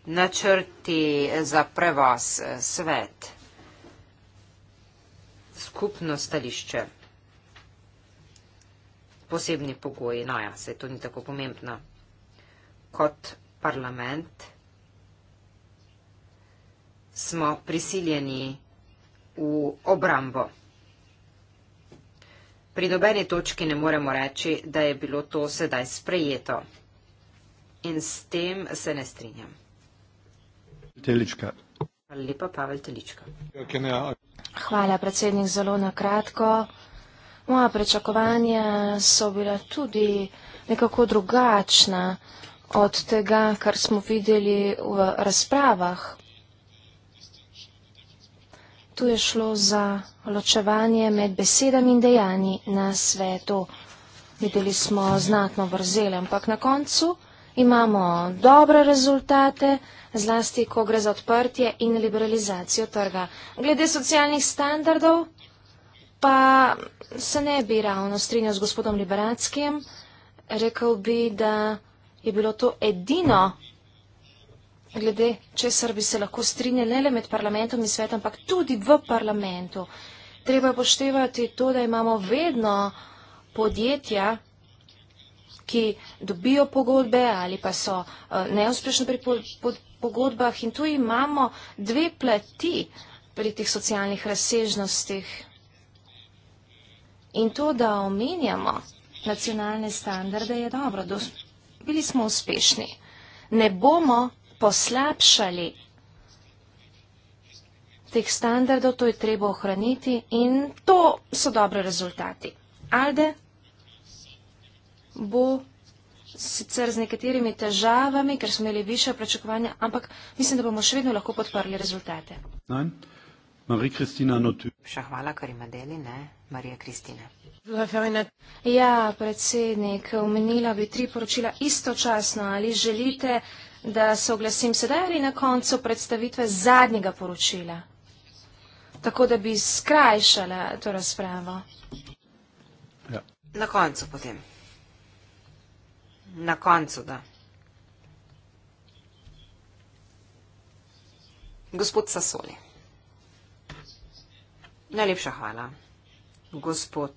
načrti za prevoz eh, svet, skupno stališče, posebni pogoji, no ja, se to ni tako pomembno, kot parlament smo prisiljeni v obrambo. Pri nobeni točki ne moremo reči, da je bilo to sedaj sprejeto. In s tem se ne strinjam. Telička. Hvala lepa, Pavel Telička. Hvala, predsednik, zelo na kratko. Moja prečakovanja so bila tudi nekako drugačna od tega, kar smo videli v razpravah. Tu je šlo za ločevanje med besedami in dejanji na svetu. Videli smo znatno vrzel, ampak na koncu imamo dobre rezultate, zlasti, ko gre za odprtje in liberalizacijo trga. Glede socialnih standardov, pa se ne bi ravno strinjal z gospodom Liberackim, rekel bi, da je bilo to edino, glede česar bi se lahko strinjali ne le med parlamentom in svetom, ampak tudi v parlamentu. Treba poštevati to, da imamo vedno podjetja, ki dobijo pogodbe ali pa so eh, neuspešni pri pogodbah in tu imamo dve plati pri teh socialnih razsežnostih. In to, da omenjamo nacionalne standarde, je dobro, da bili smo uspešni. Ne bomo poslabšali teh standardov, to je treba ohraniti in to so dobre rezultati. Alde? bo sicer z nekaterimi težavami, ker smo imeli više prečakovanja, ampak mislim, da bomo še vedno lahko podprli rezultate. Še hvala, kar ima deli, ne, Marija Kristina. Ja, predsednik, omenila bi tri poročila istočasno. Ali želite, da se oglasim sedaj ali na koncu predstavitve zadnjega poročila? Tako, da bi skrajšala to razpravo. Ja. Na koncu potem na koncu, da. Gospod Sasoli. Najlepša hvala. Gospod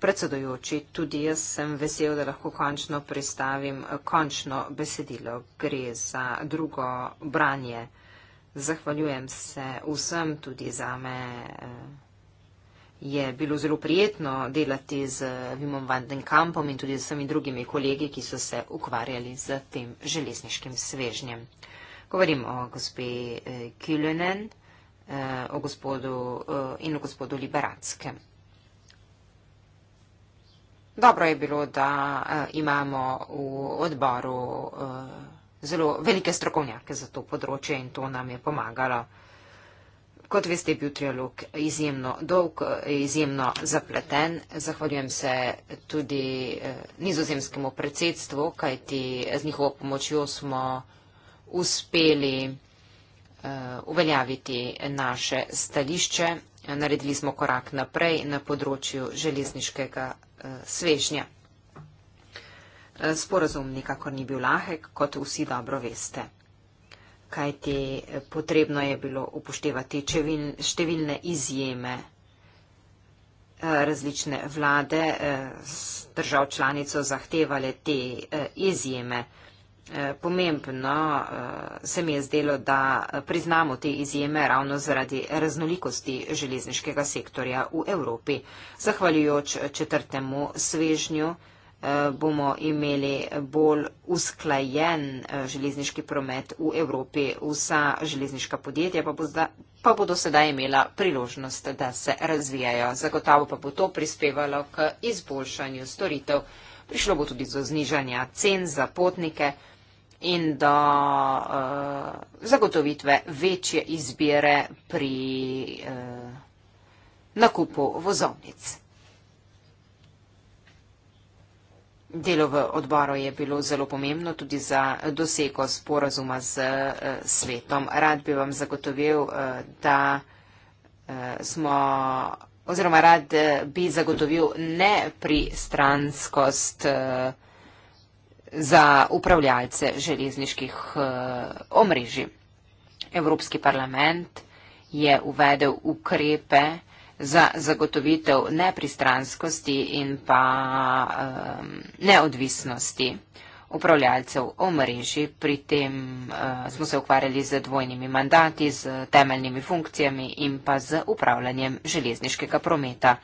predsedojoči, tudi jaz sem vesel, da lahko končno pristavim končno besedilo. Gre za drugo branje. Zahvaljujem se vsem, tudi za me. Eh, je bilo zelo prijetno delati z Vimom Vandenkampom in tudi z vsemi drugimi kolegi, ki so se ukvarjali z tem železniškim svežnjem. Govorim o gospe eh, Kilenen eh, o gospodu, eh, in o gospodu Liberacke. Dobro je bilo, da imamo v odboru zelo velike strokovnjake za to področje in to nam je pomagalo. Kot veste, je bil trialog izjemno dolg, izjemno zapleten. Zahvaljujem se tudi eh, nizozemskemu predsedstvu, kajti z njihovo pomočjo smo uspeli eh, uveljaviti naše stališče. Naredili smo korak naprej na področju železniškega eh, svežnja. Sporazum nikakor ni bil lahek, kot vsi dobro veste kajti eh, potrebno je bilo upoštevati številne izjeme. Eh, različne vlade eh, držav članico zahtevale te izjeme. Pomembno se mi je zdelo, da priznamo te izjeme ravno zaradi raznolikosti železniškega sektorja v Evropi, zahvaljujoč četrtemu svežnju Eh, bomo imeli bolj usklajen eh, železniški promet v Evropi. Vsa železniška podjetja pa, bo zda, pa bodo sedaj imela priložnost, da se razvijajo. Zagotavo pa bo to prispevalo k izboljšanju storitev. Prišlo bo tudi do znižanja cen za potnike in do uh, zagotovitve večje izbire pri uh, nakupu vozovnic. Delo v odboru je bilo zelo pomembno tudi za dosego sporazuma z eh, svetom. Rad bi vam zagotovil, eh, da eh, smo, oziroma rad bi zagotovil nepristranskost za upravljalce železniških omrežij. Evropski parlament je uvedel ukrepe, za zagotovitev nepristranskosti in pa um, neodvisnosti upravljalcev omrežji. Pri tem uh, smo se ukvarjali z dvojnimi mandati, z temeljnimi funkcijami in pa z upravljanjem železniškega prometa,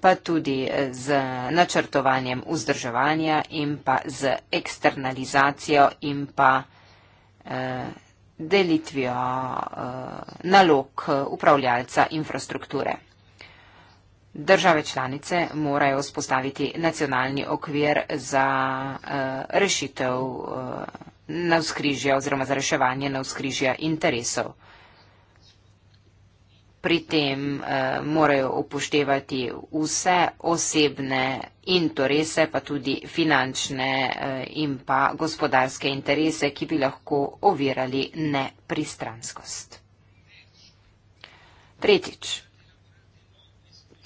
pa tudi eh, z načrtovanjem vzdrževanja in pa z eksternalizacijo in pa uh, delitvijo uh, nalog upravljalca infrastrukture. Države članice morajo spostaviti nacionalni okvir za uh, rešitev uh, eh, na vzkrižja oziroma za reševanje na vzkrižja interesov. Pri tem uh, morajo upoštevati vse osebne interese, pa tudi finančne uh, in pa gospodarske interese, ki bi lahko ovirali nepristranskost. Tretjič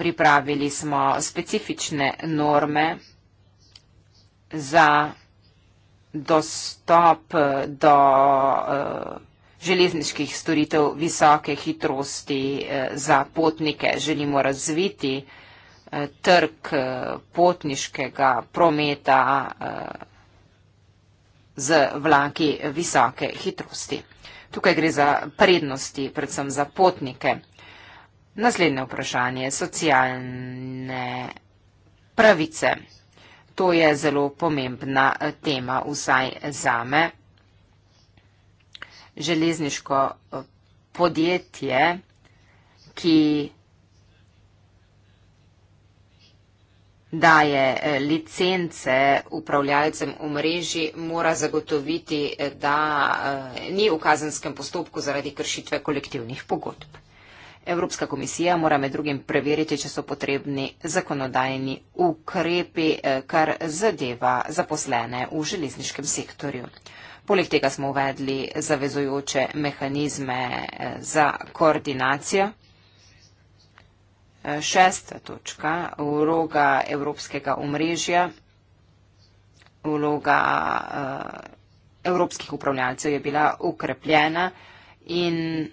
pripravili smo specifične norme za dostop do eh, železniških storitev visoke hitrosti eh, za potnike. Želimo razviti eh, trg potniškega prometa z vlaki visoke hitrosti. Tukaj gre za prednosti, predvsem za potnike. Naslednje vprašanje je socialne pravice. To je zelo pomembna eh, tema, vsaj za me. Železniško eh, podjetje, ki daje eh, licence upravljalcem v mreži, mora zagotoviti, da ni v kazenskem postopku zaradi kršitve kolektivnih pogodb. Evropska komisija mora med drugim preveriti, če so potrebni zakonodajni ukrepi, eh, kar zadeva zaposlene v železniškem sektorju. Poleg tega smo uvedli zavezujoče mehanizme eh, za koordinacijo. Eh, šesta točka, uloga evropskega omrežja, uloga evropskih upravljalcev je bila ukrepljena in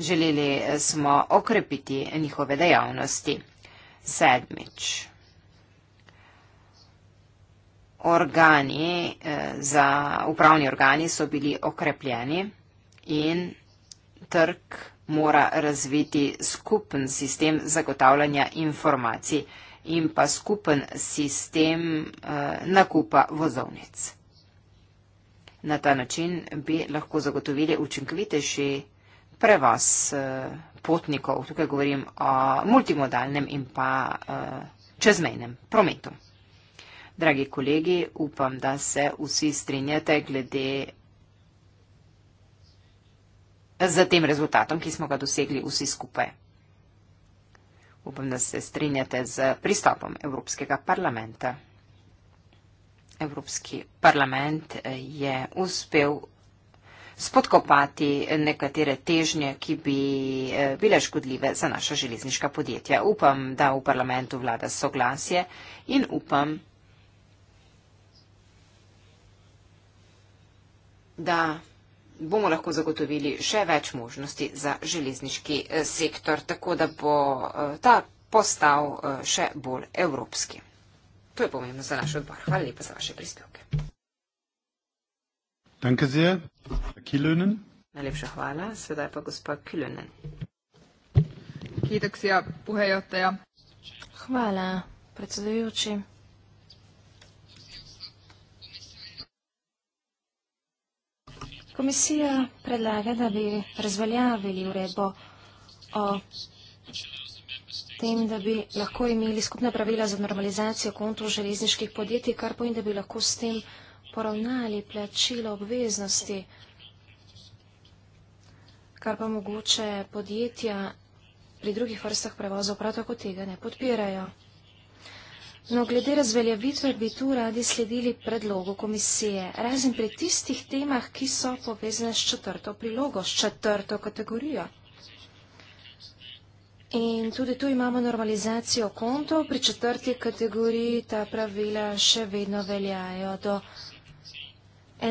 Želeli eh, smo okrepiti njihove dejavnosti. Sedmič. Organi, eh, za, upravni organi so bili okrepljeni in trg mora razviti skupen sistem zagotavljanja informacij in pa skupen sistem eh, nakupa vozovnic. Na ta način bi lahko zagotovili učinkovitejši prevoz eh, potnikov, tukaj govorim o multimodalnem in pa eh, čezmejnem prometu. Dragi kolegi, upam, da se vsi strinjate glede za tem rezultatom, ki smo ga dosegli vsi skupaj. Upam, da se strinjate z pristopom Evropskega parlamenta. Evropski parlament eh, je uspel spodkopati nekatere težnje, ki bi eh, bile škodljive za naša železniška podjetja. Upam, da v parlamentu vlada soglasje in upam, da bomo lahko zagotovili še več možnosti za železniški eh, sektor, tako da bo eh, ta postal še bolj evropski. To je pomembno za naš odbor. Hvala lepa za vaše prispevke. Danke sehr, Herr Kilönen. Najlepša hvala, sedaj pa gospod Kilönen. Kiitoksia, puheenjohtaja. Hvala, predsedujoči. Komisija predlaga, da bi razveljavili uredbo o tem, da bi lahko imeli skupna pravila za normalizacijo kontov železniških podjetij, kar pomeni, da bi lahko s tem poravnali plačilo obveznosti, kar pa mogoče podjetja pri drugih vrstah prevozov prav tako tega ne podpirajo. No, glede razveljavitve bi tu radi sledili predlogu komisije, razen pri tistih temah, ki so povezane s četrto prilogo, s četrto kategorijo. In tudi tu imamo normalizacijo kontov, pri četrti kategoriji ta pravila še vedno veljajo do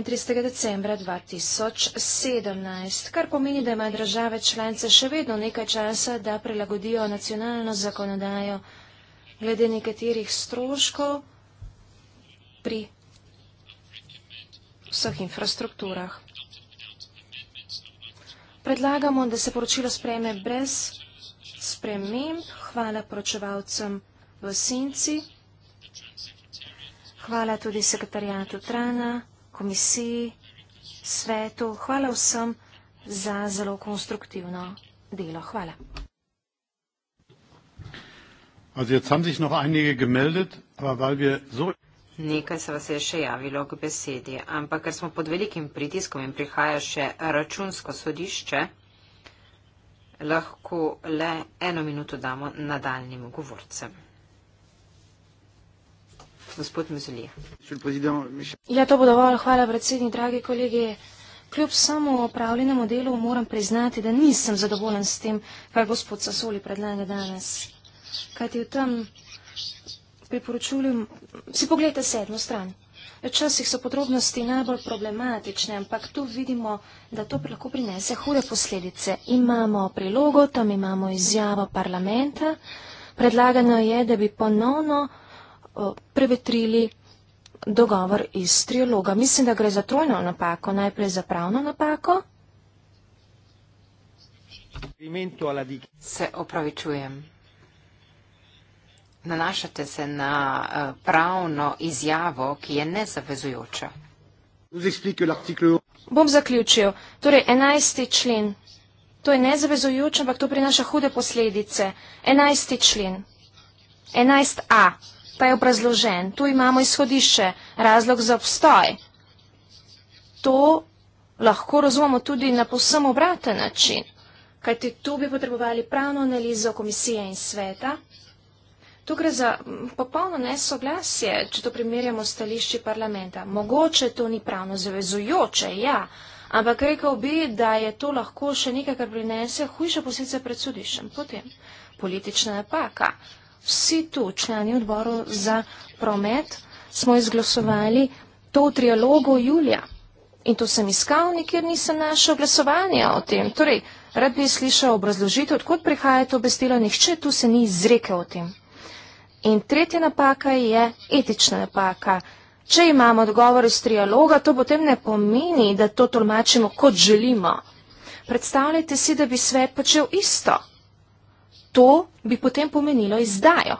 31. decembra 2017, kar pomeni, da imajo države članice še vedno nekaj časa, da prilagodijo nacionalno zakonodajo glede nekaterih stroškov pri vseh infrastrukturah. Predlagamo, da se poročilo spreme brez sprememb. Hvala poročevalcem v Sinci. Hvala tudi sekretarijatu Trana komisiji, svetu. Hvala vsem za zelo konstruktivno delo. Hvala. Nekaj se vas je še javilo k besedi, ampak ker smo pod velikim pritiskom in prihaja še računsko sodišče, lahko le eno minuto damo nadaljnim govorcem gospod Mezulija. Ja, to bo dovolj. Hvala, predsednik, dragi kolegi. Kljub samo opravljenemu delu moram priznati, da nisem zadovoljen s tem, kaj gospod Sasoli predlaga danes. Kaj ti v tem priporočujem? Si pogledajte sedmo stran. Včasih so podrobnosti najbolj problematične, ampak tu vidimo, da to lahko prinese hude posledice. Imamo prilogo, tam imamo izjavo parlamenta. Predlagano je, da bi ponovno Eh, prevetrili dogovor iz trialoga. Mislim, da gre za trojno napako, najprej za pravno napako. Se opravičujem. Nanašate se na eh, pravno izjavo, ki je nezavezujoča. Bom zaključil. Torej, enajsti člen. To je nezavezujoče, ampak to prinaša hude posledice. Enajsti člen. Enajst A pa je obrazložen. Tu imamo izhodišče, razlog za obstoj. To lahko razumemo tudi na posem obraten način, kajti tu bi potrebovali pravno analizo komisije in sveta. Tu gre za popolno nesoglasje, če to primerjamo stališči parlamenta. Mogoče to ni pravno zavezujoče, ja, ampak rekel bi, da je to lahko še nekaj, kar prinese hujše posledice pred sodiščem. Potem politična napaka vsi tu člani odboru za promet smo izglasovali to v trialogu julija. In to sem iskal, nikjer nisem našel glasovanja o tem. Torej, rad bi slišal obrazložitev, odkot prihaja to obvestilo, nihče tu se ni izrekel o tem. In tretja napaka je etična napaka. Če imamo odgovor iz trialoga, to potem ne pomeni, da to tolmačimo, kot želimo. Predstavljajte si, da bi svet počel isto to bi potem pomenilo izdajo.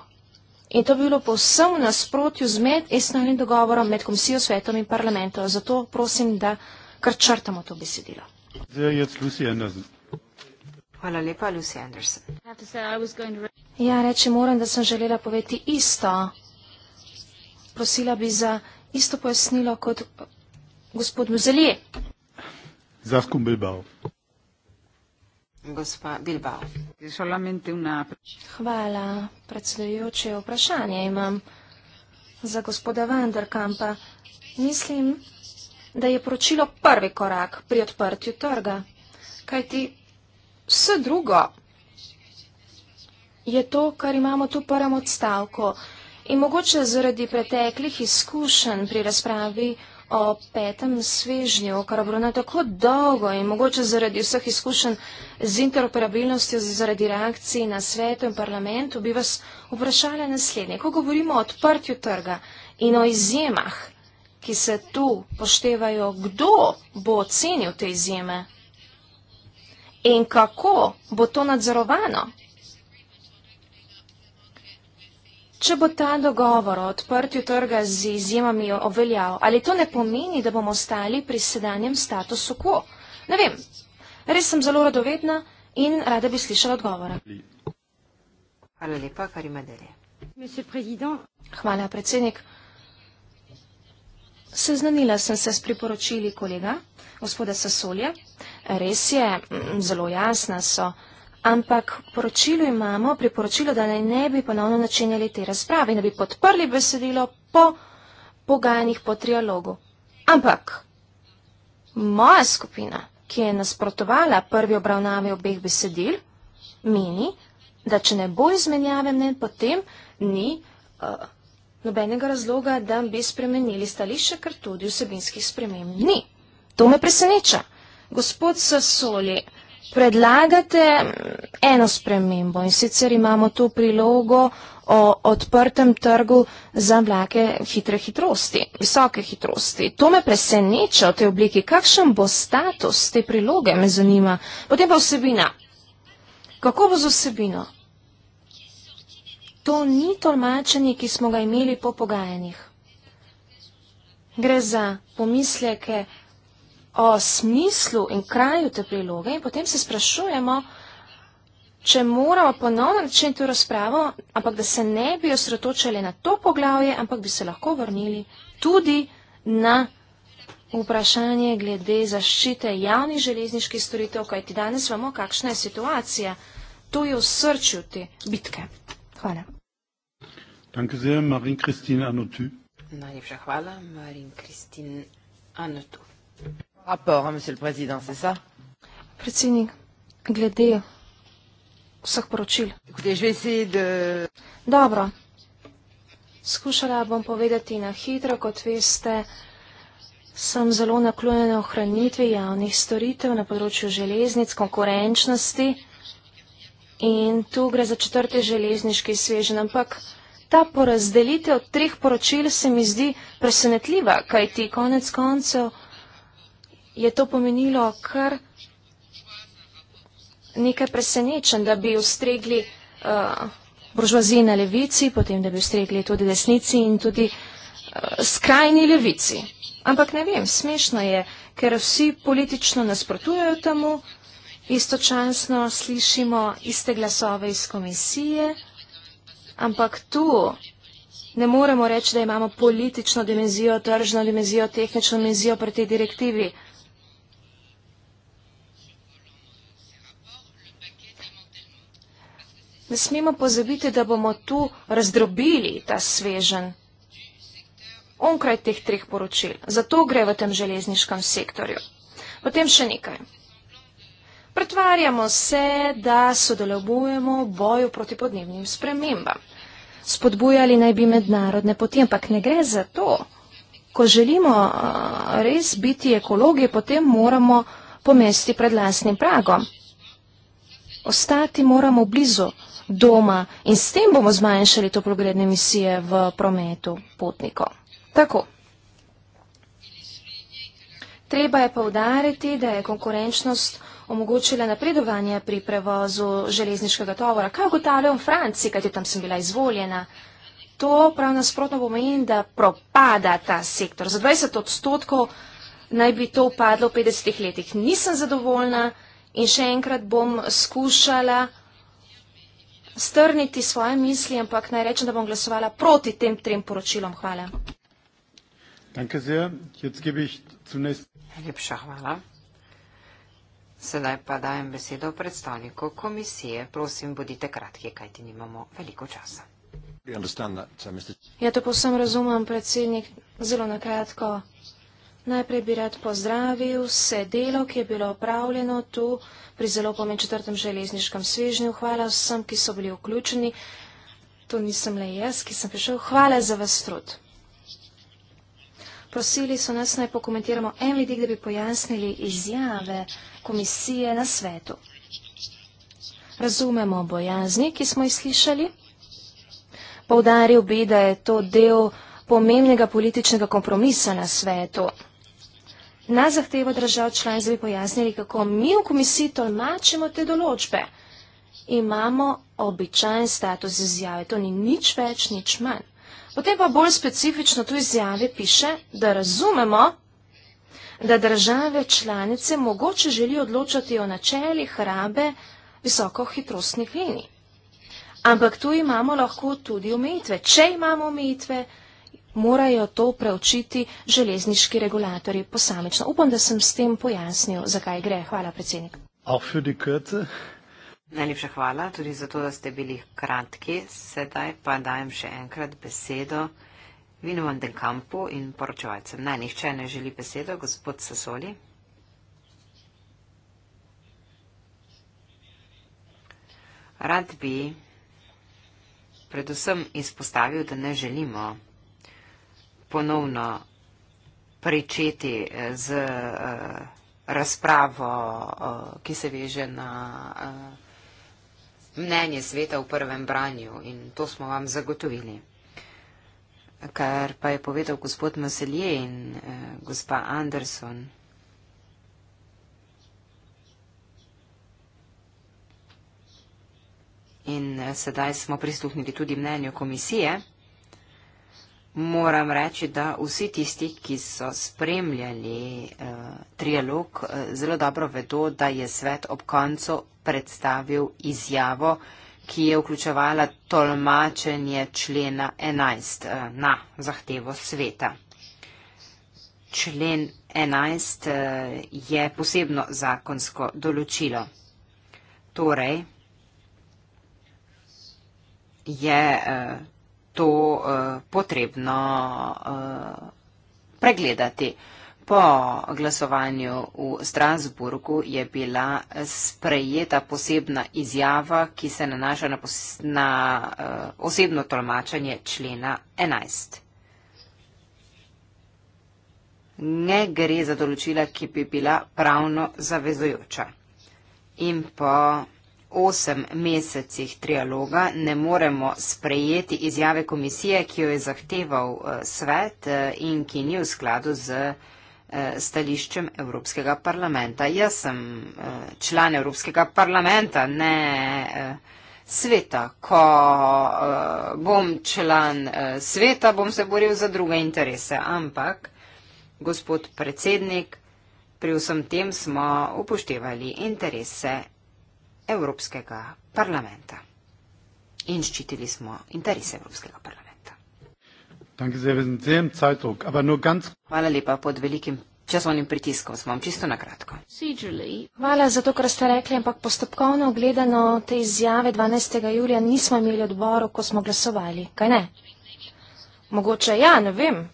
In to bi bilo povsem v nasprotju z medestnovnim dogovorom med komisijo, svetom in parlamentom. Zato prosim, da kar črtamo to besedilo. Hvala lepa, Lucy Anderson. Ja, reči moram, da sem želela povedati isto. Prosila bi za isto pojasnilo kot gospod Muzelje. Zaskum Bilbao. Hvala, predsedujoče. Vprašanje imam za gospoda Vanderkampa. Mislim, da je poročilo prvi korak pri odprtju trga, kajti vse drugo je to, kar imamo tu v prvem odstavku. In mogoče zaradi preteklih izkušenj pri razpravi o petem svežnju, kar je bilo ne tako dolgo in mogoče zaradi vseh izkušenj z interoperabilnostjo, zaradi reakcij na svetu in parlamentu, bi vas vprašala naslednje. Ko govorimo o odprtju trga in o izjemah, ki se tu poštevajo, kdo bo ocenil te izjeme in kako bo to nadzorovano? Če bo ta dogovor o odprtju trga z izjemami oveljal, ali to ne pomeni, da bomo ostali pri sedanjem statusu quo? Ne vem. Res sem zelo radovedna in rada bi slišala odgovora. Hvala lepa, Karima Dele. Hvala, predsednik. Seznanila sem se s priporočili kolega, gospoda Sasolja. Res je, zelo jasna so. Ampak poročilo imamo, priporočilo, da naj ne bi ponovno načenjali te razprave in da bi podprli besedilo po pogajanjih, po trialogu. Ampak moja skupina, ki je nasprotovala prvi obravnavi obeh besedil, meni, da če ne bo izmenjave mnen, potem ni uh, nobenega razloga, da bi spremenili stališče, ker tudi vsebinskih sprememb ni. To me preseneča. Gospod Sasoli predlagate eno spremembo in sicer imamo tu prilogo o odprtem trgu za vlake hitre hitrosti, visoke hitrosti. To me preseneča v tej obliki. Kakšen bo status te priloge, me zanima. Potem pa vsebina. Kako bo z vsebino? To ni tolmačenje, ki smo ga imeli po pogajanjih. Gre za pomisleke o smislu in kraju te priloge in potem se sprašujemo, če moramo ponovno začeti to razpravo, ampak da se ne bi osredotočali na to poglavje, ampak bi se lahko vrnili tudi na vprašanje glede zaščite javnih železniških storitev, kaj ti danes vemo, kakšna je situacija. To je v srčju te bitke. Hvala. Najlepša hvala, Marin Kristin Anotu rapport, hein, monsieur le Président, c'est ça Écoutez, je vais essayer de... Dobro. Skušala bom povedati na hitro, kot veste, sem zelo naklonjena ohranitvi javnih storitev na področju železnic, konkurenčnosti in tu gre za četrti železniški svežen. Ampak ta porazdelitev treh poročil se mi zdi presenetljiva, kaj ti konec koncev je to pomenilo kar nekaj presenečen, da bi ustregli uh, eh, buržoaziji na levici, potem da bi ustregli tudi desnici in tudi uh, skrajni levici. Ampak ne vem, smešno je, ker vsi politično nasprotujejo temu, istočasno slišimo iste glasove iz komisije, ampak tu ne moremo reči, da imamo politično dimenzijo, tržno dimenzijo, tehnično dimenzijo pri tej direktivi. ne smemo pozabiti, da bomo tu razdrobili ta svežen onkraj teh treh poročil. Zato gre v tem železniškem sektorju. Potem še nekaj. Pretvarjamo se, da sodelujemo v boju proti podnebnim spremembam. Spodbujali naj bi mednarodne poti, ampak ne gre za to. Ko želimo res biti ekologi, potem moramo pomesti pred lasnim pragom. Ostati moramo blizu doma in s tem bomo zmanjšali toplogredne emisije v prometu potnikov. Tako. Treba je povdariti, da je konkurenčnost omogočila napredovanje pri prevozu železniškega tovora. Kaj ugotavljajo v Franciji, kajti tam sem bila izvoljena? To prav nasprotno pomeni, da propada ta sektor. Za 20 odstotkov naj bi to upadlo v 50 letih. Nisem zadovoljna in še enkrat bom skušala strniti svoje misli, ampak naj rečem, da bom glasovala proti tem trem poročilom. Hvala. Najlepša hvala. Sedaj pa dajem besedo predstavniku komisije. Prosim, bodite kratki, kajti nimamo veliko časa. Uh, ja, to posem razumem, predsednik, zelo na kratko. Najprej bi rad pozdravil vse delo, ki je bilo opravljeno tu pri zelo pomen četrtem železniškem svežnju. Hvala vsem, ki so bili vključeni. To nisem le jaz, ki sem prišel. Hvala za vas trud. Prosili so nas naj pokomentiramo en vidik, da bi pojasnili izjave komisije na svetu. Razumemo bojazni, ki smo jih slišali. Poudaril bi, da je to del pomembnega političnega kompromisa na svetu na zahtevo držav članstva bi pojasnili, kako mi v komisiji tolmačimo te določbe. Imamo običajen status izjave, to ni nič več, nič manj. Potem pa bolj specifično tu izjave piše, da razumemo, da države članice mogoče želi odločati o načeli hrabe visokohitrostnih linij. Ampak tu imamo lahko tudi omejitve. Če imamo omejitve, morajo to preučiti železniški regulatori posamično. Upam, da sem s tem pojasnil, zakaj gre. Hvala, predsednik. Najlepša hvala tudi za to, da ste bili kratki. Sedaj pa dajem še enkrat besedo Vinu van den Kampu in poročevalcem. Naj nihče ne želi besedo, gospod Sasoli. Rad bi predvsem izpostavil, da ne želimo ponovno pričeti eh, z eh, razpravo, eh, ki se veže na mnenje sveta v prvem branju in to smo vam zagotovili. Kar pa je povedal gospod Maselje in gospa Anderson. In sedaj smo prisluhnili tudi mnenju komisije. Moram reči, da vsi tisti, ki so spremljali uh, trialog, uh, zelo dobro vedo, da je svet ob koncu predstavil izjavo, ki je vključevala tolmačenje člena 11 uh, eh, na zahtevo sveta. Člen 11 uh, je posebno zakonsko določilo. Torej, je. Uh, to uh, potrebno uh, pregledati. Po glasovanju v Strasburgu je bila sprejeta posebna izjava, ki se nanaša na, pos, na uh, osebno tolmačanje člena 11. Ne gre za določila, ki bi bila pravno zavezojoča. In po osem mesecih trialoga ne moremo sprejeti izjave komisije, ki jo je zahteval eh, svet eh, in ki ni v skladu z eh, stališčem Evropskega parlamenta. Jaz sem član Evropskega parlamenta, ne sveta. Ko bom član sveta, bom se boril za druge interese. Ampak, gospod predsednik, pri vsem tem smo upoštevali interese Evropskega parlamenta. In ščitili smo interese Evropskega parlamenta. Hvala lepa pod velikim časovnim pritiskom, smo vam čisto na kratko. Hvala za to, kar ste rekli, ampak postopkovno gledano te izjave 12. julija nismo imeli odboru, ko smo glasovali. Kaj ne? Mogoče ja, ne vem.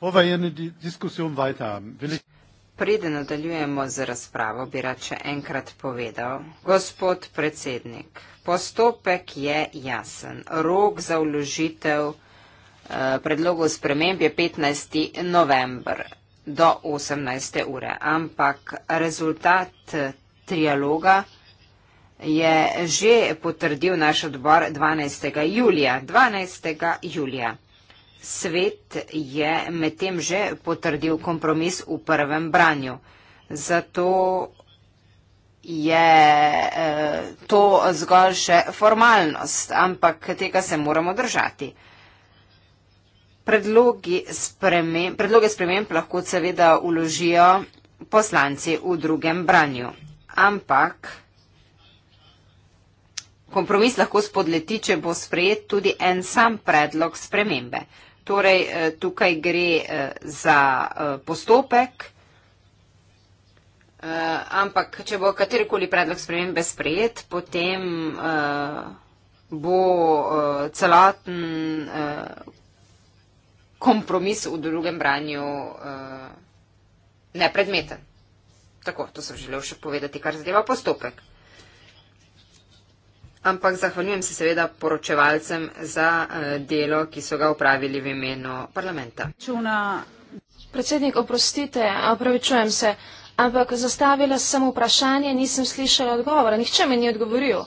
Ova je ena diskusija, vajta. Veliko. Preden nadaljujemo z razpravo, bi rad še enkrat povedal. Gospod predsednik, postopek je jasen. Rok za vložitev eh, predlogov sprememb je 15. november do 18. ure, ampak rezultat eh, trialoga je že potrdil naš odbor 12. julija. 12. julija. Svet je medtem že potrdil kompromis v prvem branju. Zato je eh, to zgolj še formalnost, ampak tega se moramo držati. Spremem, predloge sprememb lahko seveda uložijo poslanci v drugem branju, ampak kompromis lahko spodleti, če bo sprejet tudi en sam predlog spremembe. Torej, eh, tukaj gre eh, za eh, postopek, ampak če bo katerikoli predlog spremembe sprejet, potem bo celoten kompromis v drugem branju nepredmeten. Tako, to sem želel še povedati, kar zadeva postopek ampak zahvaljujem se seveda poročevalcem za eh, delo, ki so ga upravili v imenu parlamenta. Čuna. Predsednik, oprostite, opravičujem se, ampak zastavila sem vprašanje, nisem slišala odgovora, nihče mi ni odgovoril.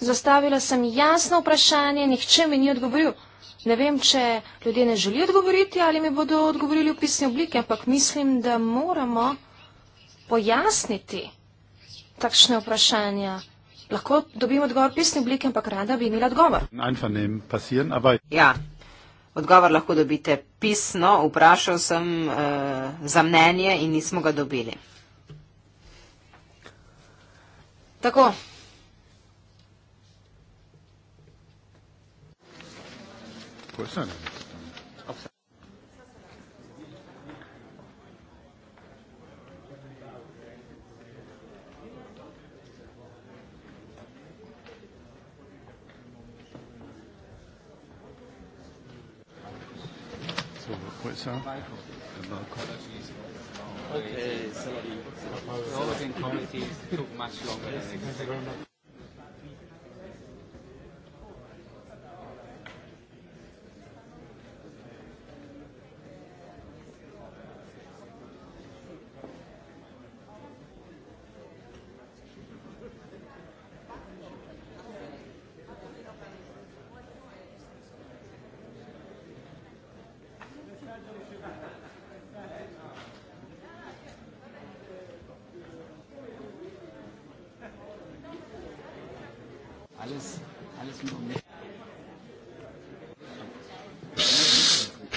Zastavila sem jasno vprašanje, nihče mi ni odgovoril. Ne vem, če ljudje ne želijo odgovoriti ali mi bodo odgovorili v pisni obliki, ampak mislim, da moramo pojasniti takšne vprašanja. Lahko dobim odgovor v pisni obliki, ampak rada bi imela odgovor. Ja, odgovor lahko dobite pisno. Vprašal sem uh, za mnenje in nismo ga dobili. Tako. Pues er son. Michael, sir. Michael. Okay, sorry. The Republican Committee took much longer than expected.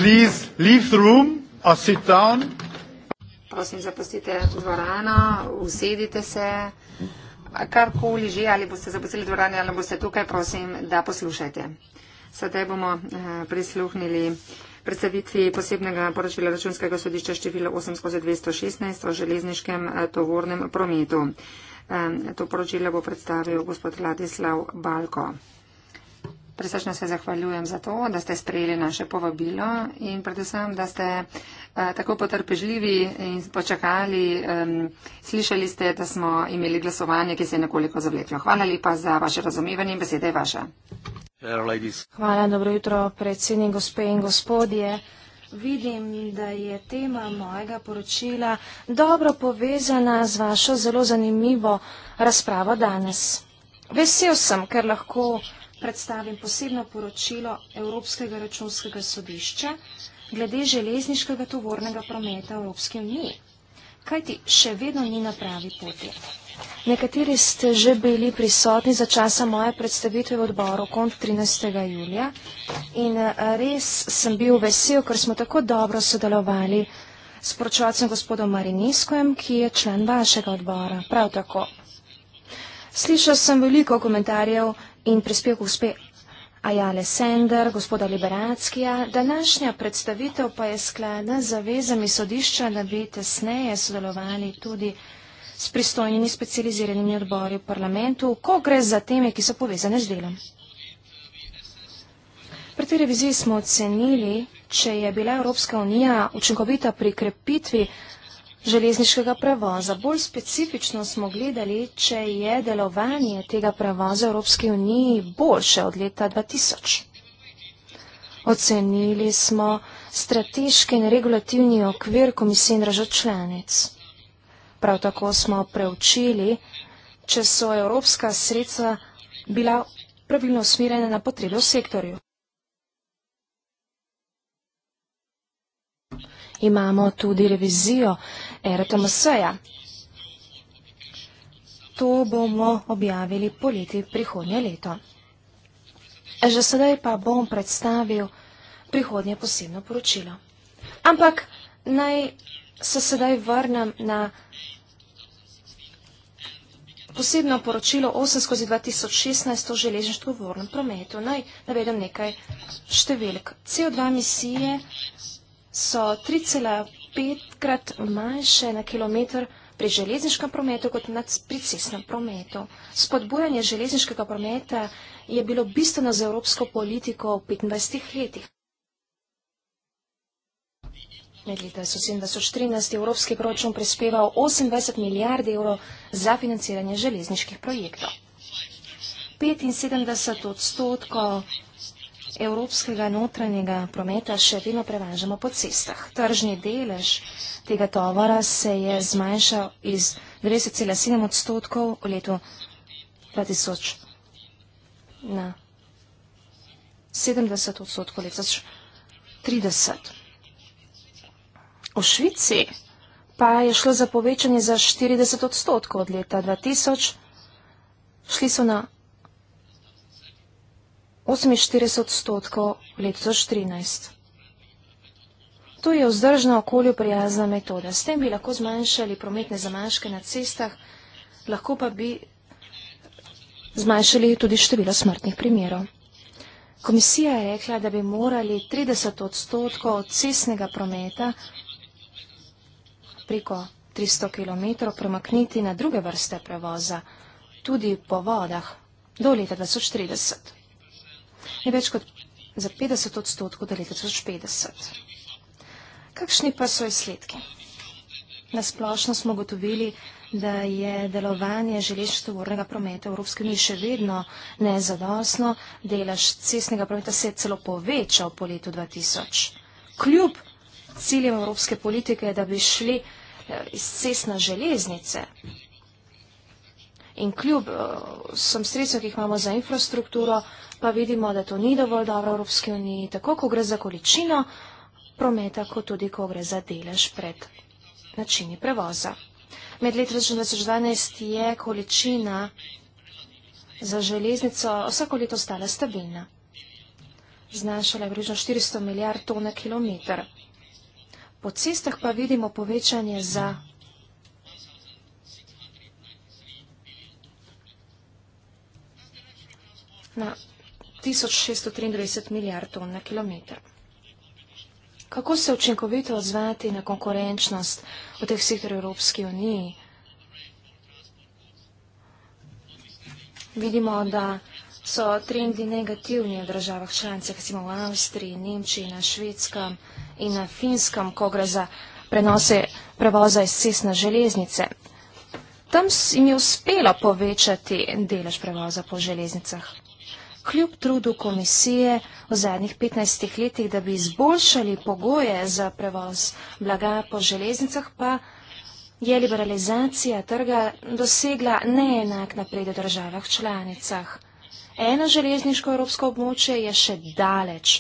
Please leave the room or sit down. Prosim, zapustite dvorano, usedite se, karkoli že, ali boste zapustili dvorano ali boste tukaj, prosim, da poslušajte. Sedaj bomo eh, prisluhnili predstavitvi posebnega poročila računskega sodišča število 8 skozi 216 o železniškem eh, tovornem prometu. Eh, to poročilo bo predstavil gospod Vladislav Balko. Presrečno se zahvaljujem za to, da ste sprejeli naše povabilo in predvsem, da ste eh, tako potrpežljivi in počakali. Slišali ste, da smo imeli glasovanje, ki se je nekoliko zavleklo. Hvala lepa za vaše razumevanje in beseda je vaša. Hvala, dobro jutro, predsednik, gospe in gospodje. Vidim, da je tema mojega poročila dobro povezana z vašo zelo zanimivo razpravo danes. Vesel sem, ker lahko predstavim posebno poročilo Evropskega računskega sodišča glede železniškega tovornega prometa v Evropski uniji. Kajti še vedno ni na pravi poti. Nekateri ste že bili prisotni za časa moje predstavitve v odboru kont 13. julija in eh, res sem bil vesel, ker smo tako dobro sodelovali s poročovacem gospodom Mariniskojem, ki je člen vašega odbora. Prav tako. Slišal sem veliko komentarjev in prispevku gospe Ajale Sender, gospoda Liberackija. Današnja predstavitev pa je sklada z zavezami sodišča, da bi tesneje sodelovali tudi s pristojnimi specializiranimi odbori v parlamentu, ko gre za teme, ki so povezane z delom. Pri tej reviziji smo ocenili, če je bila Evropska unija učinkovita pri krepitvi železniškega prevoza. Bolj specifično smo gledali, če je delovanje tega prevoza v Evropski uniji boljše od leta 2000. Ocenili smo strateški in regulativni okvir komisije in držav članic. Prav tako smo preučili, če so evropska sredstva bila pravilno usmerjena na potrebe v sektorju. Imamo tudi revizijo RTMS-ja. To bomo objavili poleti prihodnje leto. Že sedaj pa bom predstavil prihodnje posebno poročilo. Ampak naj se sedaj vrnem na posebno poročilo 8 skozi 2016 o železništvu v vornem prometu. Naj navedem nekaj številk. CO2 emisije so 3,5 petkrat manjše na kilometr pri železniškem prometu kot na cestnem prometu. Spodbujanje železniškega prometa je bilo bistveno za evropsko politiko v 25 letih. Med leta 1713 je evropski proračun prispeval 28 milijard evrov za financiranje železniških projektov. 75 odstotkov evropskega notranjega prometa še vedno prevažamo po cestah. Tržni delež tega tovora se je zmanjšal iz 20,7 odstotkov v letu 2000 na 70 odstotkov leta 2030. V Švici pa je šlo za povečanje za 40 odstotkov od leta 2000, šli so na 48 odstotkov leto 2014. To je vzdržna okolju prijazna metoda. S tem bi lahko zmanjšali prometne zamaške na cestah, lahko pa bi zmanjšali tudi število smrtnih primerov. Komisija je rekla, da bi morali 30 odstotkov od cestnega prometa preko 300 km premakniti na druge vrste prevoza, tudi po vodah, do leta 2030 je več kot za 50 odstotkov do leta 2050. Kakšni pa so izsledki? Nasplošno smo gotovili, da je delovanje železniškega tovornega prometa v Evropski uniji še vedno nezadostno, delež cestnega prometa se je celo povečal po letu 2000. Kljub ciljem evropske politike, da bi šli eh, iz cest na železnice, In kljub eh, vsem sredstvom, ki jih imamo za infrastrukturo, pa vidimo, da to ni dovolj dobro v Evropski uniji, tako ko gre za količino prometa, kot tudi ko gre za delež pred načini prevoza. Med letom 2012 je količina za železnico vsako leto ostala stabilna. Znašala je približno 400 milijard ton na kilometr. Po cestah pa vidimo povečanje za na 1623 milijard ton na kilometr. Kako se učinkovito odzvati na konkurenčnost v teh sektorju Evropske unije? Vidimo, da so trendi negativni v državah članice, kot smo v Avstriji, Nemčiji, na Švedskem in na Finskem, ko gre za prenose prevoza iz cest na železnice. Tam jim je uspelo povečati delež prevoza po železnicah kljub trudu komisije v zadnjih 15 letih, da bi izboljšali pogoje za prevoz blaga po železnicah, pa je liberalizacija trga dosegla neenak napred v državah članicah. Eno železniško evropsko območje je še daleč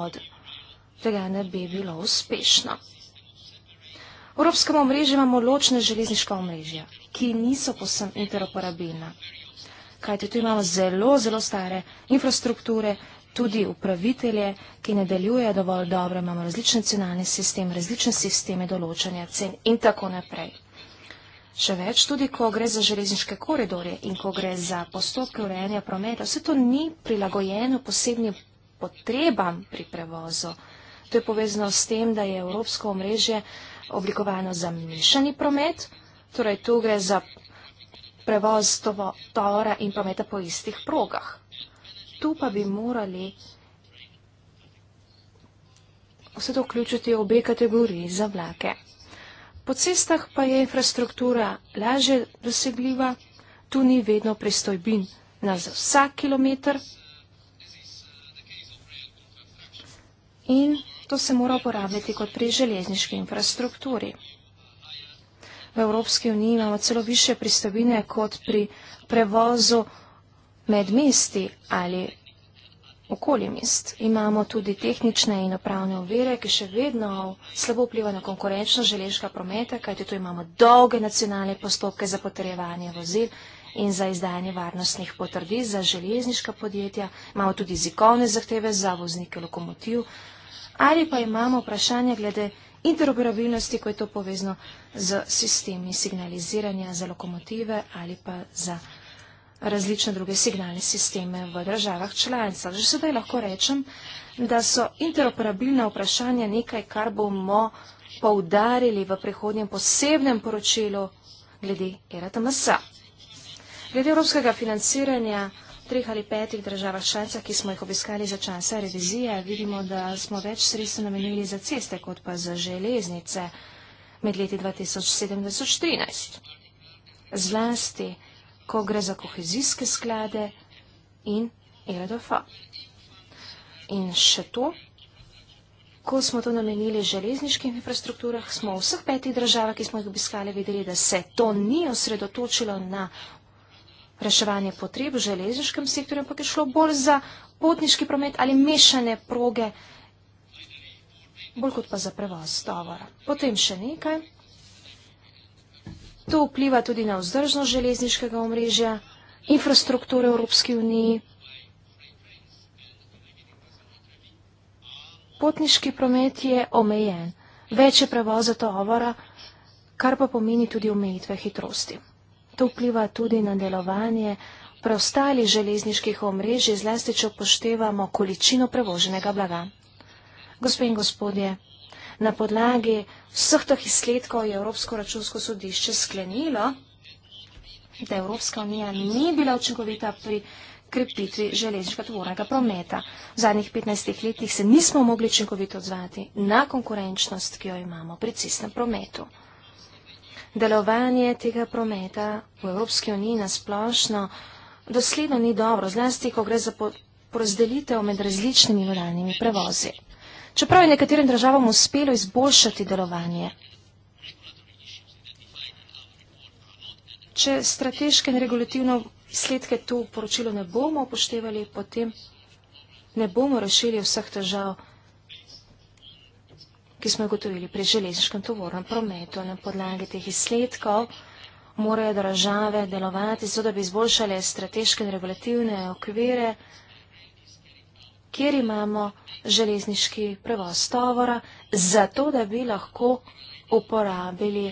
od tega, da bi bilo uspešno. V evropskem omrežju imamo ločne železniška omrežja, ki niso posem interoperabilna kajte tu imamo zelo, zelo stare infrastrukture, tudi upravitelje, ki ne delujejo dovolj dobro, imamo različne nacionalne sisteme, različne sisteme določanja cen in tako naprej. Še več, tudi ko gre za železniške koridore in ko gre za postopke urejanja prometa, vse to ni prilagojeno posebnim potrebam pri prevozu. To je povezano s tem, da je evropsko omrežje oblikovano za mešani promet, torej tu gre za prevoz tovora in prometa po istih progah. Tu pa bi morali vse to vključiti v obe kategoriji za vlake. Po cestah pa je infrastruktura lažje dosegljiva, tu ni vedno pristojbin na za vsak kilometr in to se mora uporabljati kot pri železniški infrastrukturi v Evropski uniji imamo celo više pristavine kot pri prevozu med mesti ali okoli mest. Imamo tudi tehnične in upravne ovire, ki še vedno slabo vpliva na konkurenčno želežka prometa, kajti tu imamo dolge nacionalne postopke za potrejevanje vozil in za izdajanje varnostnih potrdi za železniška podjetja. Imamo tudi zikovne zahteve za voznike lokomotiv. Ali pa imamo vprašanje glede interoperabilnosti, ko je to povezno z sistemi signaliziranja za lokomotive ali pa za različne druge signalne sisteme v državah članicah. Že sedaj lahko rečem, da so interoperabilna vprašanja nekaj, kar bomo poudarili v prihodnjem posebnem poročilu glede ERTMS. Glede evropskega financiranja treh ali petih državah članicah, ki smo jih obiskali za časa revizije, vidimo, da smo več sredstv namenili za ceste, kot pa za železnice med leti 2017-2014. Zlasti, ko gre za kohezijske sklade in EREDOF. In še to, ko smo to namenili železniških infrastrukturah, smo v vseh petih državah, ki smo jih obiskali, videli, da se to ni osredotočilo na reševanje potreb v železniškem sektorju, ampak je šlo bolj za potniški promet ali mešane proge, bolj kot pa za prevoz tovora. Potem še nekaj. To vpliva tudi na vzdržnost železniškega omrežja, infrastrukture Evropske unije. Potniški promet je omejen, več je prevoza tovora, kar pa pomeni tudi omejitve hitrosti. To vpliva tudi na delovanje preostalih železniških omrežij, zlasti če upoštevamo količino prevoženega blaga. Gospe in gospodje, na podlagi vseh teh izsledkov je Evropsko računsko sodišče sklenilo, da Evropska unija ni bila učinkovita pri krepitvi železniškega tvornega prometa. V zadnjih 15 letih se nismo mogli učinkovito odzvati na konkurenčnost, ki jo imamo pri cestnem prometu delovanje tega prometa v Evropski uniji nasplošno dosledno ni dobro, zlasti, ko gre za porazdelitev med različnimi moralnimi prevozi. Čeprav je nekaterim državam uspelo izboljšati delovanje, če strateške in regulativno sledke to poročilo ne bomo upoštevali, potem ne bomo rešili vseh težav, ki smo jih gotovili pri železniškem tovornem prometu. Na podlagi teh izsledkov morajo države delovati, zato da bi izboljšale strateške in regulativne okvire, kjer imamo železniški prevoz tovora, zato da bi lahko uporabili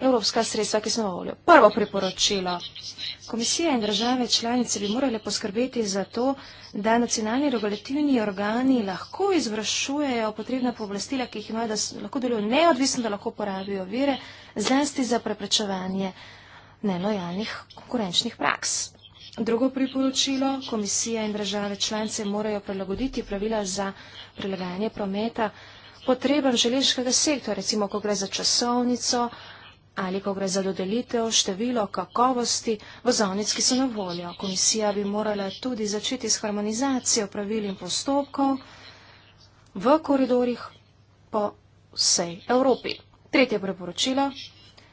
evropska sredstva, ki smo volili. Prvo priporočilo. Komisija in države članice bi morali poskrbeti za to, da nacionalni regulativni organi lahko izvršujejo potrebna povlastila, ki jih imajo, da lahko delujo neodvisno, da lahko porabijo vire, zlasti za preprečevanje nelojalnih konkurenčnih praks. Drugo priporočilo, komisija in države članice morajo prilagoditi pravila za prilagajanje prometa potrebam železniškega sektora, recimo ko gre za časovnico, ali ko gre za dodelitev število kakovosti vozovnic, ki so na voljo. Komisija bi morala tudi začeti s harmonizacijo pravil in postopkov v koridorih po vsej Evropi. Tretje preporočilo.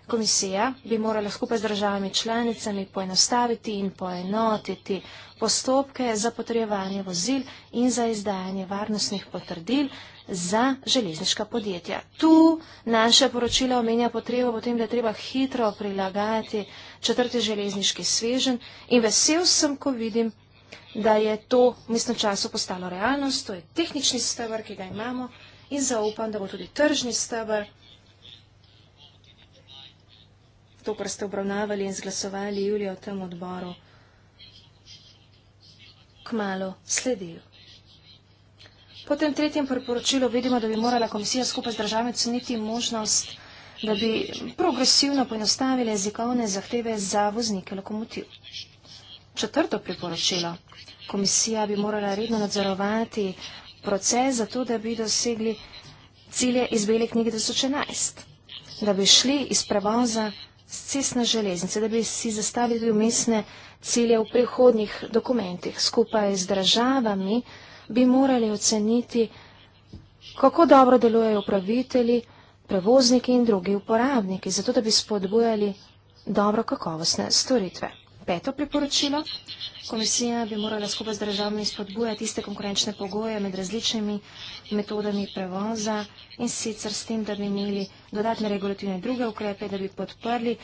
Komisija bi morala skupaj z državami članicami poenostaviti in poenotiti postopke za potrejevanje vozil in za izdajanje varnostnih potrdil za železniška podjetja. Tu naše poročilo omenja potrebo potem, da je treba hitro prilagajati četrti železniški svežen in vesel sem, ko vidim, da je to v mestnem času postalo realnost, to je tehnični stebr, ki ga imamo in zaupam, da bo tudi tržni stebr, to, kar ste obravnavali in zglasovali Julijo v tem odboru, kmalo sledil. Po tem tretjem priporočilu vidimo, da bi morala komisija skupaj z državami ceniti možnost, da bi progresivno poenostavili jezikovne zahteve za voznike lokomotiv. Četrto priporočilo. Komisija bi morala redno nadzorovati proces za to, da bi dosegli cilje iz Bele knjige 2011, da bi šli iz prevoza z cestne železnice, da bi si zastavili umestne cilje v prihodnih dokumentih skupaj z državami, bi morali oceniti, kako dobro delujejo upravitelji, prevozniki in drugi uporabniki, zato da bi spodbujali dobro kakovostne storitve. Peto priporočilo. Komisija bi morala skupaj z državami spodbujati iste konkurenčne pogoje med različnimi metodami prevoza in sicer s tem, da bi imeli dodatne regulativne druge ukrepe, da bi podprli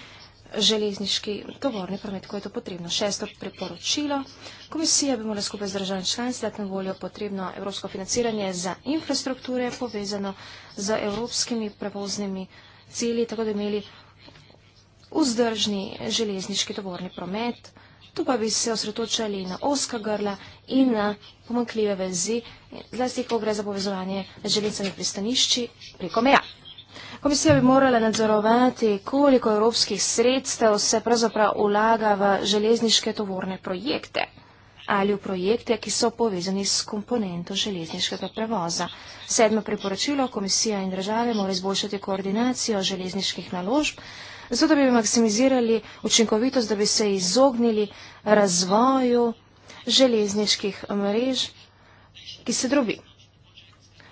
železniški tovorni promet, ko je to potrebno. Šesto priporočilo. Komisija bi morala skupaj z državami članice dati na voljo potrebno evropsko financiranje za infrastrukture povezano z evropskimi prevoznimi cilji, tako da imeli vzdržni železniški tovorni promet. Tu pa bi se osredotočali na oska grla in na pomankljive vezi, zlasti ko gre za povezovanje z železnicami pristanišči preko meja. Komisija bi morala nadzorovati, koliko evropskih sredstev se pravzaprav ulaga v železniške tovorne projekte ali v projekte, ki so povezani s komponento železniškega prevoza. Sedmo priporočilo komisija in države mora izboljšati koordinacijo železniških naložb, zato da bi maksimizirali učinkovitost, da bi se izognili razvoju železniških mrež, ki se drobi.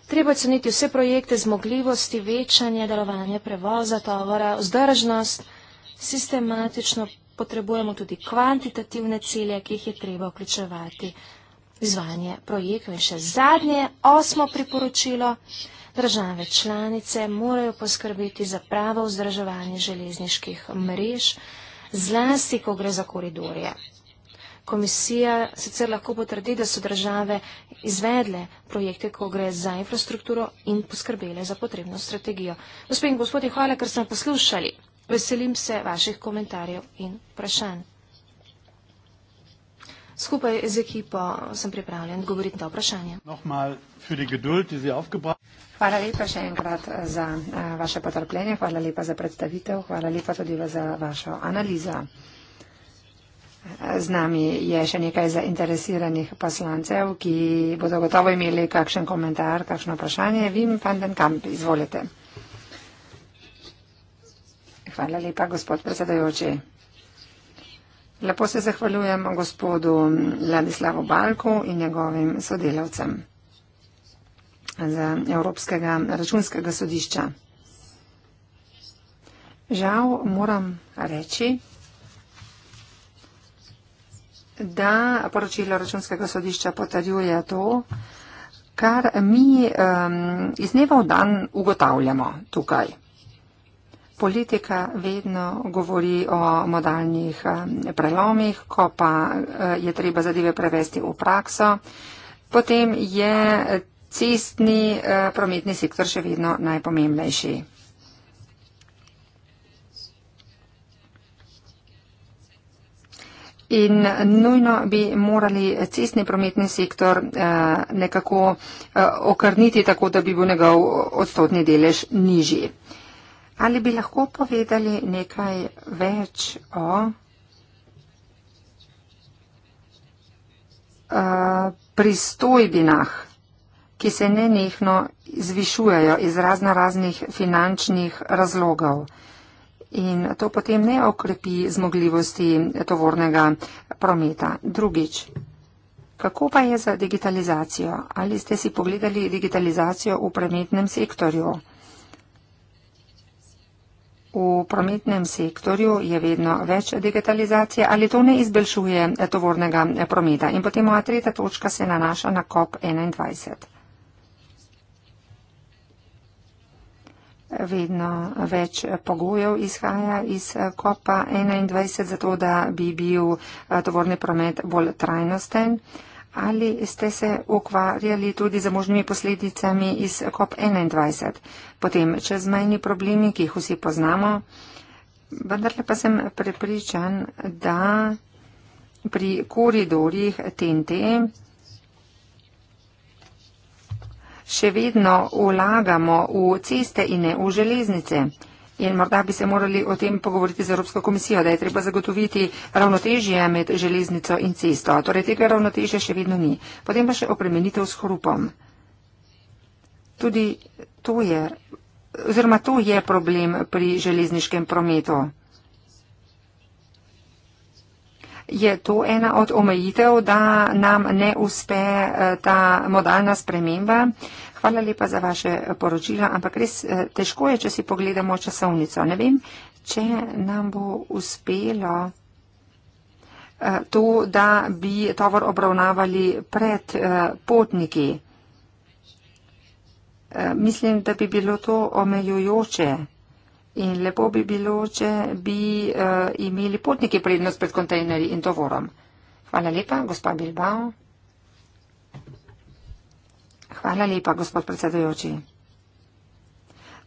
Treba ceniti vse projekte zmogljivosti, večanje, delovanje prevoza, tovora, vzdržnost. Sistematično potrebujemo tudi kvantitativne cilje, ki jih je treba vključevati izvanje projektov. In še zadnje, osmo priporočilo, države članice morajo poskrbiti za pravo vzdrževanje železniških mrež, zlasti, ko gre za koridorje komisija sicer lahko potrdi, da so države izvedle projekte, ko gre za infrastrukturo in poskrbele za potrebno strategijo. Gospe in gospodje, hvala, ker ste poslušali. Veselim se vaših komentarjev in vprašanj. Skupaj z ekipo sem pripravljen govoriti na vprašanje. Hvala lepa še enkrat eh, za eh, vaše potrpljenje, hvala lepa za predstavitev, hvala lepa tudi za vašo analizo. Z nami je še nekaj zainteresiranih poslancev, ki bodo gotovo imeli kakšen komentar, kakšno vprašanje. Vim van den Kamp, izvolite. Hvala lepa, gospod predsedajoči. Lepo se zahvaljujem gospodu Ladislavu Balku in njegovim sodelavcem z Evropskega računskega sodišča. Žal moram reči, da poročilo računskega sodišča potrjuje to, kar mi um, iz dneva v dan ugotavljamo tukaj. Politika vedno govori o modalnih prelomih, ko pa eh, je treba zadeve prevesti v prakso, potem je cestni eh, prometni sektor še vedno najpomembnejši. In nujno bi morali cestni prometni sektor eh, nekako eh, okrniti tako, da bi bil njegov odstotni delež nižji. Ali bi lahko povedali nekaj več o eh, pristojbinah, ki se nenehno zvišujejo iz razna raznih finančnih razlogov? in to potem ne okrepi zmogljivosti tovornega prometa. Drugič, kako pa je za digitalizacijo? Ali ste si pogledali digitalizacijo v prometnem sektorju? V prometnem sektorju je vedno več digitalizacije, ali to ne izboljšuje tovornega prometa. In potem moja tretja točka se nanaša na COP21. vedno več pogojev izhaja iz eh, kopa 21, zato da bi bil eh, tovorni promet bolj trajnosten. Ali ste se ukvarjali tudi z možnimi posledicami iz kop 21, potem čezmejni problemi, ki jih vsi poznamo, vendarle pa sem prepričan, da pri koridorjih TNT še vedno vlagamo v ceste in ne v železnice. In morda bi se morali o tem pogovoriti z Evropsko komisijo, da je treba zagotoviti ravnotežje med železnico in cesto. Torej tega ravnotežja še vedno ni. Potem pa še opremenitev s hrupom. Tudi to je, oziroma to je problem pri železniškem prometu. je to ena od omejitev, da nam ne uspe eh, ta modalna sprememba. Hvala lepa za vaše eh, poročila, ampak res eh, težko je, če si pogledamo časovnico. Ne vem, če nam bo uspelo to, da bi tovor obravnavali pred potniki. Mislim, da bi bilo to omejujoče. In lepo bi bilo, če bi uh, imeli potniki prednost pred kontejnerji in tovorom. Hvala lepa, gospod Bilbao. Hvala lepa, gospod predsedujoči.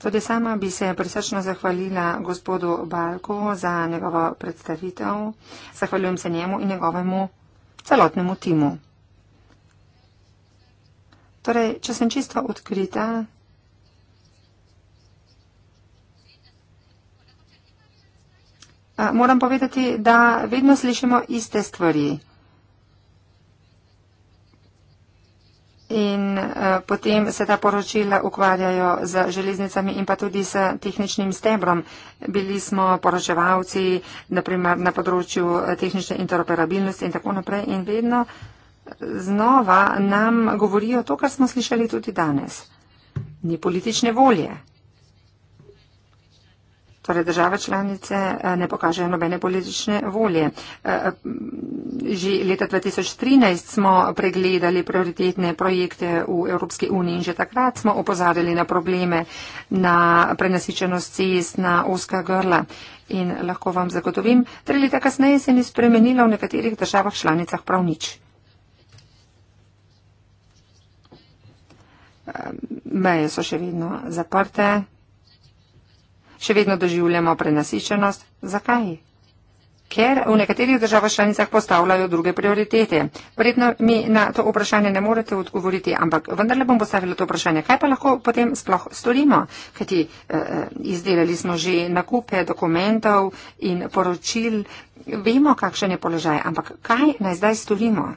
Tudi sama bi se prisrčno zahvalila gospodu Balku za njegovo predstavitev. Zahvaljujem se njemu in njegovemu celotnemu timu. Torej, če sem čisto odkrita, Eh, moram povedati, da vedno slišimo iste stvari. In uh, potem se ta poročila ukvarjajo z železnicami in pa tudi s tehničnim stebrom. Bili smo poročevalci, naprimer na področju eh, tehnične interoperabilnosti in tako naprej. In vedno znova nam govorijo to, kar smo slišali tudi danes. Ni politične volje. Torej države članice eh, ne pokažejo nobene politične volje. Eh, eh, že leta 2013 smo pregledali prioritetne projekte v Evropski uniji in že takrat smo opozarjali na probleme, na prenasičenost cest, na oska grla. In lahko vam zagotovim, tri leta kasneje se ni spremenilo v nekaterih državah članicah prav nič. Meje so še vedno zaprte še vedno doživljamo prenasičenost. Zakaj? Ker v nekaterih državah članicah postavljajo druge prioritete. Verjetno mi na to vprašanje ne morete odgovoriti, ampak vendarle bom postavila to vprašanje. Kaj pa lahko potem sploh storimo? Kajti eh, eh izdelali smo že nakupe dokumentov in poročil, vemo, kakšen je položaj, ampak kaj naj zdaj storimo?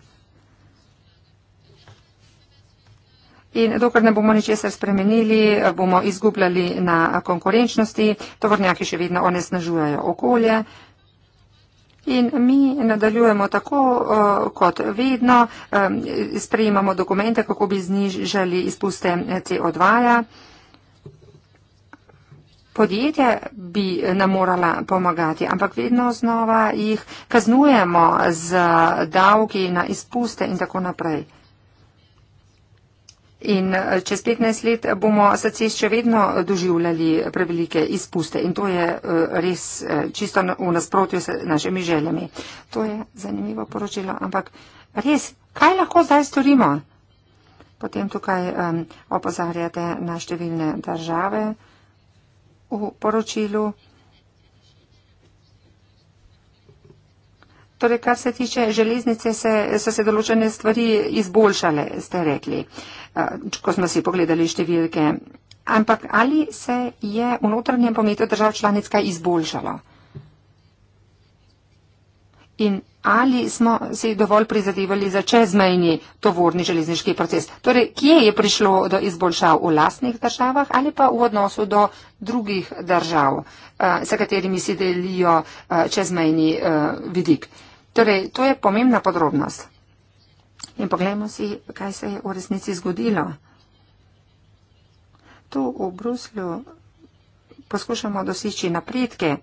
In dokler ne bomo ničesar spremenili, bomo izgubljali na konkurenčnosti, tovornjaki še vedno onesnažujejo okolje. In mi nadaljujemo tako eh, kot vedno, eh, sprejemamo dokumente, kako bi znižali izpuste eh, CO2. -ja. Podjetje bi nam morala pomagati, ampak vedno znova jih kaznujemo z davki na izpuste in tako naprej. In eh, čez 15 let bomo srce še vedno doživljali prevelike izpuste in to je eh, res eh, čisto v nasprotju s našimi željami. To je zanimivo poročilo, ampak res, kaj lahko zdaj storimo? Potem tukaj um, opozarjate na številne države v poročilu. Torej, kar se tiče železnice, se, so se določene stvari izboljšale, ste rekli, eh, ko smo si pogledali številke. Ampak ali se je v notranjem pometu držav članic kaj izboljšalo? in ali smo se dovolj prizadevali za čezmejni tovorni železniški proces. Torej, kje je prišlo do izboljšav v lastnih državah ali pa v odnosu do drugih držav, eh, s katerimi si delijo eh, čezmejni eh, vidik. Torej, to je pomembna podrobnost. In poglejmo si, kaj se je v resnici zgodilo. Tu v Bruslju poskušamo doseči napredke,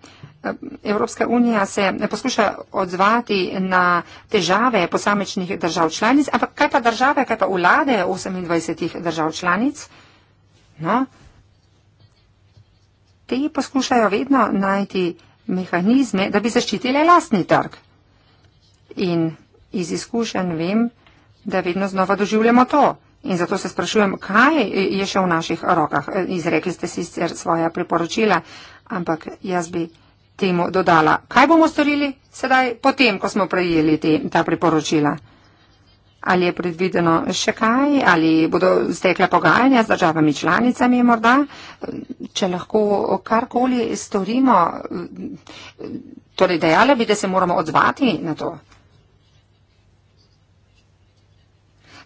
Evropska unija se poskuša odzvati na težave posamečnih držav članic, ampak kaj pa države, kaj pa vlade 28 držav članic? No, te poskušajo vedno najti mehanizme, da bi zaščitile lastni trg. In iz izkušenj vem, da vedno znova doživljamo to. In zato se sprašujem, kaj je še v naših rokah. Izrekli ste sicer svoja priporočila, ampak jaz bi temu dodala, kaj bomo storili sedaj, potem, ko smo prejeli te, ta priporočila. Ali je predvideno še kaj, ali bodo stekla pogajanja z državami članicami morda, če lahko karkoli storimo, torej dejala bi, da se moramo odzvati na to.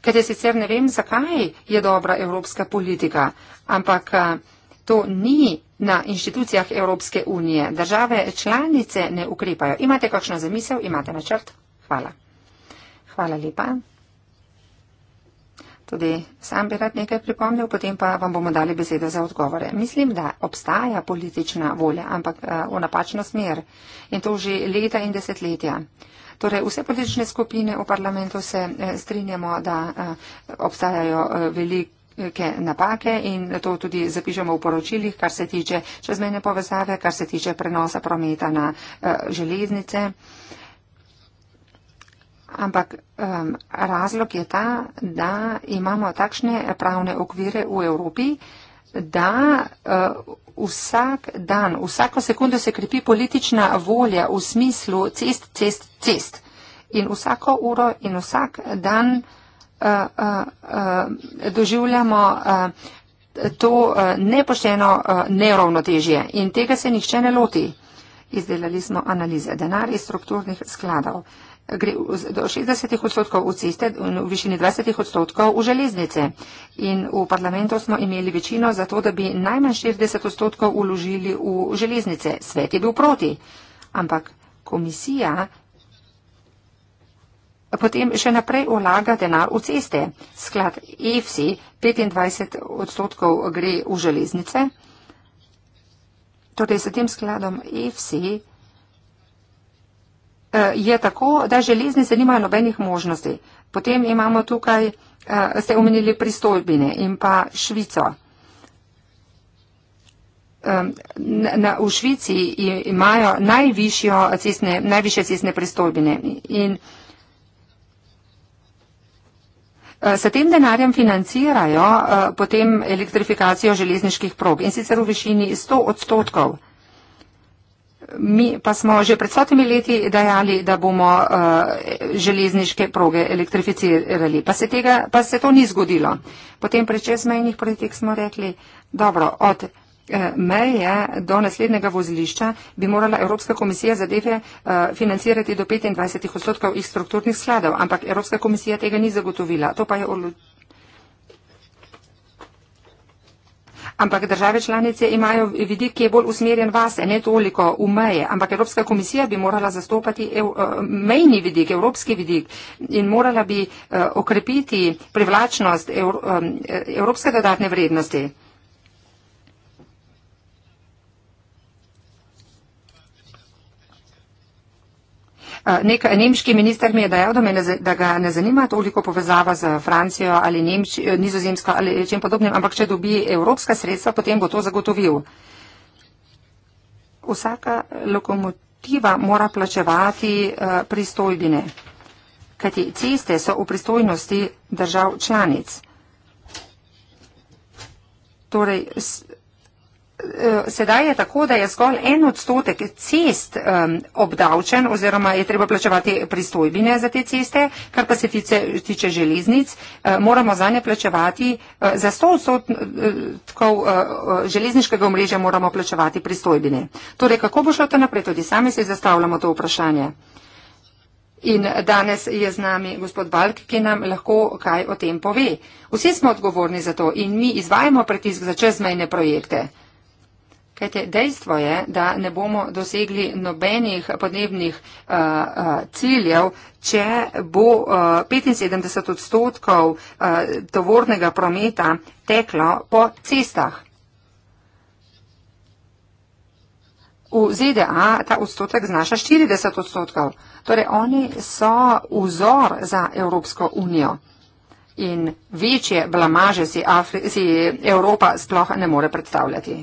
Ker je sicer ne vem, zakaj je dobra evropska politika, ampak eh, to ni na inštitucijah Evropske unije. Države članice ne ukrepajo. Imate kakšno zamisel, imate načrt? Hvala. Hvala lepa. Tudi sam bi rad nekaj pripomnil, potem pa vam bomo dali besedo za odgovore. Mislim, da obstaja politična volja, ampak eh, v napačno smer in to že leta in desetletja. Torej, vse politične skupine v parlamentu se eh, strinjamo, da eh, obstajajo veliko neke napake in to tudi zapišemo v poročilih, kar se tiče čezmene povezave, kar se tiče prenosa prometa na eh, železnice. Ampak um, razlog je ta, da imamo takšne pravne okvire v Evropi, da uh, vsak dan, vsako sekundo se krepi politična volja v smislu cest, cest, cest. In vsako uro in vsak dan uh, doživljamo to nepošteno neravnotežje in tega se nihče ne loti. Izdelali smo analize. Denar iz strukturnih skladov gre do 60 odstotkov v ceste in v višini 20 odstotkov v železnice. In v parlamentu smo imeli večino za to, da bi najmanj 40 odstotkov uložili v železnice. Svet je bil proti. Ampak komisija Potem še naprej vlaga denar v ceste. Sklad EFSI 25 odstotkov gre v železnice. Torej, s tem skladom EFSI eh, je tako, da železnice nimajo nobenih možnosti. Potem imamo tukaj, eh, ste omenili pristojbine in pa Švico. Na, na, v Švici imajo najvišje cestne, cestne pristojbine. In, Eh, S tem denarjem financirajo eh, potem elektrifikacijo železniških prog in sicer v višini 100 odstotkov. Mi pa smo že pred stotimi leti dajali, da bomo uh, železniške proge elektrificirali, pa se, tega, pa se to ni zgodilo. Potem pri čezmejnih projektih smo rekli, dobro, od Eh, meje do naslednjega vozlišča bi morala Evropska komisija zadeve eh, financirati do 25 odstotkov iz strukturnih skladov, ampak Evropska komisija tega ni zagotovila. Ampak države članice imajo vidik, ki je bolj usmerjen vase, ne toliko v meje, ampak Evropska komisija bi morala zastopati ev, eh, mejni vidik, evropski vidik in morala bi okrepiti privlačnost evropske dodatne vrednosti. Nek nemški minister mi je dejal, da, da ga ne zanima toliko povezava z Francijo ali Nemč, Nizozemsko ali čem podobnim, ampak če dobi evropska sredstva, potem bo to zagotovil. Vsaka lokomotiva mora plačevati pristojbine, kajti ceste so v pristojnosti držav članic. Torej, Eh, sedaj je tako, da je zgolj en odstotek cest um, obdavčen oziroma je treba plačevati pristojbine za te ceste, kar pa se tice, tiče železnic, uh, moramo eh, za ne plačevati, uh, za 100 odstotkov uh, uh, železniškega omrežja moramo plačevati pristojbine. Torej, kako bo šlo to naprej, tudi sami se zastavljamo to vprašanje. In danes je z nami gospod Balk, ki nam lahko kaj o tem pove. Vsi smo odgovorni za to in mi izvajamo pritisk za čezmejne projekte. Kajte, dejstvo je, da ne bomo dosegli nobenih podnebnih uh, uh, ciljev, če bo uh, eh, 75 odstotkov uh, tovornega prometa teklo po cestah. V ZDA ta odstotek znaša 40 odstotkov. Torej, oni so vzor za Evropsko unijo in večje blamaže si, Afri si Evropa sploh ne more predstavljati.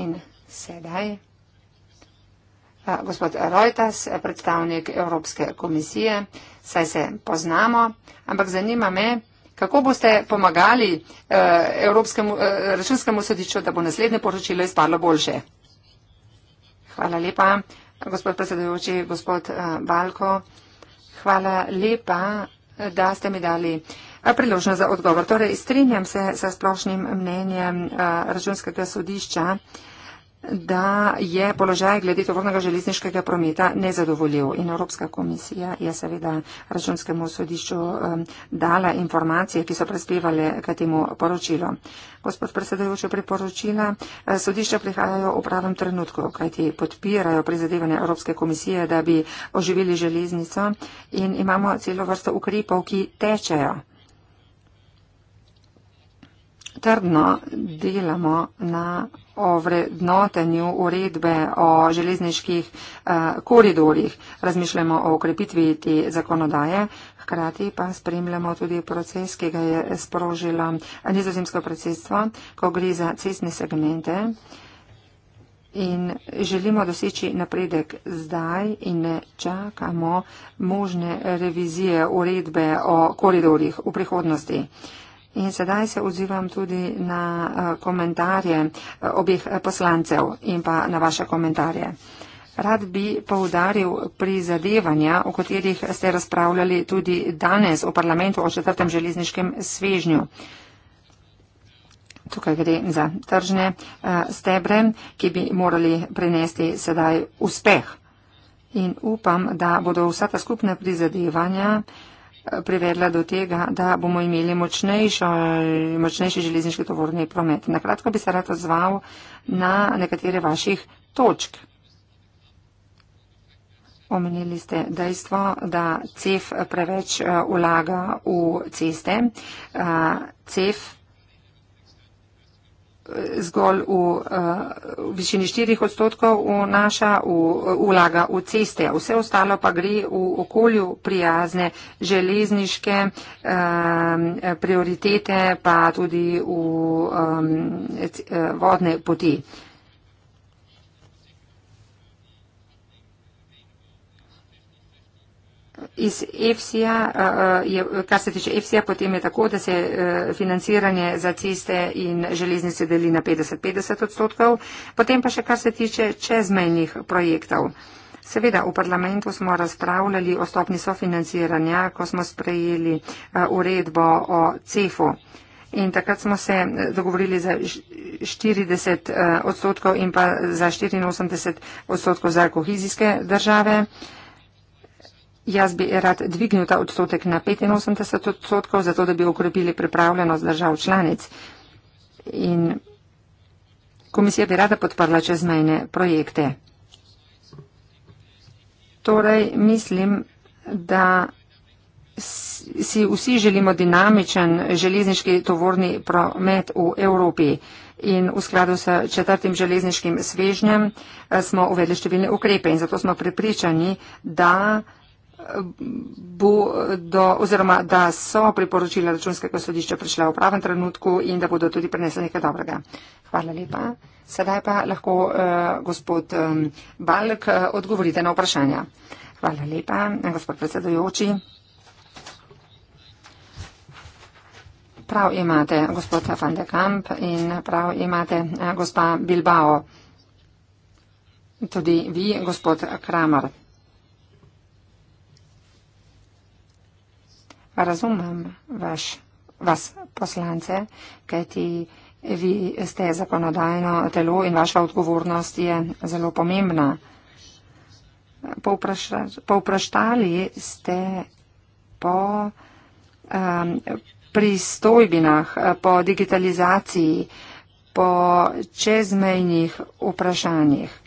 In sedaj. Gospod Reuters, predstavnik Evropske komisije, saj se poznamo, ampak zanima me, kako boste pomagali e, Evropskemu e, računskemu sodiču, da bo naslednje poročilo izpadlo boljše. Hvala lepa, gospod predsedujoči, gospod e, Balko. Hvala lepa, da ste mi dali priložnost za odgovor. Torej, strinjam se sa splošnim mnenjem računskega sodišča da je položaj glede tovornega železniškega prometa nezadovoljiv. In Evropska komisija je seveda računskemu sodišču um, dala informacije, ki so prispevale k temu poročilu. Gospod predsedujoče priporočila, eh, sodišča prihajajo v pravem trenutku, kajti podpirajo prizadevanje Evropske komisije, da bi oživili železnico in imamo celo vrsto ukrepov, ki tečejo trdno delamo na ovrednotenju uredbe o železniških eh, koridorjih. Razmišljamo o ukrepitvi te zakonodaje, hkrati pa spremljamo tudi proces, ki ga je sprožilo nizozemsko predsedstvo, ko gre za cestne segmente. In želimo doseči napredek zdaj in ne čakamo možne revizije uredbe o koridorjih v prihodnosti. Uh, In sedaj se odzivam tudi na eh, komentarje eh, obih eh, poslancev in pa na vaše komentarje. Rad bi poudaril prizadevanja, o katerih ste razpravljali tudi danes v parlamentu o četrtem železniškem svežnju. Tukaj gre za tržne stebre, ki bi morali prenesti sedaj uspeh. In upam, da bodo vsa ta skupna prizadevanja privedla do tega, da bomo imeli močnejši železniški tovorni promet. Na kratko bi se rad odzval na nekatere vaših točk. Omenili ste dejstvo, da CEF preveč eh, vlaga v ceste. Eh, CEF zgolj v, eh, v višini 4 odstotkov v naša v, vlaga v ceste. Vse ostalo pa gre v okolju prijazne železniške um, prioritete, pa tudi v um, c, vodne poti. Uh, iz EFSI-a, kar se tiče EFSI-a, potem je tako, da se e, financiranje za ceste in železnice deli na 50-50 odstotkov, potem pa še kar se tiče čezmejnih projektov. Seveda, v parlamentu smo razpravljali o stopni sofinanciranja, ko smo sprejeli uredbo o CEF-u. In takrat smo se dogovorili za 40 e, odstotkov in pa za 84 odstotkov za kohizijske države. Jaz bi rad dvignil ta odstotek na 85 odstotkov, zato da bi ukrepili pripravljenost držav članic. In komisija bi rada podprla čezmejne projekte. Torej, mislim, da si vsi želimo dinamičen železniški tovorni promet v Evropi. In v skladu s četrtim železniškim svežnjem eh, smo uvedli številne ukrepe in zato smo pripričani, da bodo oziroma da so priporočila računskega sodišča prišla v pravem trenutku in da bodo tudi prinesli nekaj dobrega. Hvala lepa. Sedaj pa lahko uh, gospod um, eh, Balk uh, eh, odgovorite na vprašanja. Hvala lepa, gospod predsedujoči. Prav imate, gospod Van de Kamp in prav imate, gospa Bilbao. Tudi vi, gospod Kramer. razumem vaš, vas poslance, kajti vi ste zakonodajno telo in vaša odgovornost je zelo pomembna. Povpraša, povpraštali ste po um, pristojbinah, po digitalizaciji, po čezmejnih vprašanjih.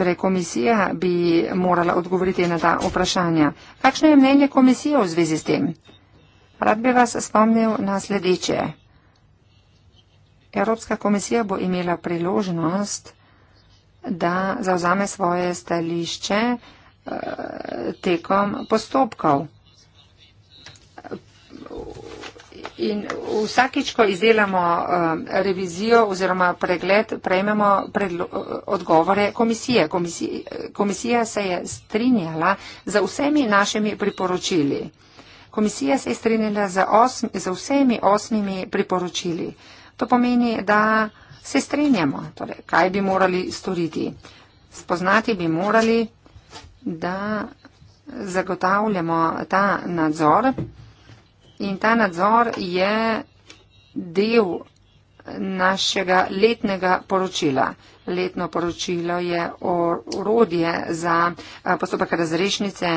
Torej, komisija bi morala odgovoriti na ta vprašanja. Kakšno je mnenje komisije v zvezi s tem? Rad bi vas spomnil na sledeče. Evropska komisija bo imela priložnost, da zauzame svoje stališče eh, tekom postopkov in vsakič, ko izdelamo eh, revizijo oziroma pregled, prejmemo predlo, odgovore komisije. komisije. Komisija se je strinjala za vsemi našimi priporočili. Komisija se je strinjala za, osm, za vsemi osmimi priporočili. To pomeni, da se strinjamo, torej, kaj bi morali storiti. Spoznati bi morali, da zagotavljamo ta nadzor. In ta nadzor je del našega letnega poročila. Letno poročilo je orodje za eh, postopek razrešnice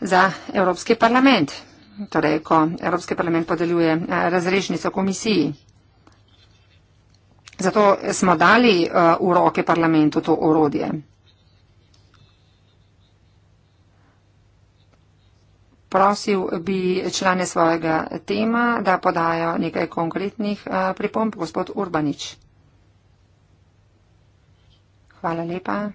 za Evropski parlament. Torej, ko Evropski parlament podeljuje eh, razrešnico komisiji. Zato smo dali uh, v roke parlamentu to orodje. prosil bi člane svojega tema, da podajo nekaj konkretnih eh, pripomb. Gospod Urbanič. Hvala lepa.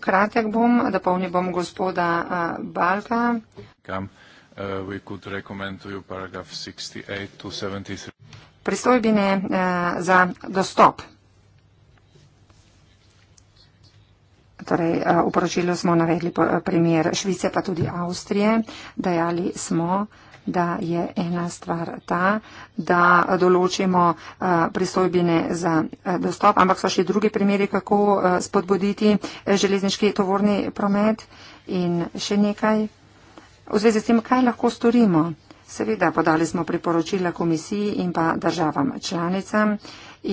Kratek bom, da polni bom gospoda eh, Balka. Eh, Pristojbine za dostop. Torej, eh, v poročilu smo navedli eh, primer Švice, pa tudi Avstrije. Dajali smo, da je ena stvar ta, da določimo eh, pristojbine za dostop, ampak so še drugi primeri, kako spodbuditi železniški tovorni promet in še nekaj. V zvezi s tem, kaj lahko storimo? Seveda, podali smo priporočila komisiji in pa državam članicam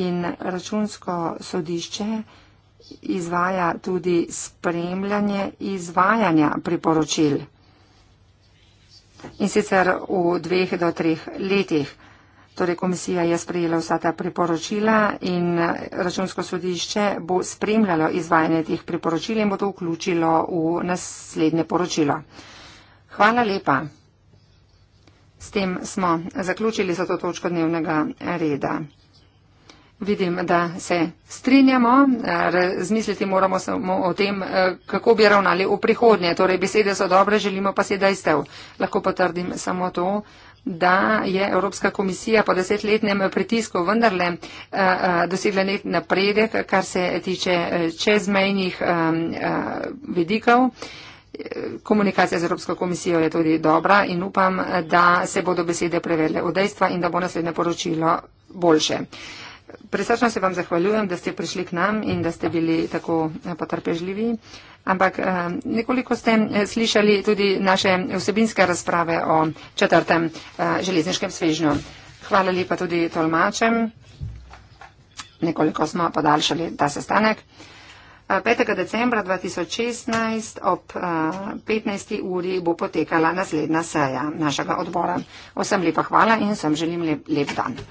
in računsko sodišče izvaja tudi spremljanje izvajanja priporočil. In sicer v dveh do treh letih. Torej komisija je sprejela vsa ta priporočila in računsko sodišče bo spremljalo izvajanje teh priporočil in bo to vključilo v naslednje poročilo. Hvala lepa. S tem smo zaključili za to točko dnevnega reda. Vidim, da se strinjamo. Razmisliti moramo samo o tem, eh, kako bi ravnali v prihodnje. Torej, besede so dobre, želimo pa se dejstev. Lahko potrdim samo to, da je Evropska komisija po desetletnem pritisku vendarle eh, eh, dosegla nek napredek, kar se tiče čezmejnih vidikov. Komunikacija z Evropsko komisijo je tudi dobra in upam, da se bodo besede prevedle v dejstva in da bo naslednje poročilo boljše. Presrčno se vam zahvaljujem, da ste prišli k nam in da ste bili tako eh, potrpežljivi. Ampak eh, nekoliko ste eh, slišali tudi naše vsebinske razprave o četrtem železniškem svežnju. Hvala lepa tudi tolmačem. Nekoliko smo podaljšali ta sestanek. 5. decembra 2016 ob 15. uri bo potekala naslednja seja našega odbora. Vsem lepa hvala in vsem želim lep, lep dan.